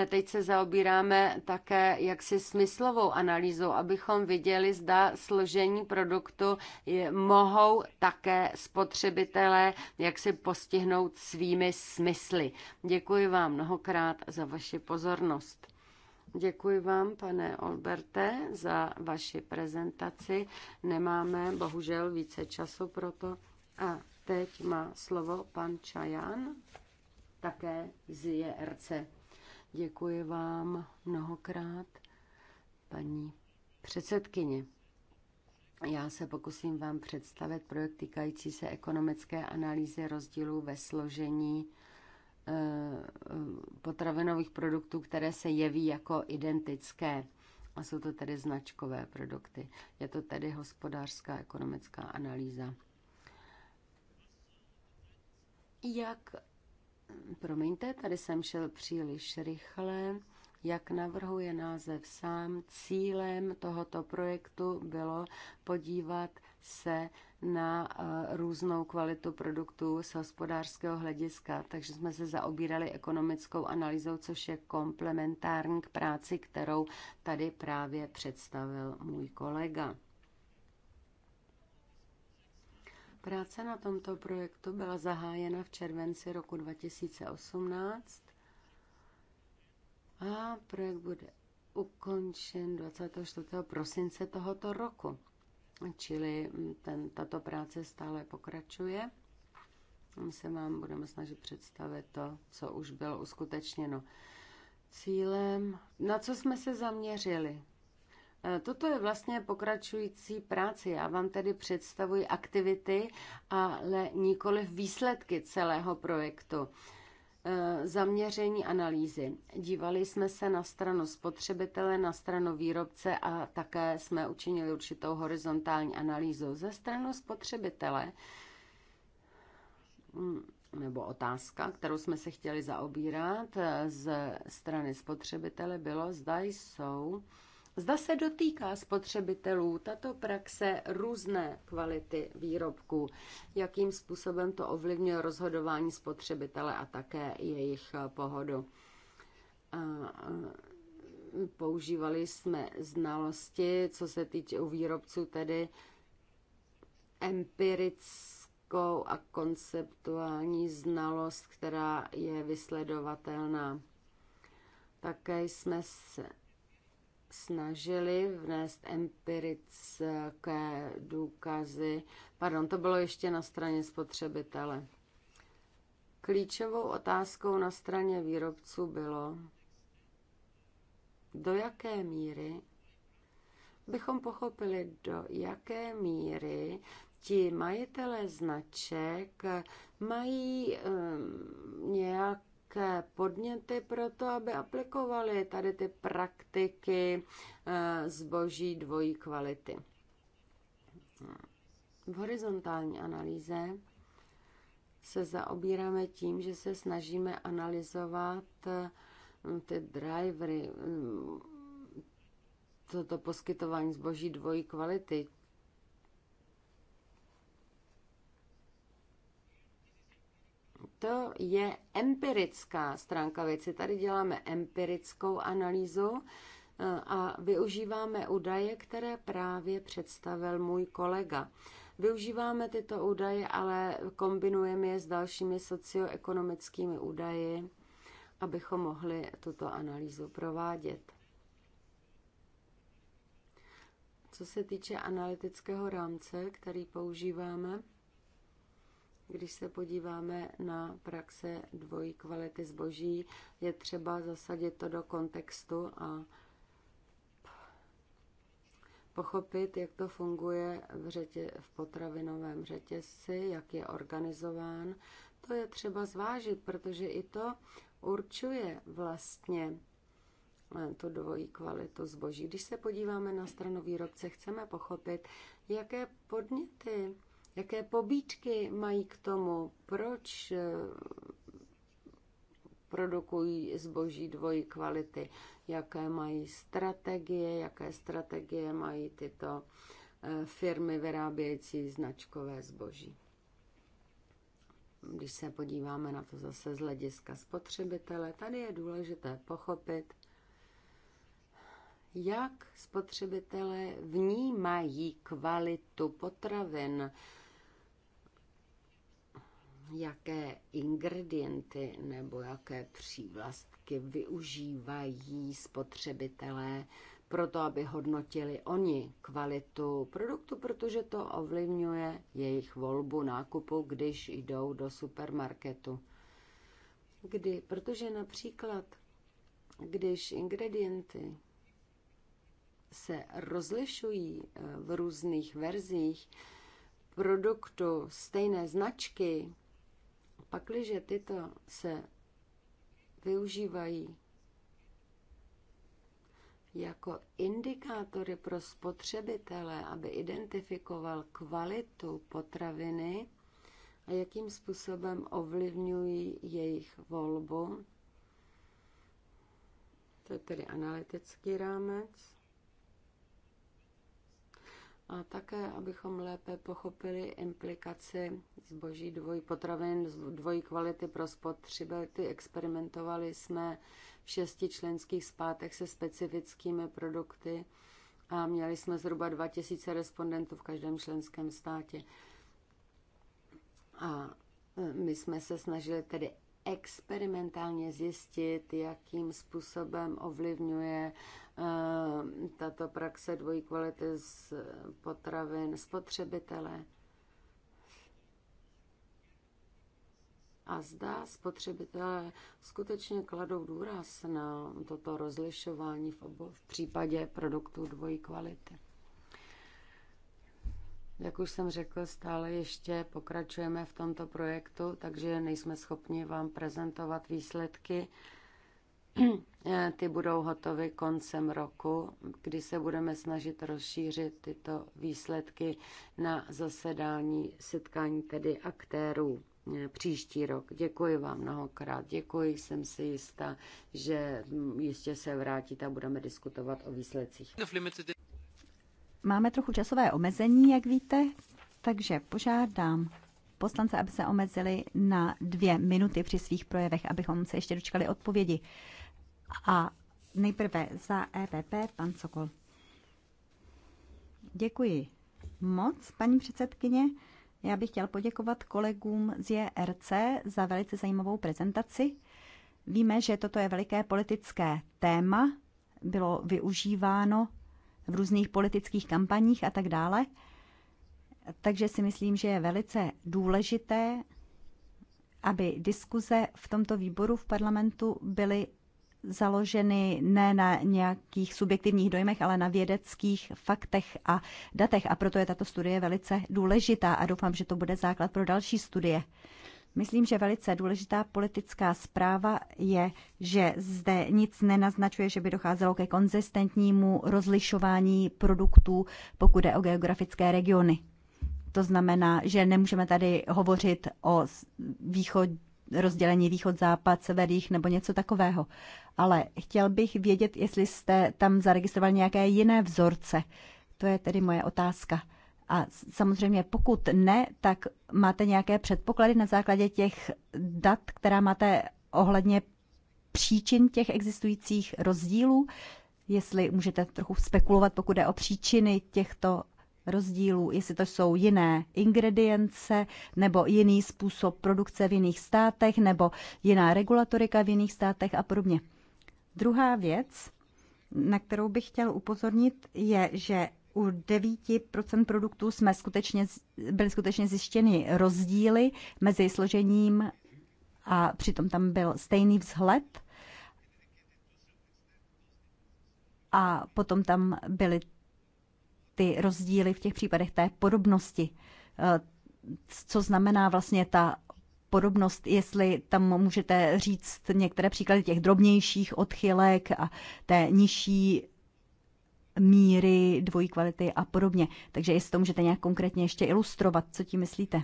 Teď se zaobíráme také jaksi smyslovou analýzou, abychom viděli, zda složení produktu je, mohou také spotřebitelé jak si postihnout svými smysly. Děkuji vám mnohokrát za vaši pozornost. Děkuji vám, pane Olberte, za vaši prezentaci. Nemáme bohužel více času pro to. A teď má slovo pan Čajan, také z JRC. Děkuji vám mnohokrát, paní předsedkyně. Já se pokusím vám představit projekt týkající se ekonomické analýzy rozdílů ve složení potravinových produktů, které se jeví jako identické. A jsou to tedy značkové produkty. Je to tedy hospodářská ekonomická analýza. Jak, promiňte, tady jsem šel příliš rychle, jak navrhuje název sám, cílem tohoto projektu bylo podívat se na eh, různou kvalitu produktů z hospodářského hlediska. Takže jsme se zaobírali ekonomickou analýzou, což je komplementární k práci, kterou tady právě představil můj kolega. Práce na tomto projektu byla zahájena v červenci roku 2018 a projekt bude ukončen 24. prosince tohoto roku. Čili mm, ten, tato práce stále pokračuje. My se vám budeme snažit představit to, co už bylo uskutečněno. Cílem, na co jsme se zaměřili? E, toto je vlastně pokračující práce. Já vám tedy představuji aktivity, ale nikoli výsledky celého projektu. Eh, zaměření analýzy. Dívali jsme se na stranu spotřebitele, na stranu výrobce a také jsme učinili určitou horizontální analýzu. Ze stranu spotřebitele mm, nebo otázka, kterou jsme se chtěli zaobírat eh, z strany spotřebitele, bylo, zda jsou Zda se dotýká spotřebitelů tato praxe různé kvality výrobků, jakým způsobem to ovlivňuje rozhodování spotřebitele a také jejich pohodu. Používali jsme znalosti, co se týče u výrobců, tedy empirickou a konceptuální znalost, která je vysledovatelná. Také jsme se snažili vnést empirické důkazy. Pardon, to bylo ještě na straně spotřebitele. Klíčovou otázkou na straně výrobců bylo, do jaké míry bychom pochopili, do jaké míry ti majitelé značek mají um, nějak nějaké podněty pro to, aby aplikovali tady ty praktiky eh, zboží dvojí kvality. V horizontální analýze se zaobíráme tím, že se snažíme analyzovat mm, ty drivery, mm, toto poskytování zboží dvojí kvality, to je empirická stránka věci. Tady děláme empirickou analýzu eh, a využíváme údaje, které právě představil můj kolega. Využíváme tyto údaje, ale kombinujeme je s dalšími socioekonomickými údaji, abychom mohli tuto analýzu provádět. Co se týče analytického rámce, který používáme, když se podíváme na praxe dvojí kvality zboží, je třeba zasadit to do kontextu a pochopit, jak to funguje v, řetě, v potravinovém řetězci, jak je organizován. To je třeba zvážit, protože i to určuje vlastně eh, tu dvojí kvalitu zboží. Když se podíváme na stranu výrobce, chceme pochopit, jaké podněty Jaké pobídky mají k tomu? Proč eh, produkují zboží dvojí kvality? Jaké mají strategie? Jaké strategie mají tyto eh, firmy vyrábějící značkové zboží? Když se podíváme na to zase z hlediska spotřebitele, tady je důležité pochopit, jak spotřebitelé vnímají kvalitu potravin, jaké ingredienty nebo jaké přívlastky využívají spotřebitelé pro to, aby hodnotili oni kvalitu produktu, protože to ovlivňuje jejich volbu nákupu, když jdou do supermarketu. Kdy? Protože například, když ingredienty se rozlišují eh, v různých verzích produktu stejné značky, Pakliže tyto se využívají jako indikátory pro spotřebitele, aby identifikoval kvalitu potraviny a jakým způsobem ovlivňují jejich volbu. To je tedy analytický rámec a také, abychom lépe pochopili implikaci zboží dvojí potravin, dvojí kvality pro spotřebitele. Experimentovali jsme v šesti členských spátech se specifickými produkty a měli jsme zhruba 2000 respondentů v každém členském státě. A e, my jsme se snažili tedy experimentálně zjistit, jakým způsobem ovlivňuje eh, tato praxe dvojí kvality z potravin spotřebitele. A zda spotřebitelé skutečně kladou důraz na toto rozlišování v, obou, v případě produktů dvojí kvality. Jak už jsem řekl, stále ještě pokračujeme v tomto projektu, takže nejsme schopni vám prezentovat výsledky. Ty budou hotovy koncem roku, kdy se budeme snažit rozšířit tyto výsledky na zasedání, setkání tedy aktérů eh, příští rok. Děkuji vám mnohokrát, děkuji, jsem si jistá, že jistě se vrátíte a budeme diskutovat o výsledcích. Máme trochu časové omezení, jak víte, takže požádám poslance, aby se omezili na dvě minuty při svých projevech, abychom se ještě dočkali odpovědi. A nejprve za EPP pan Sokol. Děkuji moc, paní předsedkyně. Já bych chtěl poděkovat kolegům z JRC za velice zajímavou prezentaci. Víme, že toto je veliké politické téma, bylo využíváno v různých politických kampaních a tak dále. Takže si myslím, že je velice důležité, aby diskuze v tomto výboru v parlamentu byly založeny ne na nějakých subjektivních dojmech, ale na vědeckých faktech a datech. A proto je tato studie velice důležitá a doufám, že to bude základ pro další studie. Myslím, že velice důležitá politická zpráva je, že zde nic nenaznačuje, že by docházelo ke konzistentnímu rozlišování produktů, pokud je o geografické regiony. To znamená, že nemůžeme tady hovořit o východ, rozdělení východ-západ, severých nebo něco takového. Ale chtěl bych vědět, jestli jste tam zaregistrovali nějaké jiné vzorce. To je tedy moje otázka. A samozřejmě pokud ne, tak máte nějaké předpoklady na základě těch dat, která máte ohledně příčin těch existujících rozdílů? Jestli můžete trochu spekulovat, pokud jde o příčiny těchto rozdílů, jestli to jsou jiné ingredience nebo jiný způsob produkce v jiných státech nebo jiná regulatorika v jiných státech a podobně. Druhá věc, na kterou bych chtěl upozornit, je, že u 9% produktů jsme skutečně, byly skutečně zjištěny rozdíly mezi složením a přitom tam byl stejný vzhled. A potom tam byly ty rozdíly v těch případech té podobnosti. E, co znamená vlastně ta podobnost, jestli tam můžete říct některé příklady těch drobnějších odchylek a té nižší míry dvojí kvality a podobně. Takže jestli to můžete nějak konkrétně ještě ilustrovat, co tím myslíte.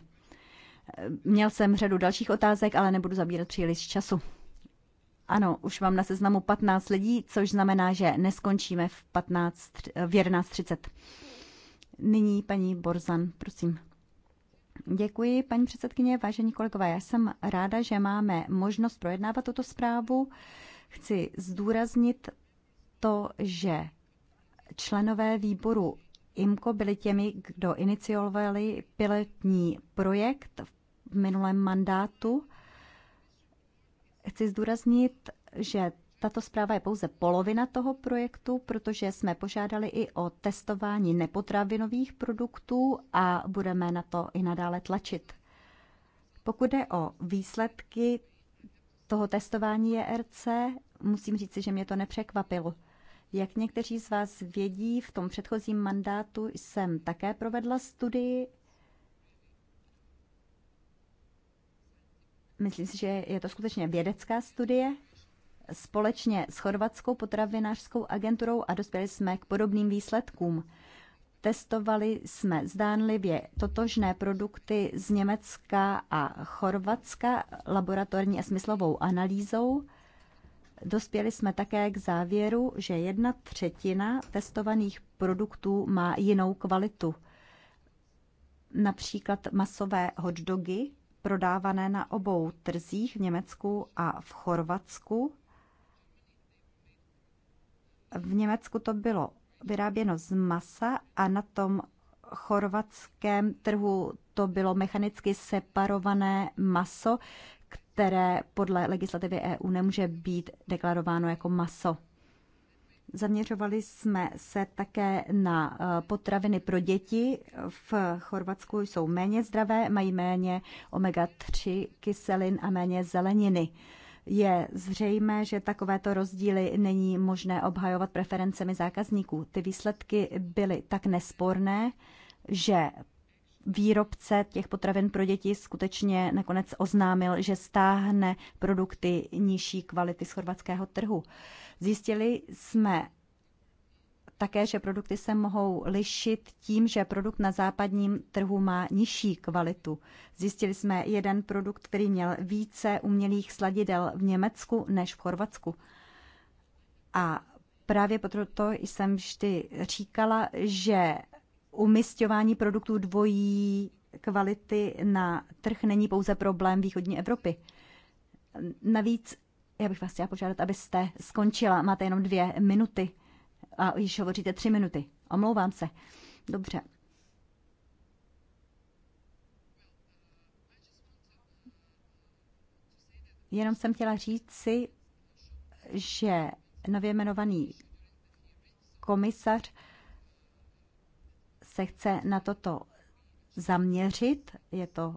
Eh, měl jsem řadu dalších otázek, ale nebudu zabírat příliš času. Ano, už mám na seznamu 15 lidí, což znamená, že neskončíme v, 15, v 11.30. Nyní paní Borzan, prosím. Děkuji, paní předsedkyně, vážení kolegové. Já jsem ráda, že máme možnost projednávat tuto zprávu. Chci zdůraznit to, že Členové výboru IMCO byli těmi, kdo iniciovali pilotní projekt v minulém mandátu. Chci zdůraznit, že tato zpráva je pouze polovina toho projektu, protože jsme požádali i o testování nepotravinových produktů a budeme na to i nadále tlačit. Pokud jde o výsledky toho testování ERC, musím říci, že mě to nepřekvapilo. Jak někteří z vás vědí, v tom předchozím mandátu jsem také provedla studii. Myslím si, že je to skutečně vědecká studie. Společně s Chorvatskou potravinářskou agenturou a dospěli jsme k podobným výsledkům. Testovali jsme zdánlivě totožné produkty z Německa a Chorvatska laboratorní a smyslovou analýzou Dospěli jsme také k závěru, že jedna třetina testovaných produktů má jinou kvalitu. Například masové hotdogy, prodávané na obou trzích v Německu a v Chorvatsku. V Německu to bylo vyráběno z masa a na tom chorvatském trhu to bylo mechanicky separované maso, které podle legislativy EU nemůže být deklarováno jako maso. Zaměřovali jsme se také na e, potraviny pro děti. V Chorvatsku jsou méně zdravé, mají méně omega-3 kyselin a méně zeleniny. Je zřejmé, že takovéto rozdíly není možné obhajovat preferencemi zákazníků. Ty výsledky byly tak nesporné, že výrobce těch potravin pro děti skutečně nakonec oznámil, že stáhne produkty nižší kvality z chorvatského trhu. Zjistili jsme také, že produkty se mohou lišit tím, že produkt na západním trhu má nižší kvalitu. Zjistili jsme jeden produkt, který měl více umělých sladidel v Německu než v Chorvatsku. A právě proto jsem vždy říkala, že umistování produktů dvojí kvality na trh není pouze problém východní Evropy. Navíc, já bych vás chtěla požádat, abyste skončila. Máte jenom dvě minuty a již hovoříte tři minuty. Omlouvám se. Dobře. Jenom jsem chtěla říct si, že nově jmenovaný komisař se chce na toto zaměřit. Je to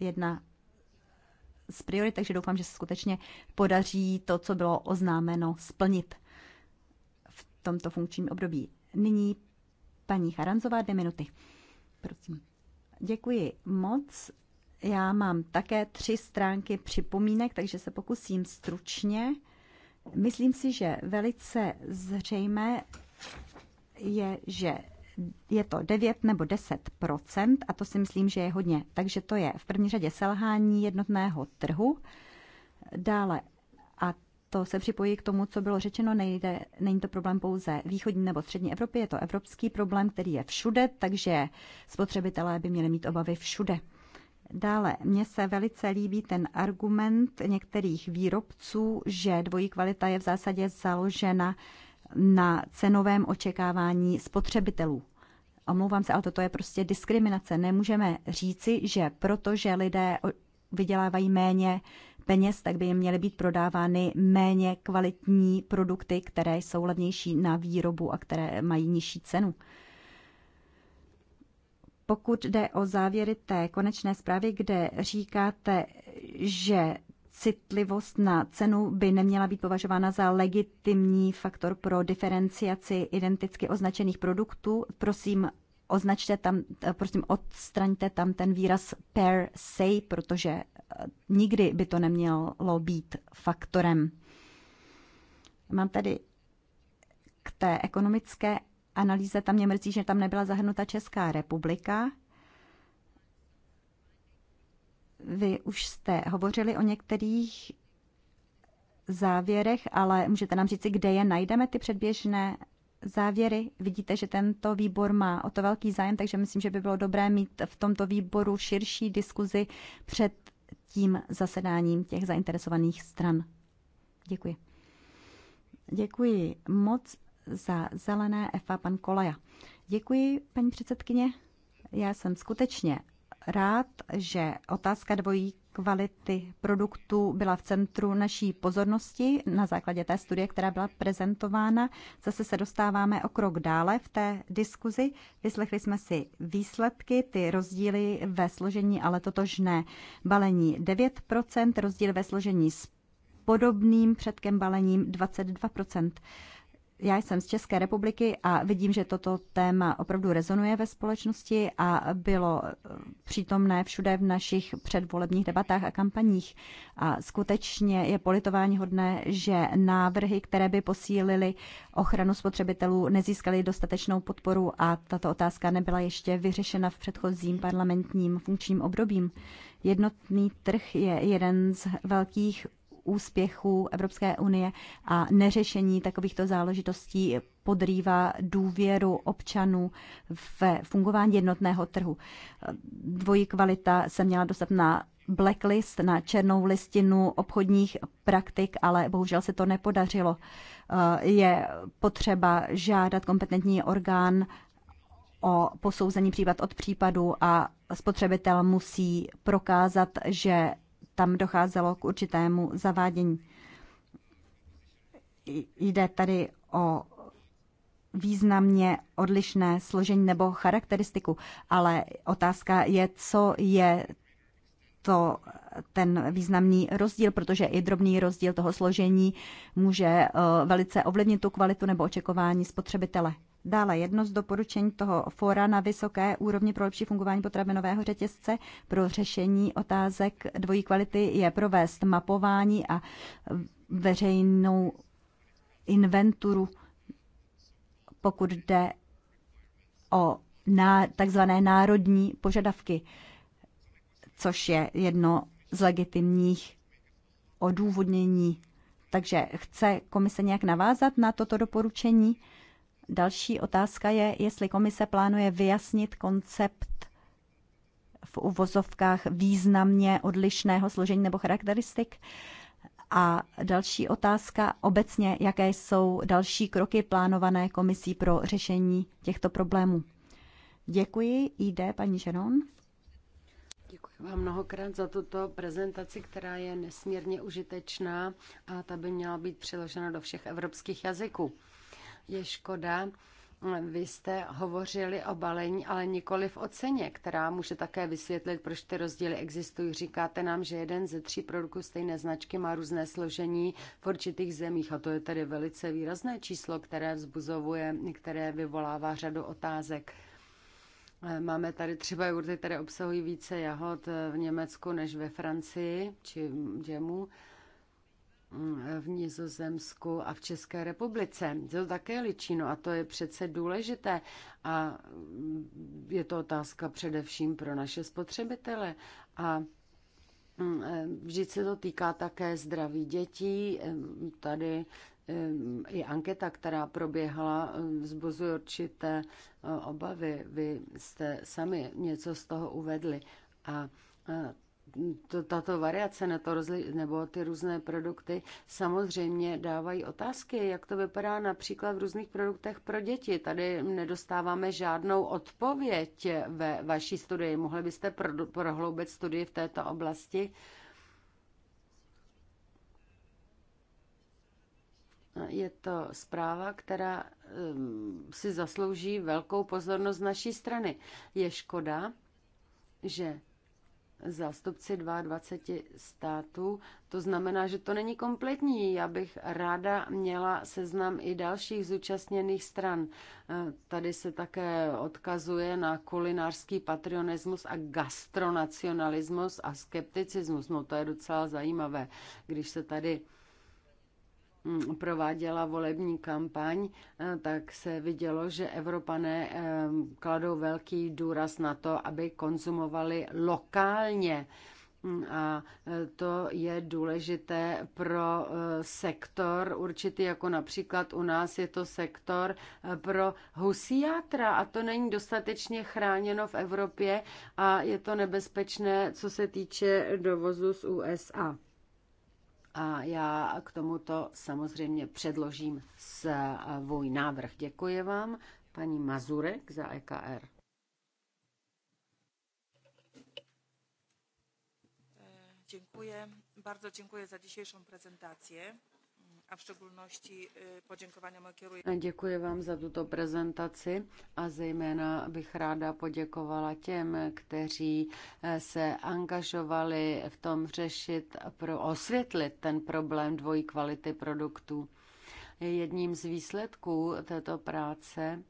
jedna z priorit, takže doufám, že se skutečně podaří to, co bylo oznámeno, splnit v tomto funkčním období. Nyní paní Charanzová, dvě minuty. Prosím. Děkuji moc. Já mám také tři stránky připomínek, takže se pokusím stručně. Myslím si, že velice zřejmé je, že je to 9 nebo 10 a to si myslím, že je hodně. Takže to je v první řadě selhání jednotného trhu. Dále, a to se připojí k tomu, co bylo řečeno, nejde, není to problém pouze východní nebo střední Evropy, je to evropský problém, který je všude, takže spotřebitelé by měli mít obavy všude. Dále, mně se velice líbí ten argument některých výrobců, že dvojí kvalita je v zásadě založena na cenovém očekávání spotřebitelů. Omlouvám se, ale toto je prostě diskriminace. Nemůžeme říci, že protože lidé vydělávají méně peněz, tak by jim měly být prodávány méně kvalitní produkty, které jsou levnější na výrobu a které mají nižší cenu. Pokud jde o závěry té konečné zprávy, kde říkáte, že citlivost na cenu by neměla být považována za legitimní faktor pro diferenciaci identicky označených produktů. Prosím, označte tam, prosím, odstraňte tam ten výraz per se, protože eh, nikdy by to nemělo být faktorem. Mám tady k té ekonomické analýze, tam mě mrzí, že tam nebyla zahrnuta Česká republika. Vy už jste hovořili o některých závěrech, ale můžete nám říci, kde je najdeme ty předběžné závěry. Vidíte, že tento výbor má o to velký zájem, takže myslím, že by bylo dobré mít v tomto výboru širší diskuzi před tím zasedáním těch zainteresovaných stran. Děkuji. Děkuji moc za zelené EFA pan Kolaja. Děkuji, paní předsedkyně. Já jsem skutečně rád, že otázka dvojí kvality produktů byla v centru naší pozornosti na základě té studie, která byla prezentována. Zase se dostáváme o krok dále v té diskuzi. Vyslechli jsme si výsledky, ty rozdíly ve složení, ale totožné balení 9%, rozdíl ve složení s podobným předkem balením 22% já jsem z České republiky a vidím, že toto téma opravdu rezonuje ve společnosti a bylo eh, přítomné všude v našich předvolebních debatách a kampaních. A skutečně je politování hodné, že návrhy, které by posílily ochranu spotřebitelů, nezískaly dostatečnou podporu a tato otázka nebyla ještě vyřešena v předchozím parlamentním funkčním obdobím. Jednotný trh je jeden z velkých úspěchů Evropské unie a neřešení takovýchto záležitostí podrývá důvěru občanů ve fungování jednotného trhu. Dvojí kvalita se měla dostat na blacklist, na černou listinu obchodních praktik, ale bohužel se to nepodařilo. Je potřeba žádat kompetentní orgán o posouzení případ od případu a spotřebitel musí prokázat, že tam docházelo k určitému zavádění. Jde tady o významně odlišné složení nebo charakteristiku, ale otázka je, co je to ten významný rozdíl, protože i drobný rozdíl toho složení může eh, velice ovlivnit tu kvalitu nebo očekování spotřebitele. Dále jedno z doporučení toho fora na vysoké úrovni pro lepší fungování potravinového řetězce pro řešení otázek dvojí kvality je provést mapování a veřejnou inventuru, pokud jde o takzvané národní požadavky, což je jedno z legitimních odůvodnění. Takže chce komise nějak navázat na toto doporučení? Další otázka je, jestli komise plánuje vyjasnit koncept v uvozovkách významně odlišného složení nebo charakteristik. A další otázka obecně, jaké jsou další kroky plánované komisí pro řešení těchto problémů. Děkuji, jde paní Žeron. Děkuji vám mnohokrát za tuto prezentaci, která je nesmírně užitečná a ta by měla být přiložena do všech evropských jazyků. Je škoda, vy jste hovořili o balení, ale nikoli v oceně, která může také vysvětlit, proč ty rozdíly existují. Říkáte nám, že jeden ze tří produktů stejné značky má různé složení v určitých zemích a to je tedy velice výrazné číslo, které vzbuzovuje, které vyvolává řadu otázek. Máme tady třeba jurty, které obsahují více jahod v Německu než ve Francii či džemu. Mm, v Nizozemsku a v České republice. To také no a to je přece důležité a je to otázka především pro naše spotřebitele a mm, eh, Vždyť se to týká také zdraví dětí. Tady i anketa, která proběhla, vzbuzuje určité eh, obavy. Vy jste sami něco z toho uvedli. A eh, tato variace na to rozli- nebo ty různé produkty samozřejmě dávají otázky, jak to vypadá například v různých produktech pro děti. Tady nedostáváme žádnou odpověď ve vaší studii. Mohli byste pro- prohloubit studii v této oblasti? Je to zpráva, která um, si zaslouží velkou pozornost naší strany. Je škoda, že zástupci 22 států. To znamená, že to není kompletní. Já bych ráda měla seznam i dalších zúčastněných stran. Eh, tady se také odkazuje na kulinářský patrionismus a gastronacionalismus a skepticismus. No to je docela zajímavé, když se tady Mm, prováděla volební kampaň, eh, tak se vidělo, že Evropané eh, kladou velký důraz na to, aby konzumovali lokálně. Mm, a eh, to je důležité pro sektor určitý, jako například u nás je to sektor pro husiátra a to není dostatečně chráněno v Evropě a je to nebezpečné, co se týče dovozu z USA a já k tomuto samozřejmě předložím svůj návrh. Děkuji vám, paní Mazurek za EKR. Děkuji, bardzo děkuji za dzisiejszą prezentację a v szczególności podziękowania moje kieruję. Děkuji vám za tuto prezentaci a zejména bych ráda poděkovala těm, kteří e, se angažovali v tom řešit a pro osvětlit ten problém dvojí kvality produktů. Jedním z výsledků této práce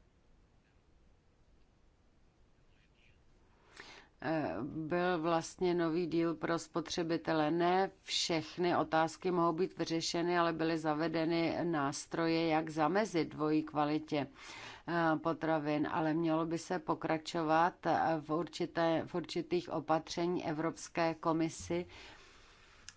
byl vlastně nový díl pro spotřebitele. Ne všechny otázky mohou být vyřešeny, ale byly zavedeny nástroje, jak zamezit dvojí kvalitě eh, potravin, ale mělo by se pokračovat v, určité, v určitých opatření Evropské komisi,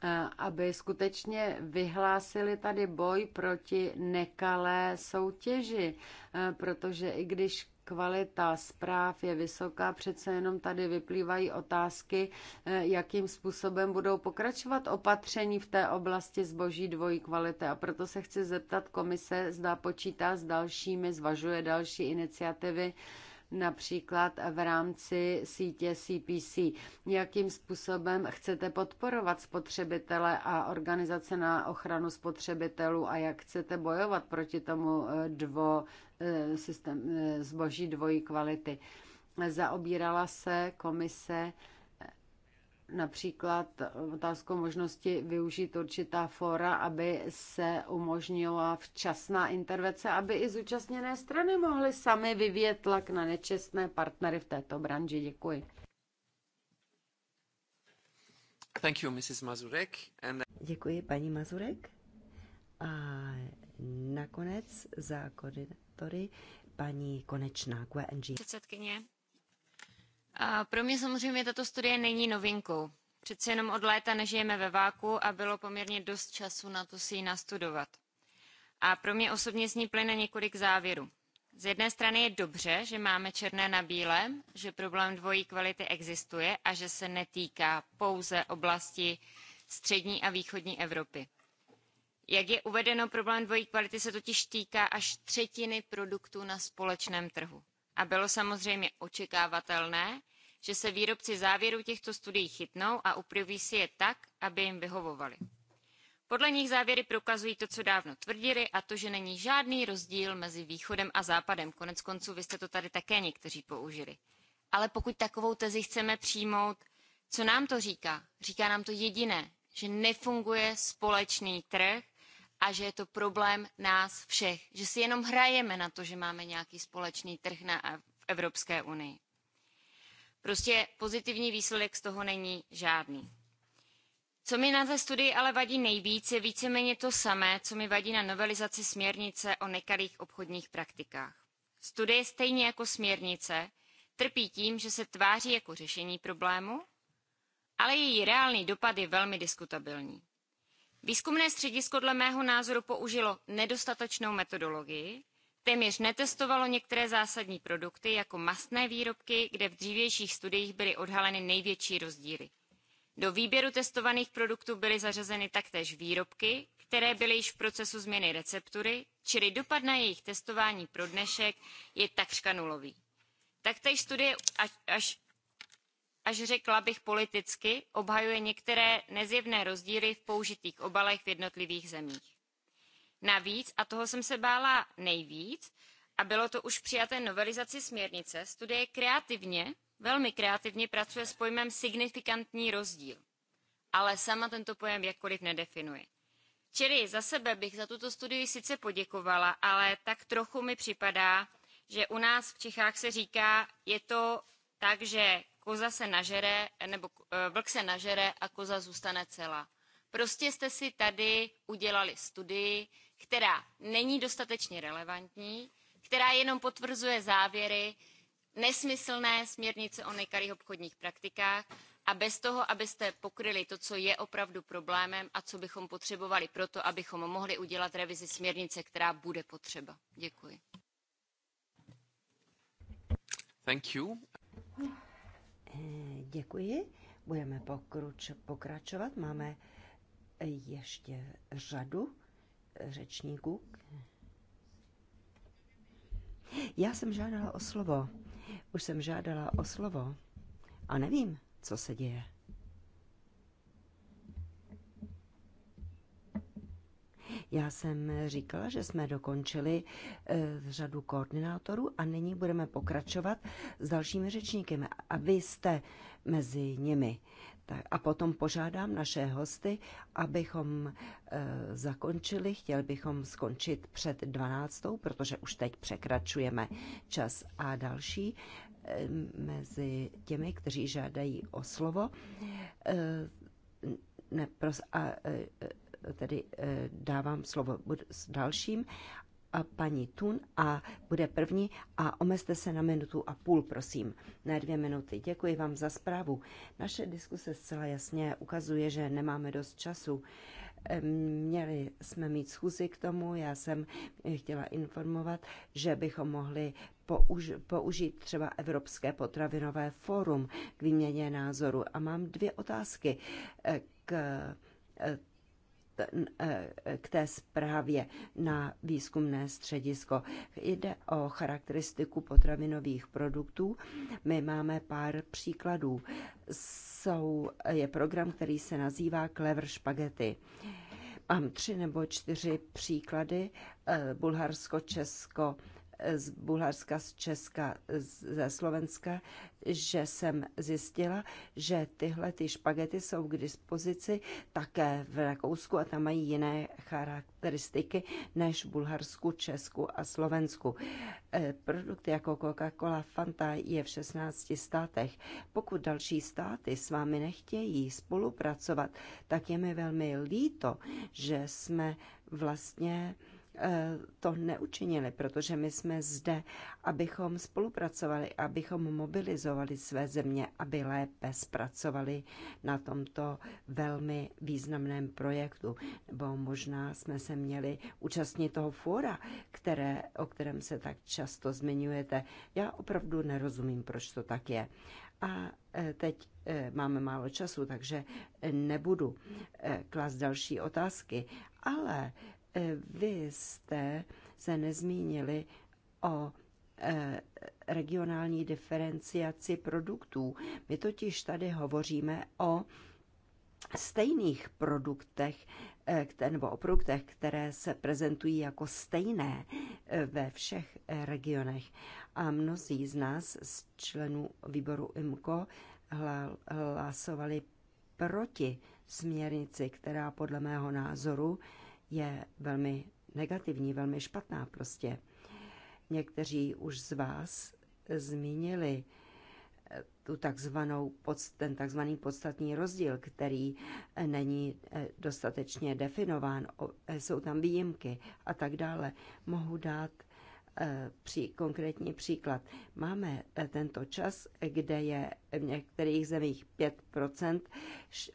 eh, aby skutečně vyhlásili tady boj proti nekalé soutěži, eh, protože i když kvalita zpráv je vysoká, přece jenom tady vyplývají otázky, eh, jakým způsobem budou pokračovat opatření v té oblasti zboží dvojí kvality. A proto se chci zeptat komise, zda počítá s dalšími, zvažuje další iniciativy, například v rámci sítě CPC. Jakým způsobem chcete podporovat spotřebitele a organizace na ochranu spotřebitelů a jak chcete bojovat proti tomu eh, dvo, Eh, systém eh, zboží dvojí kvality. Zaobírala se komise eh, například otázkou možnosti využít určitá fora, aby se umožnila včasná intervence, aby i zúčastněné strany mohly sami vyvíjet tlak na nečestné partnery v této branži. Děkuji. Thank you, Mrs. Mazurek. And... Děkuji, paní Mazurek. A nakonec za koordinátor autory, paní Konečná, QNG. E Předsedkyně, pro mě samozřejmě tato studie není novinkou. Přece jenom od léta nežijeme ve váku a bylo poměrně dost času na to si ji nastudovat. A pro mě osobně z ní plyne několik závěrů. Z jedné strany je dobře, že máme černé na bílém, že problém dvojí kvality existuje a že se netýká pouze oblasti střední a východní Evropy. Jak je uvedeno, problém dvojí kvality se totiž týká až třetiny produktů na společném trhu. A bylo samozřejmě očekávatelné, že se výrobci závěrů těchto studií chytnou a upraví si je tak, aby jim vyhovovaly. Podle nich závěry prokazují to, co dávno tvrdili, a to, že není žádný rozdíl mezi východem a západem. Konec konců vy jste to tady také někteří použili. Ale pokud takovou tezi chceme přijmout, co nám to říká? Říká nám to jediné, že nefunguje společný trh a že je to problém nás všech, že si jenom hrajeme na to, že máme nějaký společný trh na, v Evropské unii. Prostě pozitivní výsledek z toho není žádný. Co mi na té studii ale vadí nejvíc, je víceméně to samé, co mi vadí na novelizaci směrnice o nekalých obchodních praktikách. Studie stejně jako směrnice trpí tím, že se tváří jako řešení problému, ale její reálný dopad je velmi diskutabilní. Výzkumné středisko dle mého názoru použilo nedostatečnou metodologii, téměř netestovalo některé zásadní produkty jako mastné výrobky, kde v dřívějších studiích byly odhaleny největší rozdíly. Do výběru testovaných produktů byly zařazeny taktéž výrobky, které byly již v procesu změny receptury, čili dopad na jejich testování pro dnešek je takřka nulový. Taktéž studie až, až až řekla bych politicky obhajuje některé nezjevné rozdíly v použitých obalech v jednotlivých zemích. Navíc, a toho jsem se bála nejvíc, a bylo to už přijaté novelizaci směrnice, studie kreativně, velmi kreativně pracuje s pojmem signifikantní rozdíl. Ale sama tento pojem jakkoliv nedefinuje. Čili za sebe bych za tuto studii sice poděkovala, ale tak trochu mi připadá, že u nás v Čechách se říká, je to takže koza se nažere, nebo eh, vlk se nažere a koza zůstane celá. Prostě jste si tady udělali studii, která není dostatečně relevantní, která jenom potvrzuje závěry nesmyslné směrnice o nekalých obchodních praktikách a bez toho, abyste pokryli to, co je opravdu problémem a co bychom potřebovali pro to, abychom mohli udělat revizi směrnice, která bude potřeba. Děkuji. Thank you. Eh, děkuji. Budeme pokruč, pokračovat. Máme ještě řadu řečníků. Já jsem žádala o slovo. Už jsem žádala o slovo. A nevím, co se děje. Já jsem říkala, že jsme dokončili eh, řadu koordinátorů a nyní budeme pokračovat s dalšími řečníky. A vy jste mezi nimi. Tak a potom požádám naše hosty, abychom e, zakončili. Chtěli bychom skončit před 12, protože už teď překračujeme čas. A další e, mezi těmi, kteří žádají o slovo, e, pros, a, e, tedy eh, dávám slovo s dalším, a paní Tun a bude první a omezte se na minutu a půl, prosím, ne dvě minuty. Děkuji vám za zprávu. Naše diskuse zcela jasně ukazuje, že nemáme dost času. Měli jsme mít schůzi k tomu, já jsem chtěla informovat, že bychom mohli použít třeba Evropské potravinové fórum k výměně názoru. A mám dvě otázky eh, k eh, k té zprávě na výzkumné středisko. Jde o charakteristiku potravinových produktů. My máme pár příkladů. Jsou, je program, který se nazývá Clever Spaghetti. Mám tři nebo čtyři příklady. Eh, Bulharsko, Česko, z Bulharska, z Česka, ze Slovenska, že jsem zjistila, že tyhle ty špagety jsou k dispozici také v Rakousku a tam mají jiné charakteristiky než v Bulharsku, Česku a Slovensku. E, Produkty jako Coca-Cola, Fanta je v 16 státech. Pokud další státy s vámi nechtějí spolupracovat, tak je mi velmi líto, že jsme vlastně Eh, to neučinili, protože my jsme zde, abychom spolupracovali, abychom mobilizovali své země, aby lépe zpracovali na tomto velmi významném projektu. Nebo možná jsme se měli účastnit toho fóra, které, o kterém se tak často zmiňujete. Já opravdu nerozumím, proč to tak je. A eh, teď eh, máme málo času, takže nebudu klást další otázky, ale Eh, vy jste se nezmínili o eh, regionální diferenciaci produktů. My totiž tady hovoříme o stejných produktech, eh, nebo o produktech, které se prezentují jako stejné ve všech regionech. A mnozí z nás, z členů výboru IMCO, hlasovali proti směrnici, která podle mého názoru je velmi negativní, velmi špatná prostě. Někteří už z vás zmínili eh, tu takzvanou, ten takzvaný podstatný rozdíl, který eh, není eh, dostatečně definován, jsou tam výjimky a tak dále. Mohu dát Eh, při konkrétní příklad. Máme eh, tento čas, kde je v některých zemích 5%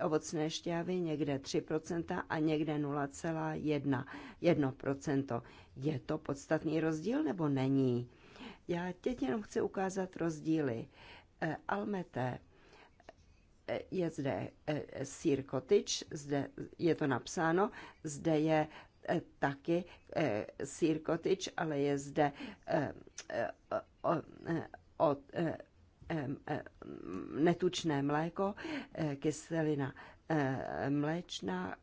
ovocné šťávy, někde 3% a někde 0,1%. Je to podstatný rozdíl nebo není? Já teď jenom chci ukázat rozdíly. Eh, Almete je zde sír kotič, zde je to napsáno, zde je Eh, taky eh, sírkotič, ale je zde eh, od netučné mléko, kyselina mléčná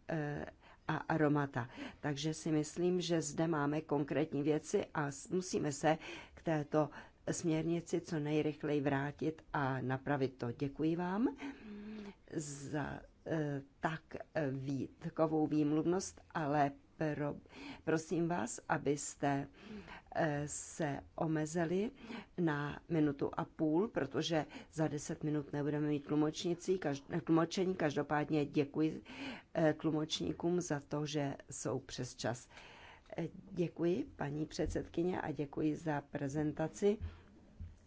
a aromata. Takže si myslím, že zde máme konkrétní věci a musíme se k této směrnici co nejrychleji vrátit a napravit to. Děkuji vám za tak takovou výmluvnost, ale pro, prosím vás, abyste eh, se omezili na minutu a půl, protože za deset minut nebudeme mít tlumočnici, každ, tlumočení. Každopádně děkuji eh, tlumočníkům za to, že jsou přes čas. Eh, děkuji, paní předsedkyně, a děkuji za prezentaci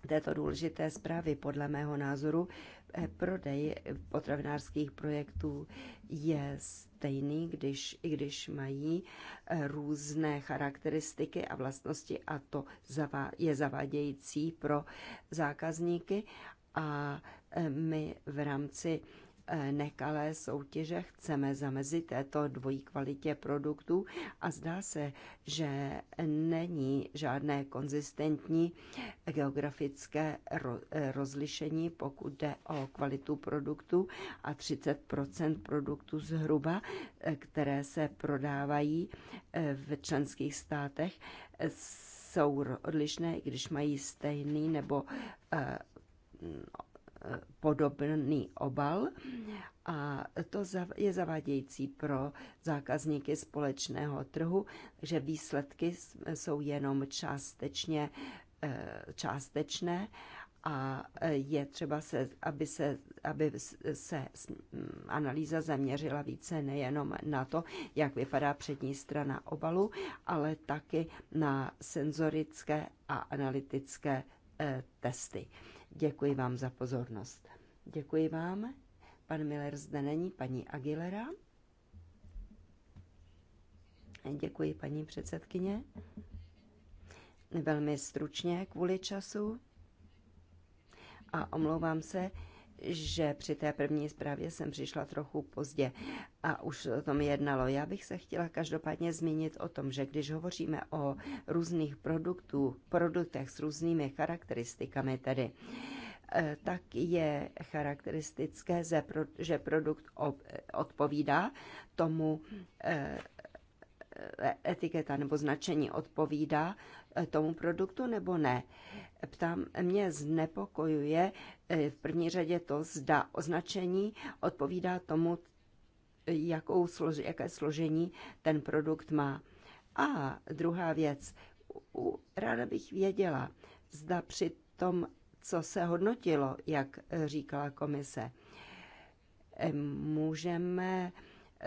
této důležité zprávy. Podle mého názoru prodej potravinářských projektů je stejný, když, i když mají eh, různé charakteristiky a vlastnosti a to je zavádějící pro zákazníky a eh, my v rámci Eh, nekalé soutěže, chceme zamezit této dvojí kvalitě produktů a zdá se, že není žádné konzistentní geografické eh, rozlišení, pokud jde o kvalitu produktu a 30 produktů zhruba, eh, které se prodávají v členských státech, jsou odlišné, když mají stejný nebo podobný obal a to je zavádějící pro zákazníky společného trhu, že výsledky jsou jenom částečně eh, částečné a eh, je třeba, se, aby, se, aby se mm, analýza zaměřila více nejenom na to, jak vypadá přední strana obalu, ale taky na senzorické a analytické eh, testy. Děkuji vám za pozornost. Děkuji vám. Pan Miller zde není, paní Aguilera. Děkuji, paní předsedkyně. Velmi stručně kvůli času. A omlouvám se, že při té první zprávě jsem přišla trochu pozdě a už o tom jednalo. Já bych se chtěla každopádně zmínit o tom, že když hovoříme o různých produktů, produktech s různými charakteristikami tedy, eh, tak je charakteristické, že produkt odpovídá tomu eh, eh, etiketa nebo značení odpovídá tomu produktu nebo ne. Ptám, mě znepokojuje eh, v první řadě to, zda označení odpovídá tomu, jakou slož, jaké složení ten produkt má. A druhá věc, ráda bych věděla, zda při tom, co se hodnotilo, jak eh, říkala komise, eh, můžeme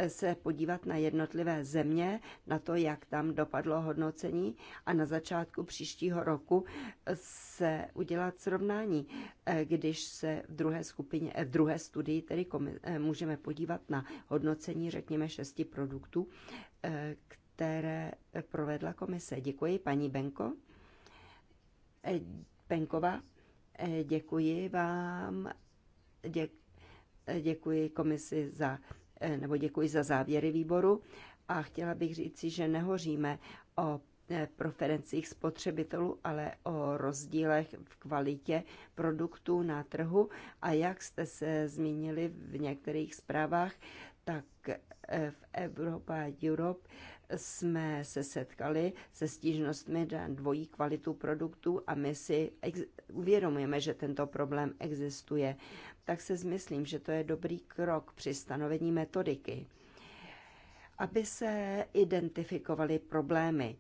se podívat na jednotlivé země, na to, jak tam dopadlo hodnocení a na začátku příštího roku se udělat srovnání, eh, když se v druhé skupině, eh, v druhé studii tedy eh, můžeme podívat na hodnocení, řekněme, šesti produktů, které provedla komise. Děkuji, paní Benko. Penkova, děkuji vám, děkuji komisi za Eh, nebo děkuji za závěry výboru a chtěla bych říci, že nehoříme o eh, preferencích spotřebitelů, ale o rozdílech v kvalitě produktů na trhu. A jak jste se zmínili v některých zprávách, tak eh, v Evropa Europe jsme se setkali se stížnostmi na dvojí kvalitu produktů a my si uvědomujeme, že tento problém existuje tak se zmyslím, že to je dobrý krok při stanovení metodiky, aby se identifikovaly problémy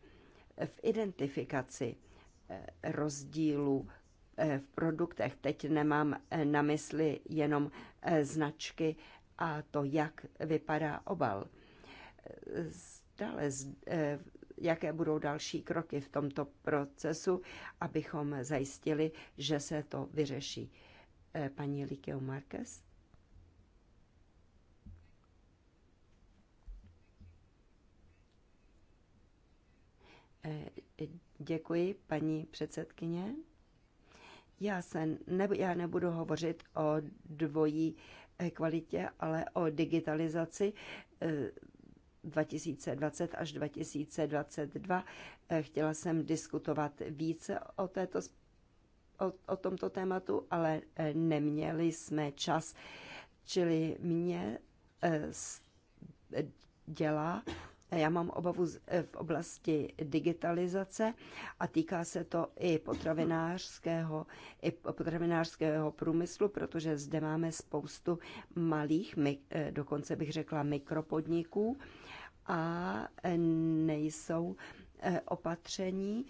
v identifikaci eh, rozdílů eh, v produktech. Teď nemám eh, na mysli jenom značky a to, jak vypadá obal. Dále, jaké budou další kroky v tomto procesu, abychom zajistili, že se to vyřeší. Eh, paní Likeo Marquez. Eh, děkuji, paní předsedkyně. Já, se ne, já nebudu hovořit o dvojí eh, kvalitě, ale o digitalizaci 2020 až 2022. Chtěla jsem diskutovat více o této o, o tomto tématu, ale e, neměli jsme čas. Čili mě e, e, dělá, já mám obavu v oblasti digitalizace a týká se to i potravinářského, i potravinářského průmyslu, protože zde máme spoustu malých, dokonce bych řekla mikropodniků a nejsou opatření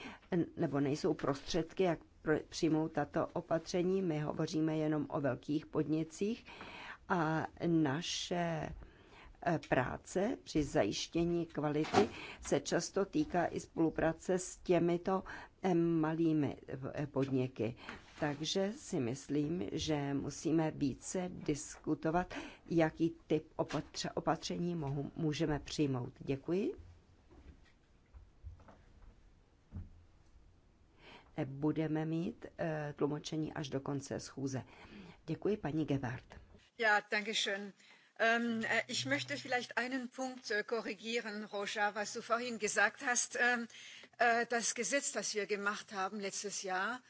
nebo nejsou prostředky, jak přijmou tato opatření. My hovoříme jenom o velkých podnicích a naše eh, práce při zajištění kvality se často týká i spolupráce s těmito eh, malými eh, podniky. Takže si myslím, že musíme více diskutovat, jaký typ opatření mohu, můžeme přijmout. Děkuji. budeme mít eh, tlumočení až do konce schůze. Děkuji, paní Gebhardt. Ja, danke schön. Ähm, äh, ich möchte vielleicht einen Punkt äh, korrigieren, Roja, was du vorhin gesagt hast. Ähm, äh, das Gesetz, das wir gemacht haben letztes Jahr,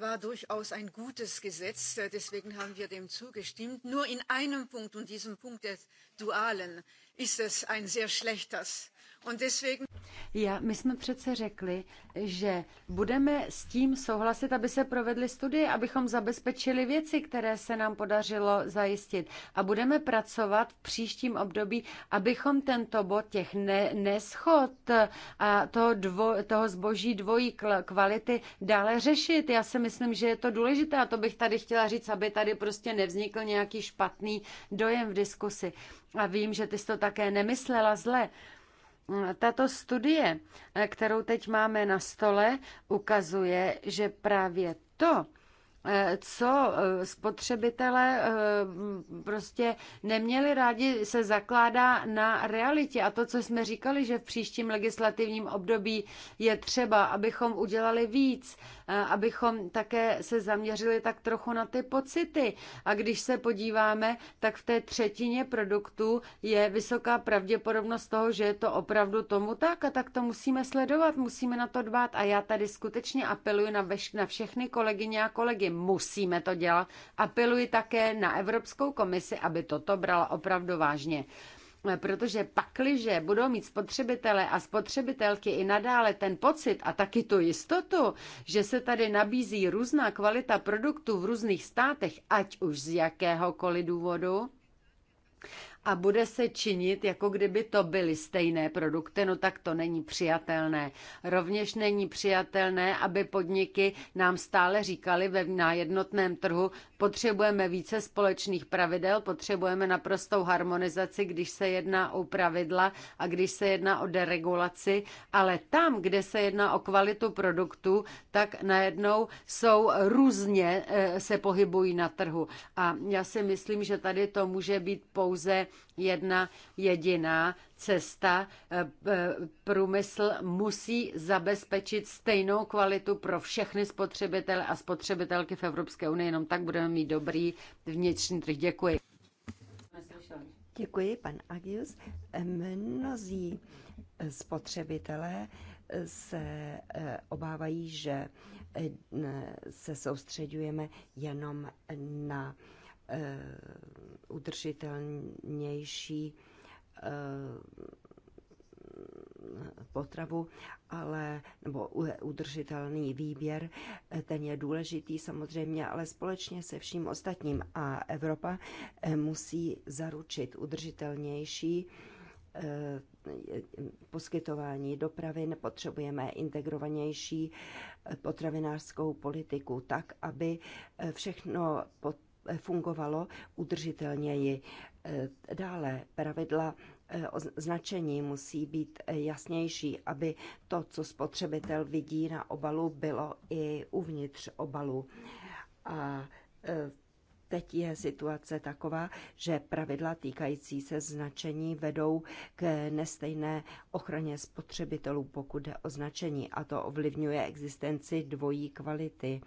war durchaus ein gutes Gesetz. Deswegen haben wir dem zugestimmt. Nur in einem Punkt, und diesem Punkt des Dualen, ist es ein sehr schlechtes já, my jsme přece řekli, že budeme s tím souhlasit, aby se provedly studie, abychom zabezpečili věci, které se nám podařilo zajistit. A budeme pracovat v příštím období, abychom tento bod těch ne, neschod a toho, dvo, toho zboží dvojí kvality dále řešit. Já si myslím, že je to důležité a to bych tady chtěla říct, aby tady prostě nevznikl nějaký špatný dojem v diskusi. A vím, že ty jsi to také nemyslela zle. Tato studie, eh, kterou teď máme na stole, ukazuje, že právě to, Eh, co eh, spotřebitelé eh, prostě neměli rádi, se zakládá na realitě. A to, co jsme říkali, že v příštím legislativním období je třeba, abychom udělali víc, abychom také se zaměřili tak trochu na ty pocity. A když se podíváme, tak v té třetině produktů je vysoká pravděpodobnost toho, že je to opravdu tomu tak a tak to musíme sledovat, musíme na to dbát. A já tady skutečně apeluji na, veš- na všechny kolegyně a kolegy musíme to dělat. Apeluji také na Evropskou komisi, aby toto brala opravdu vážně protože pakliže budou mít spotřebitele a spotřebitelky i nadále ten pocit a taky tu jistotu, že se tady nabízí různá kvalita produktů v různých státech, ať už z jakéhokoliv důvodu, a bude se činit, jako kdyby to byly stejné produkty, no tak to není přijatelné. Rovněž není přijatelné, aby podniky nám stále říkali ve, na jednotném trhu, potřebujeme více společných pravidel, potřebujeme naprostou harmonizaci, když se jedná o pravidla a když se jedná o deregulaci, ale tam, kde se jedná o kvalitu produktů, tak najednou jsou různě eh, se pohybují na trhu. A já si myslím, že tady to může být pouze jedna jediná cesta. Eh, eh, průmysl musí zabezpečit stejnou kvalitu pro všechny spotřebitele a spotřebitelky v Evropské unii, jenom tak budeme mít dobrý vnitřní trh. Děkuji. Děkuji, pan Agius. Eh, Mnozí spotřebitelé se obávají, že se soustředujeme jenom na Eh, udržitelnější eh, potravu, ale, nebo udržitelný výběr, eh, ten je důležitý samozřejmě, ale společně se vším ostatním. A Evropa musí zaručit udržitelnější poskytování dopravy, nepotřebujeme integrovanější potravinářskou politiku tak, aby všechno pod fungovalo udržitelněji. E, dále pravidla e, označení musí být e, jasnější, aby to, co spotřebitel vidí na obalu, bylo i uvnitř obalu. A Teď je situace taková, že pravidla týkající se značení vedou k nestejné ochraně spotřebitelů, pokud jde o značení, a to ovlivňuje existenci dvojí kvality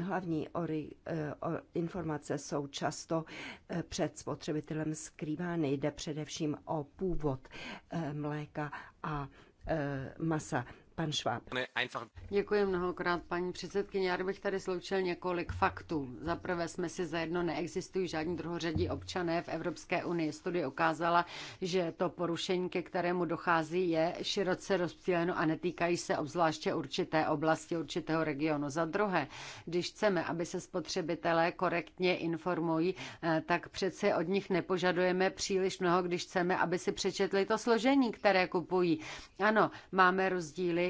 hlavní ori, eh, informace jsou často eh, před spotřebitelem skrývány. Jde především o původ eh, mléka a masa. Pan Šváb. Děkuji mnohokrát, paní předsedkyně. Já bych tady sloučil několik faktů. Za prvé jsme si zajedno neexistují žádní druhořadí občané v Evropské unii. Studie ukázala, že to porušení, ke kterému dochází, je široce rozptýleno a netýkají se obzvláště určité oblasti, určitého regionu. Za druhé, když chceme, aby se spotřebitelé korektně informují, eh, tak přece od nich nepožadujeme příliš mnoho, když chceme, aby si přečetli to složení, které kupují. Ano, máme rozdíly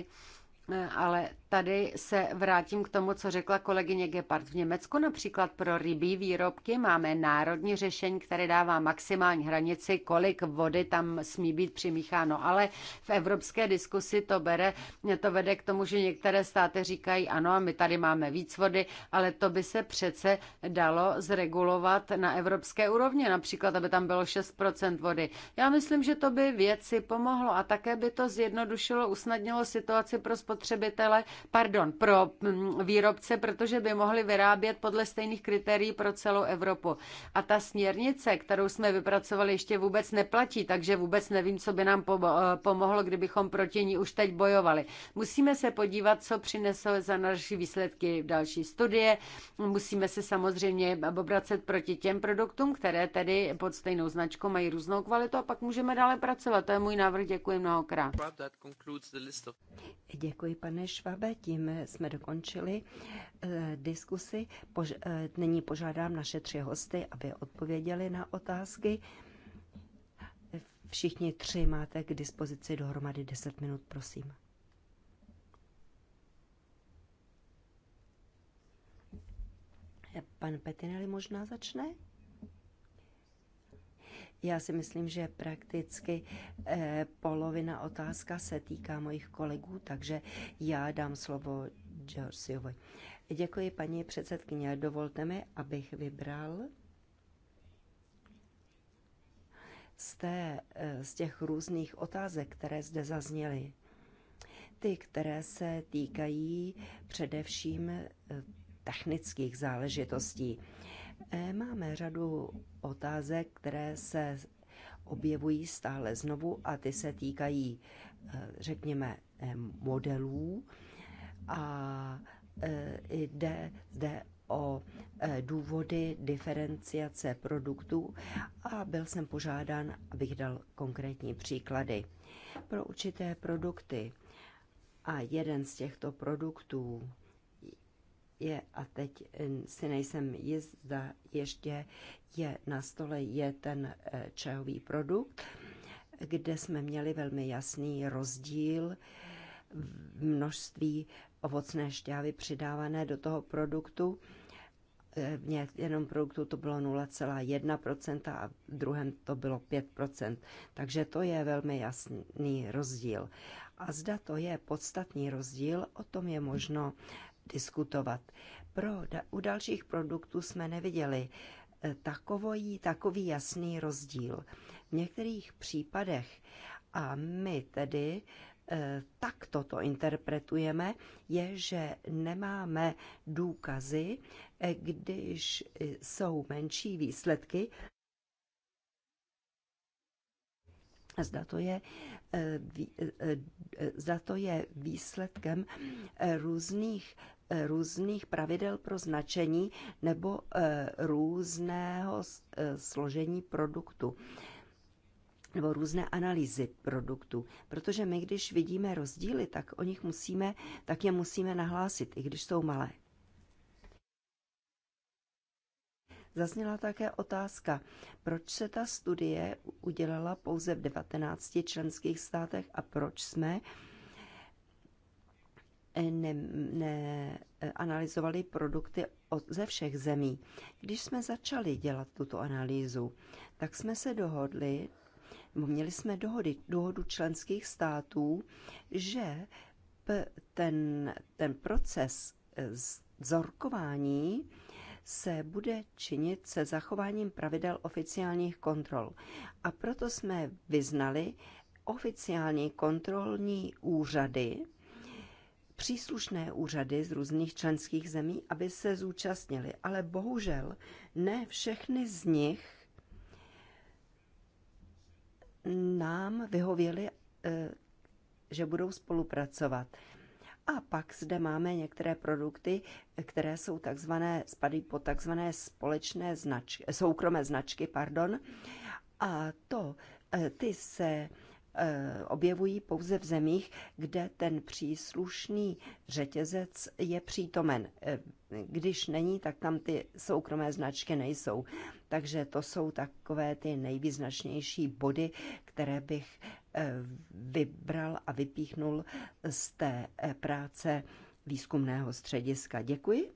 Eh, ale Tady se vrátím k tomu, co řekla kolegyně Gepard. V Německu například pro rybí výrobky máme národní řešení, které dává maximální hranici, kolik vody tam smí být přimícháno. Ale v evropské diskusi to, bere, to vede k tomu, že některé státy říkají, ano, my tady máme víc vody, ale to by se přece dalo zregulovat na evropské úrovni, například, aby tam bylo 6% vody. Já myslím, že to by věci pomohlo a také by to zjednodušilo, usnadnilo situaci pro spotřebitele, pardon, pro mm, výrobce, protože by mohli vyrábět podle stejných kritérií pro celou Evropu. A ta směrnice, kterou jsme vypracovali, ještě vůbec neplatí, takže vůbec nevím, co by nám eh, pomohlo, kdybychom proti ní už teď bojovali. Musíme se podívat, co přinesou za naše výsledky další studie. Musíme se samozřejmě obracet proti těm produktům, které tedy pod stejnou značkou mají různou kvalitu a pak můžeme dále pracovat. To je můj návrh. Děkuji mnohokrát. Děkuji, pane Švabe sebe, tím jsme dokončili eh, diskusi. Pož- eh, nyní požádám naše tři hosty, aby odpověděli na otázky. Všichni tři máte k dispozici dohromady 10 minut, prosím. Pan Petinelli možná začne? Já si myslím, že prakticky eh, polovina otázka se týká mojich kolegů, takže já dám slovo Georgiovi. Děkuji, paní předsedkyně. Dovolte mi, abych vybral z, té, eh, z těch různých otázek, které zde zazněly, ty, které se týkají především eh, technických záležitostí. E, máme řadu otázek, které se objevují stále znovu a ty se týkají, e, řekněme, e, modelů a jde zde o důvody diferenciace produktů a byl jsem požádán, abych dal konkrétní příklady pro určité produkty. A jeden z těchto produktů je, a teď eh, si nejsem jistá, ještě je na stole, je ten eh, čajový produkt, kde jsme měli velmi jasný rozdíl v množství ovocné šťávy přidávané do toho produktu. Eh, v jednom produktu to bylo 0,1% a v druhém to bylo 5%. Takže to je velmi jasný rozdíl. A zda to je podstatný rozdíl, o tom je možno diskutovat. Pro, u dalších produktů jsme neviděli eh, takový, takový jasný rozdíl. V některých případech, a my tedy eh, tak toto interpretujeme, je, že nemáme důkazy, eh, když jsou menší výsledky. Zda to, je, zda to je výsledkem různých Eh, různých pravidel pro značení nebo eh, různého eh, složení produktu nebo různé analýzy produktů. Protože my, když vidíme rozdíly, tak o nich musíme, tak je musíme nahlásit, i když jsou malé. Zazněla také otázka, proč se ta studie udělala pouze v 19 členských státech a proč jsme uh, neanalyzovali ne, eh, produkty od, ze všech zemí. Když jsme začali dělat tuto analýzu, tak jsme se dohodli, měli jsme dohody, dohodu členských států, že ten, ten proces eh, zorkování se bude činit se zachováním pravidel oficiálních kontrol. A proto jsme vyznali oficiální kontrolní úřady, příslušné úřady z různých členských zemí, aby se zúčastnili, ale bohužel ne všechny z nich nám vyhověli, eh, že budou spolupracovat. A pak zde máme některé produkty, které jsou takzvané, spadají po takzvané společné značky, soukromé značky, pardon. A to eh, ty se Eh, objevují pouze v zemích, kde ten příslušný řetězec je přítomen. Eh, když není, tak tam ty soukromé značky nejsou. Takže to jsou takové ty nejvýznačnější body, které bych eh, vybral a vypíchnul z té práce výzkumného střediska. Děkuji.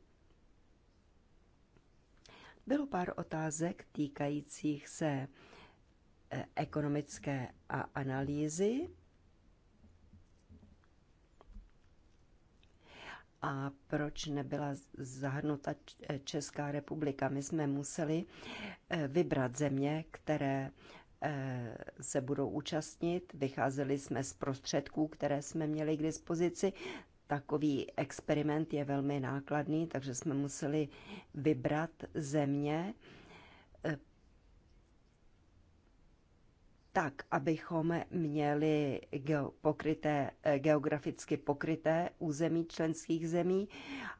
Bylo pár otázek týkajících se Eh, ekonomické a analýzy. a proč nebyla zahrnuta eh, Česká republika. My jsme museli eh, vybrat země, které se budou účastnit. Vycházeli jsme z prostředků, které jsme měli k dispozici. Takový experiment je velmi nákladný, takže jsme museli vybrat země tak, abychom měli pokryté, eh, geograficky pokryté území členských zemí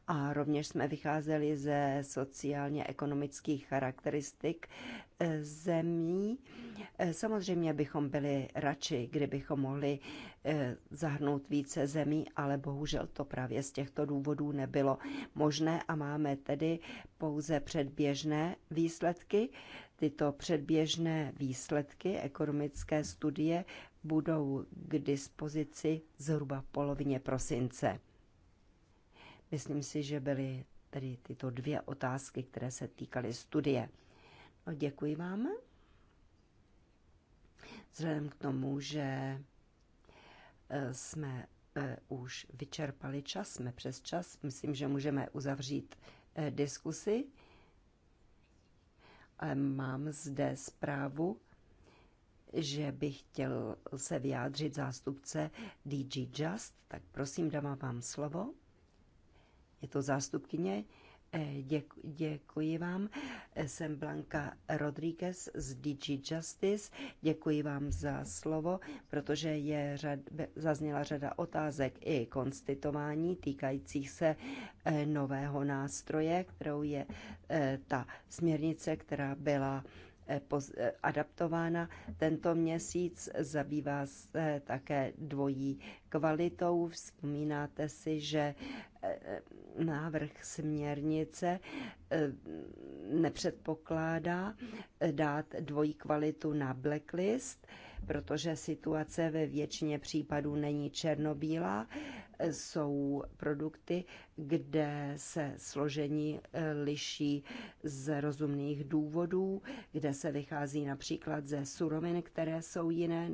a rovněž jsme vycházeli ze sociálně-ekonomických charakteristik eh, zemí. Eh, samozřejmě bychom byli radši, kdybychom mohli zahrnout více zemí, ale bohužel to právě z těchto důvodů nebylo možné a máme tedy pouze předběžné výsledky Tyto předběžné výsledky ekonomické studie budou k dispozici zhruba polovině prosince. Myslím si, že byly tedy tyto dvě otázky, které se týkaly studie. No, děkuji vám. Vzhledem k tomu, že e, jsme e, už vyčerpali čas, jsme přes čas, myslím, že můžeme uzavřít e, diskusi. Mám zde zprávu, že bych chtěl se vyjádřit zástupce DG Just, tak prosím, dávám vám slovo. Je to zástupkyně Eh, děkuji, děkuji vám. Eh, jsem Blanka Rodríguez z DG Justice. Děkuji vám za slovo, protože je řad, zazněla řada otázek i konstitování týkajících se eh, nového nástroje, kterou je ta směrnice, která byla Eh, eh, adaptována. Tento měsíc zabývá se také dvojí kvalitou. Vzpomínáte si, že eh, návrh směrnice nepředpokládá dát dvojí kvalitu na blacklist, protože situace ve většině případů není černobílá. Jsou produkty, kde se složení eh, liší z rozumných důvodů, kde se vychází například ze surovin, které jsou jiné,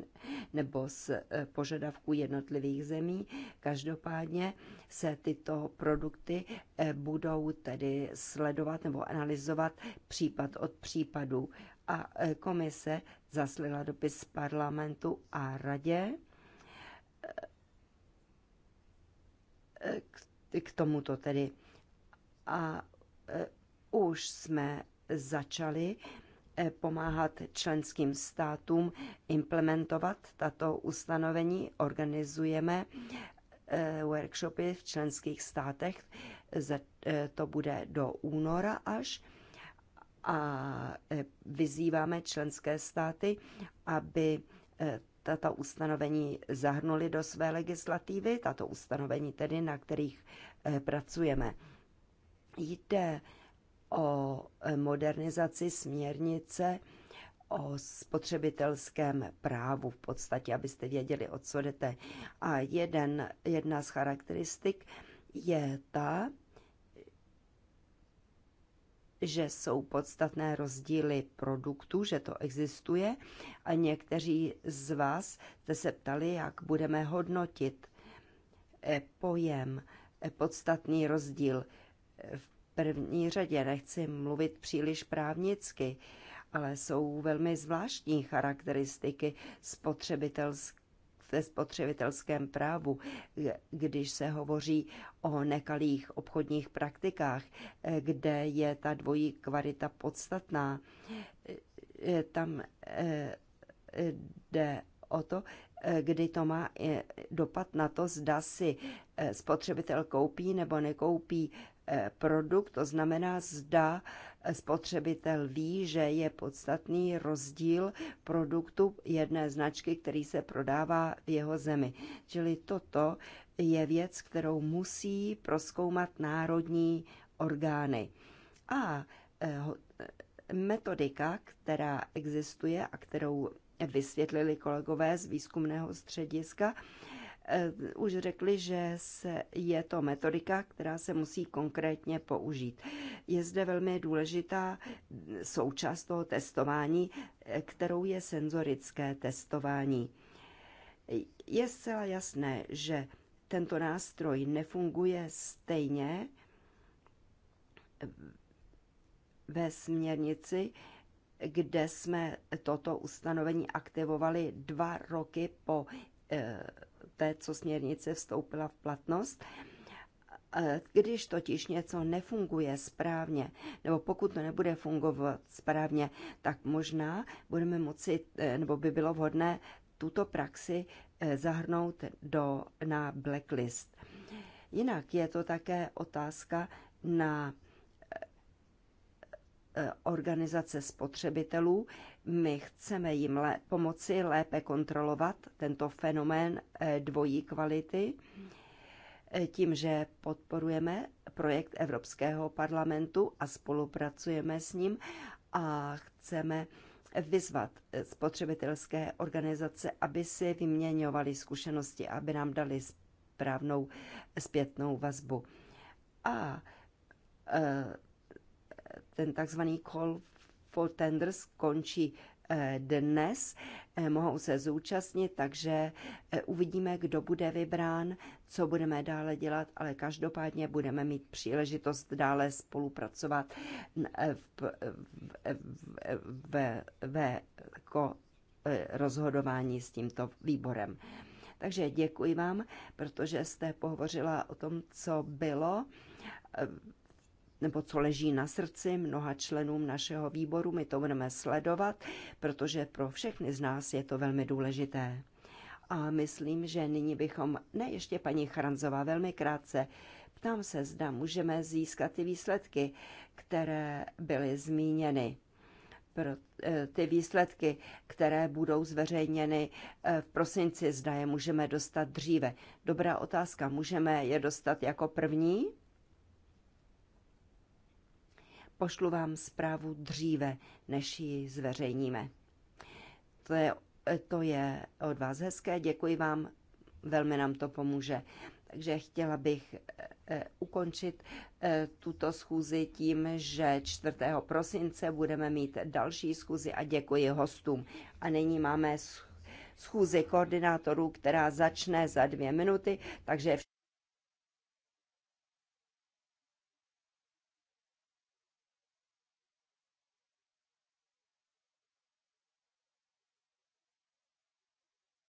nebo z eh, požadavků jednotlivých zemí. Každopádně se tyto produkty eh, budou tedy sledovat nebo analyzovat případ od případu a e, komise zaslila dopis parlamentu a radě e, e, k tomuto tedy. A už jsme začali pomáhat členským státům implementovat tato ustanovení. Organizujeme workshopy v členských státech. To bude do února až a e, vyzýváme členské státy, aby e, tato ustanovení zahrnuli do své legislativy, tato ustanovení tedy, na kterých e, pracujeme. Jde o modernizaci směrnice o spotřebitelském právu v podstatě, abyste věděli, o co jdete. A jeden, jedna z charakteristik je ta, že jsou podstatné rozdíly produktů, že to existuje a někteří z vás jste se ptali, jak budeme hodnotit eh, pojem eh, podstatný rozdíl. Eh, v první řadě nechci mluvit příliš právnicky, ale jsou velmi zvláštní charakteristiky spotřebitelské ve spotřebitelském právu, když se hovoří o nekalých obchodních praktikách, kde je ta dvojí kvalita podstatná. Tam eh, jde o to, eh, kdy to má eh, dopad na to, zda si spotřebitel koupí nebo nekoupí produkt, to znamená, zda spotřebitel ví, že je podstatný rozdíl produktu jedné značky, který se prodává v jeho zemi. Čili toto je věc, kterou musí proskoumat národní orgány. A eh, eh, metodika, která existuje a kterou vysvětlili kolegové z výzkumného střediska, Eh, už řekli, že se, je to metodika, která se musí konkrétně použít. Je zde velmi důležitá mm, součást toho testování, eh, kterou je senzorické testování. Je zcela jasné, že tento nástroj nefunguje stejně eh, ve směrnici, kde jsme toto ustanovení aktivovali dva roky po poté, co směrnice vstoupila v platnost. E, když totiž něco nefunguje správně, nebo pokud to nebude fungovat správně, tak možná budeme moci, e, nebo by bylo vhodné tuto praxi e, zahrnout do, na blacklist. Jinak je to také otázka na Eh, organizace spotřebitelů. My chceme jim lé, pomoci lépe kontrolovat tento fenomén eh, dvojí kvality eh, tím, že podporujeme projekt Evropského parlamentu a spolupracujeme s ním a chceme vyzvat spotřebitelské organizace, aby si vyměňovali zkušenosti, aby nám dali správnou zpětnou vazbu. A ten takzvaný call for tenders končí eh, dnes, eh, mohou se zúčastnit, takže eh, uvidíme, kdo bude vybrán, co budeme dále dělat, ale každopádně budeme mít příležitost dále spolupracovat v, rozhodování s tímto výborem. Takže děkuji vám, protože jste pohovořila o tom, co bylo nebo co leží na srdci mnoha členům našeho výboru. My to budeme sledovat, protože pro všechny z nás je to velmi důležité. A myslím, že nyní bychom, ne ještě paní Charanzová, velmi krátce, ptám se, zda můžeme získat ty výsledky, které byly zmíněny. Pro eh, ty výsledky, které budou zveřejněny eh, v prosinci, zda je můžeme dostat dříve. Dobrá otázka, můžeme je dostat jako první? pošlu vám zprávu dříve, než ji zveřejníme. To je, to je od vás hezké, děkuji vám, velmi nám to pomůže. Takže chtěla bych eh, eh, ukončit eh, tuto schůzi tím, že 4. prosince budeme mít další schůzi a děkuji hostům. A nyní máme schůzi koordinátorů, která začne za dvě minuty, takže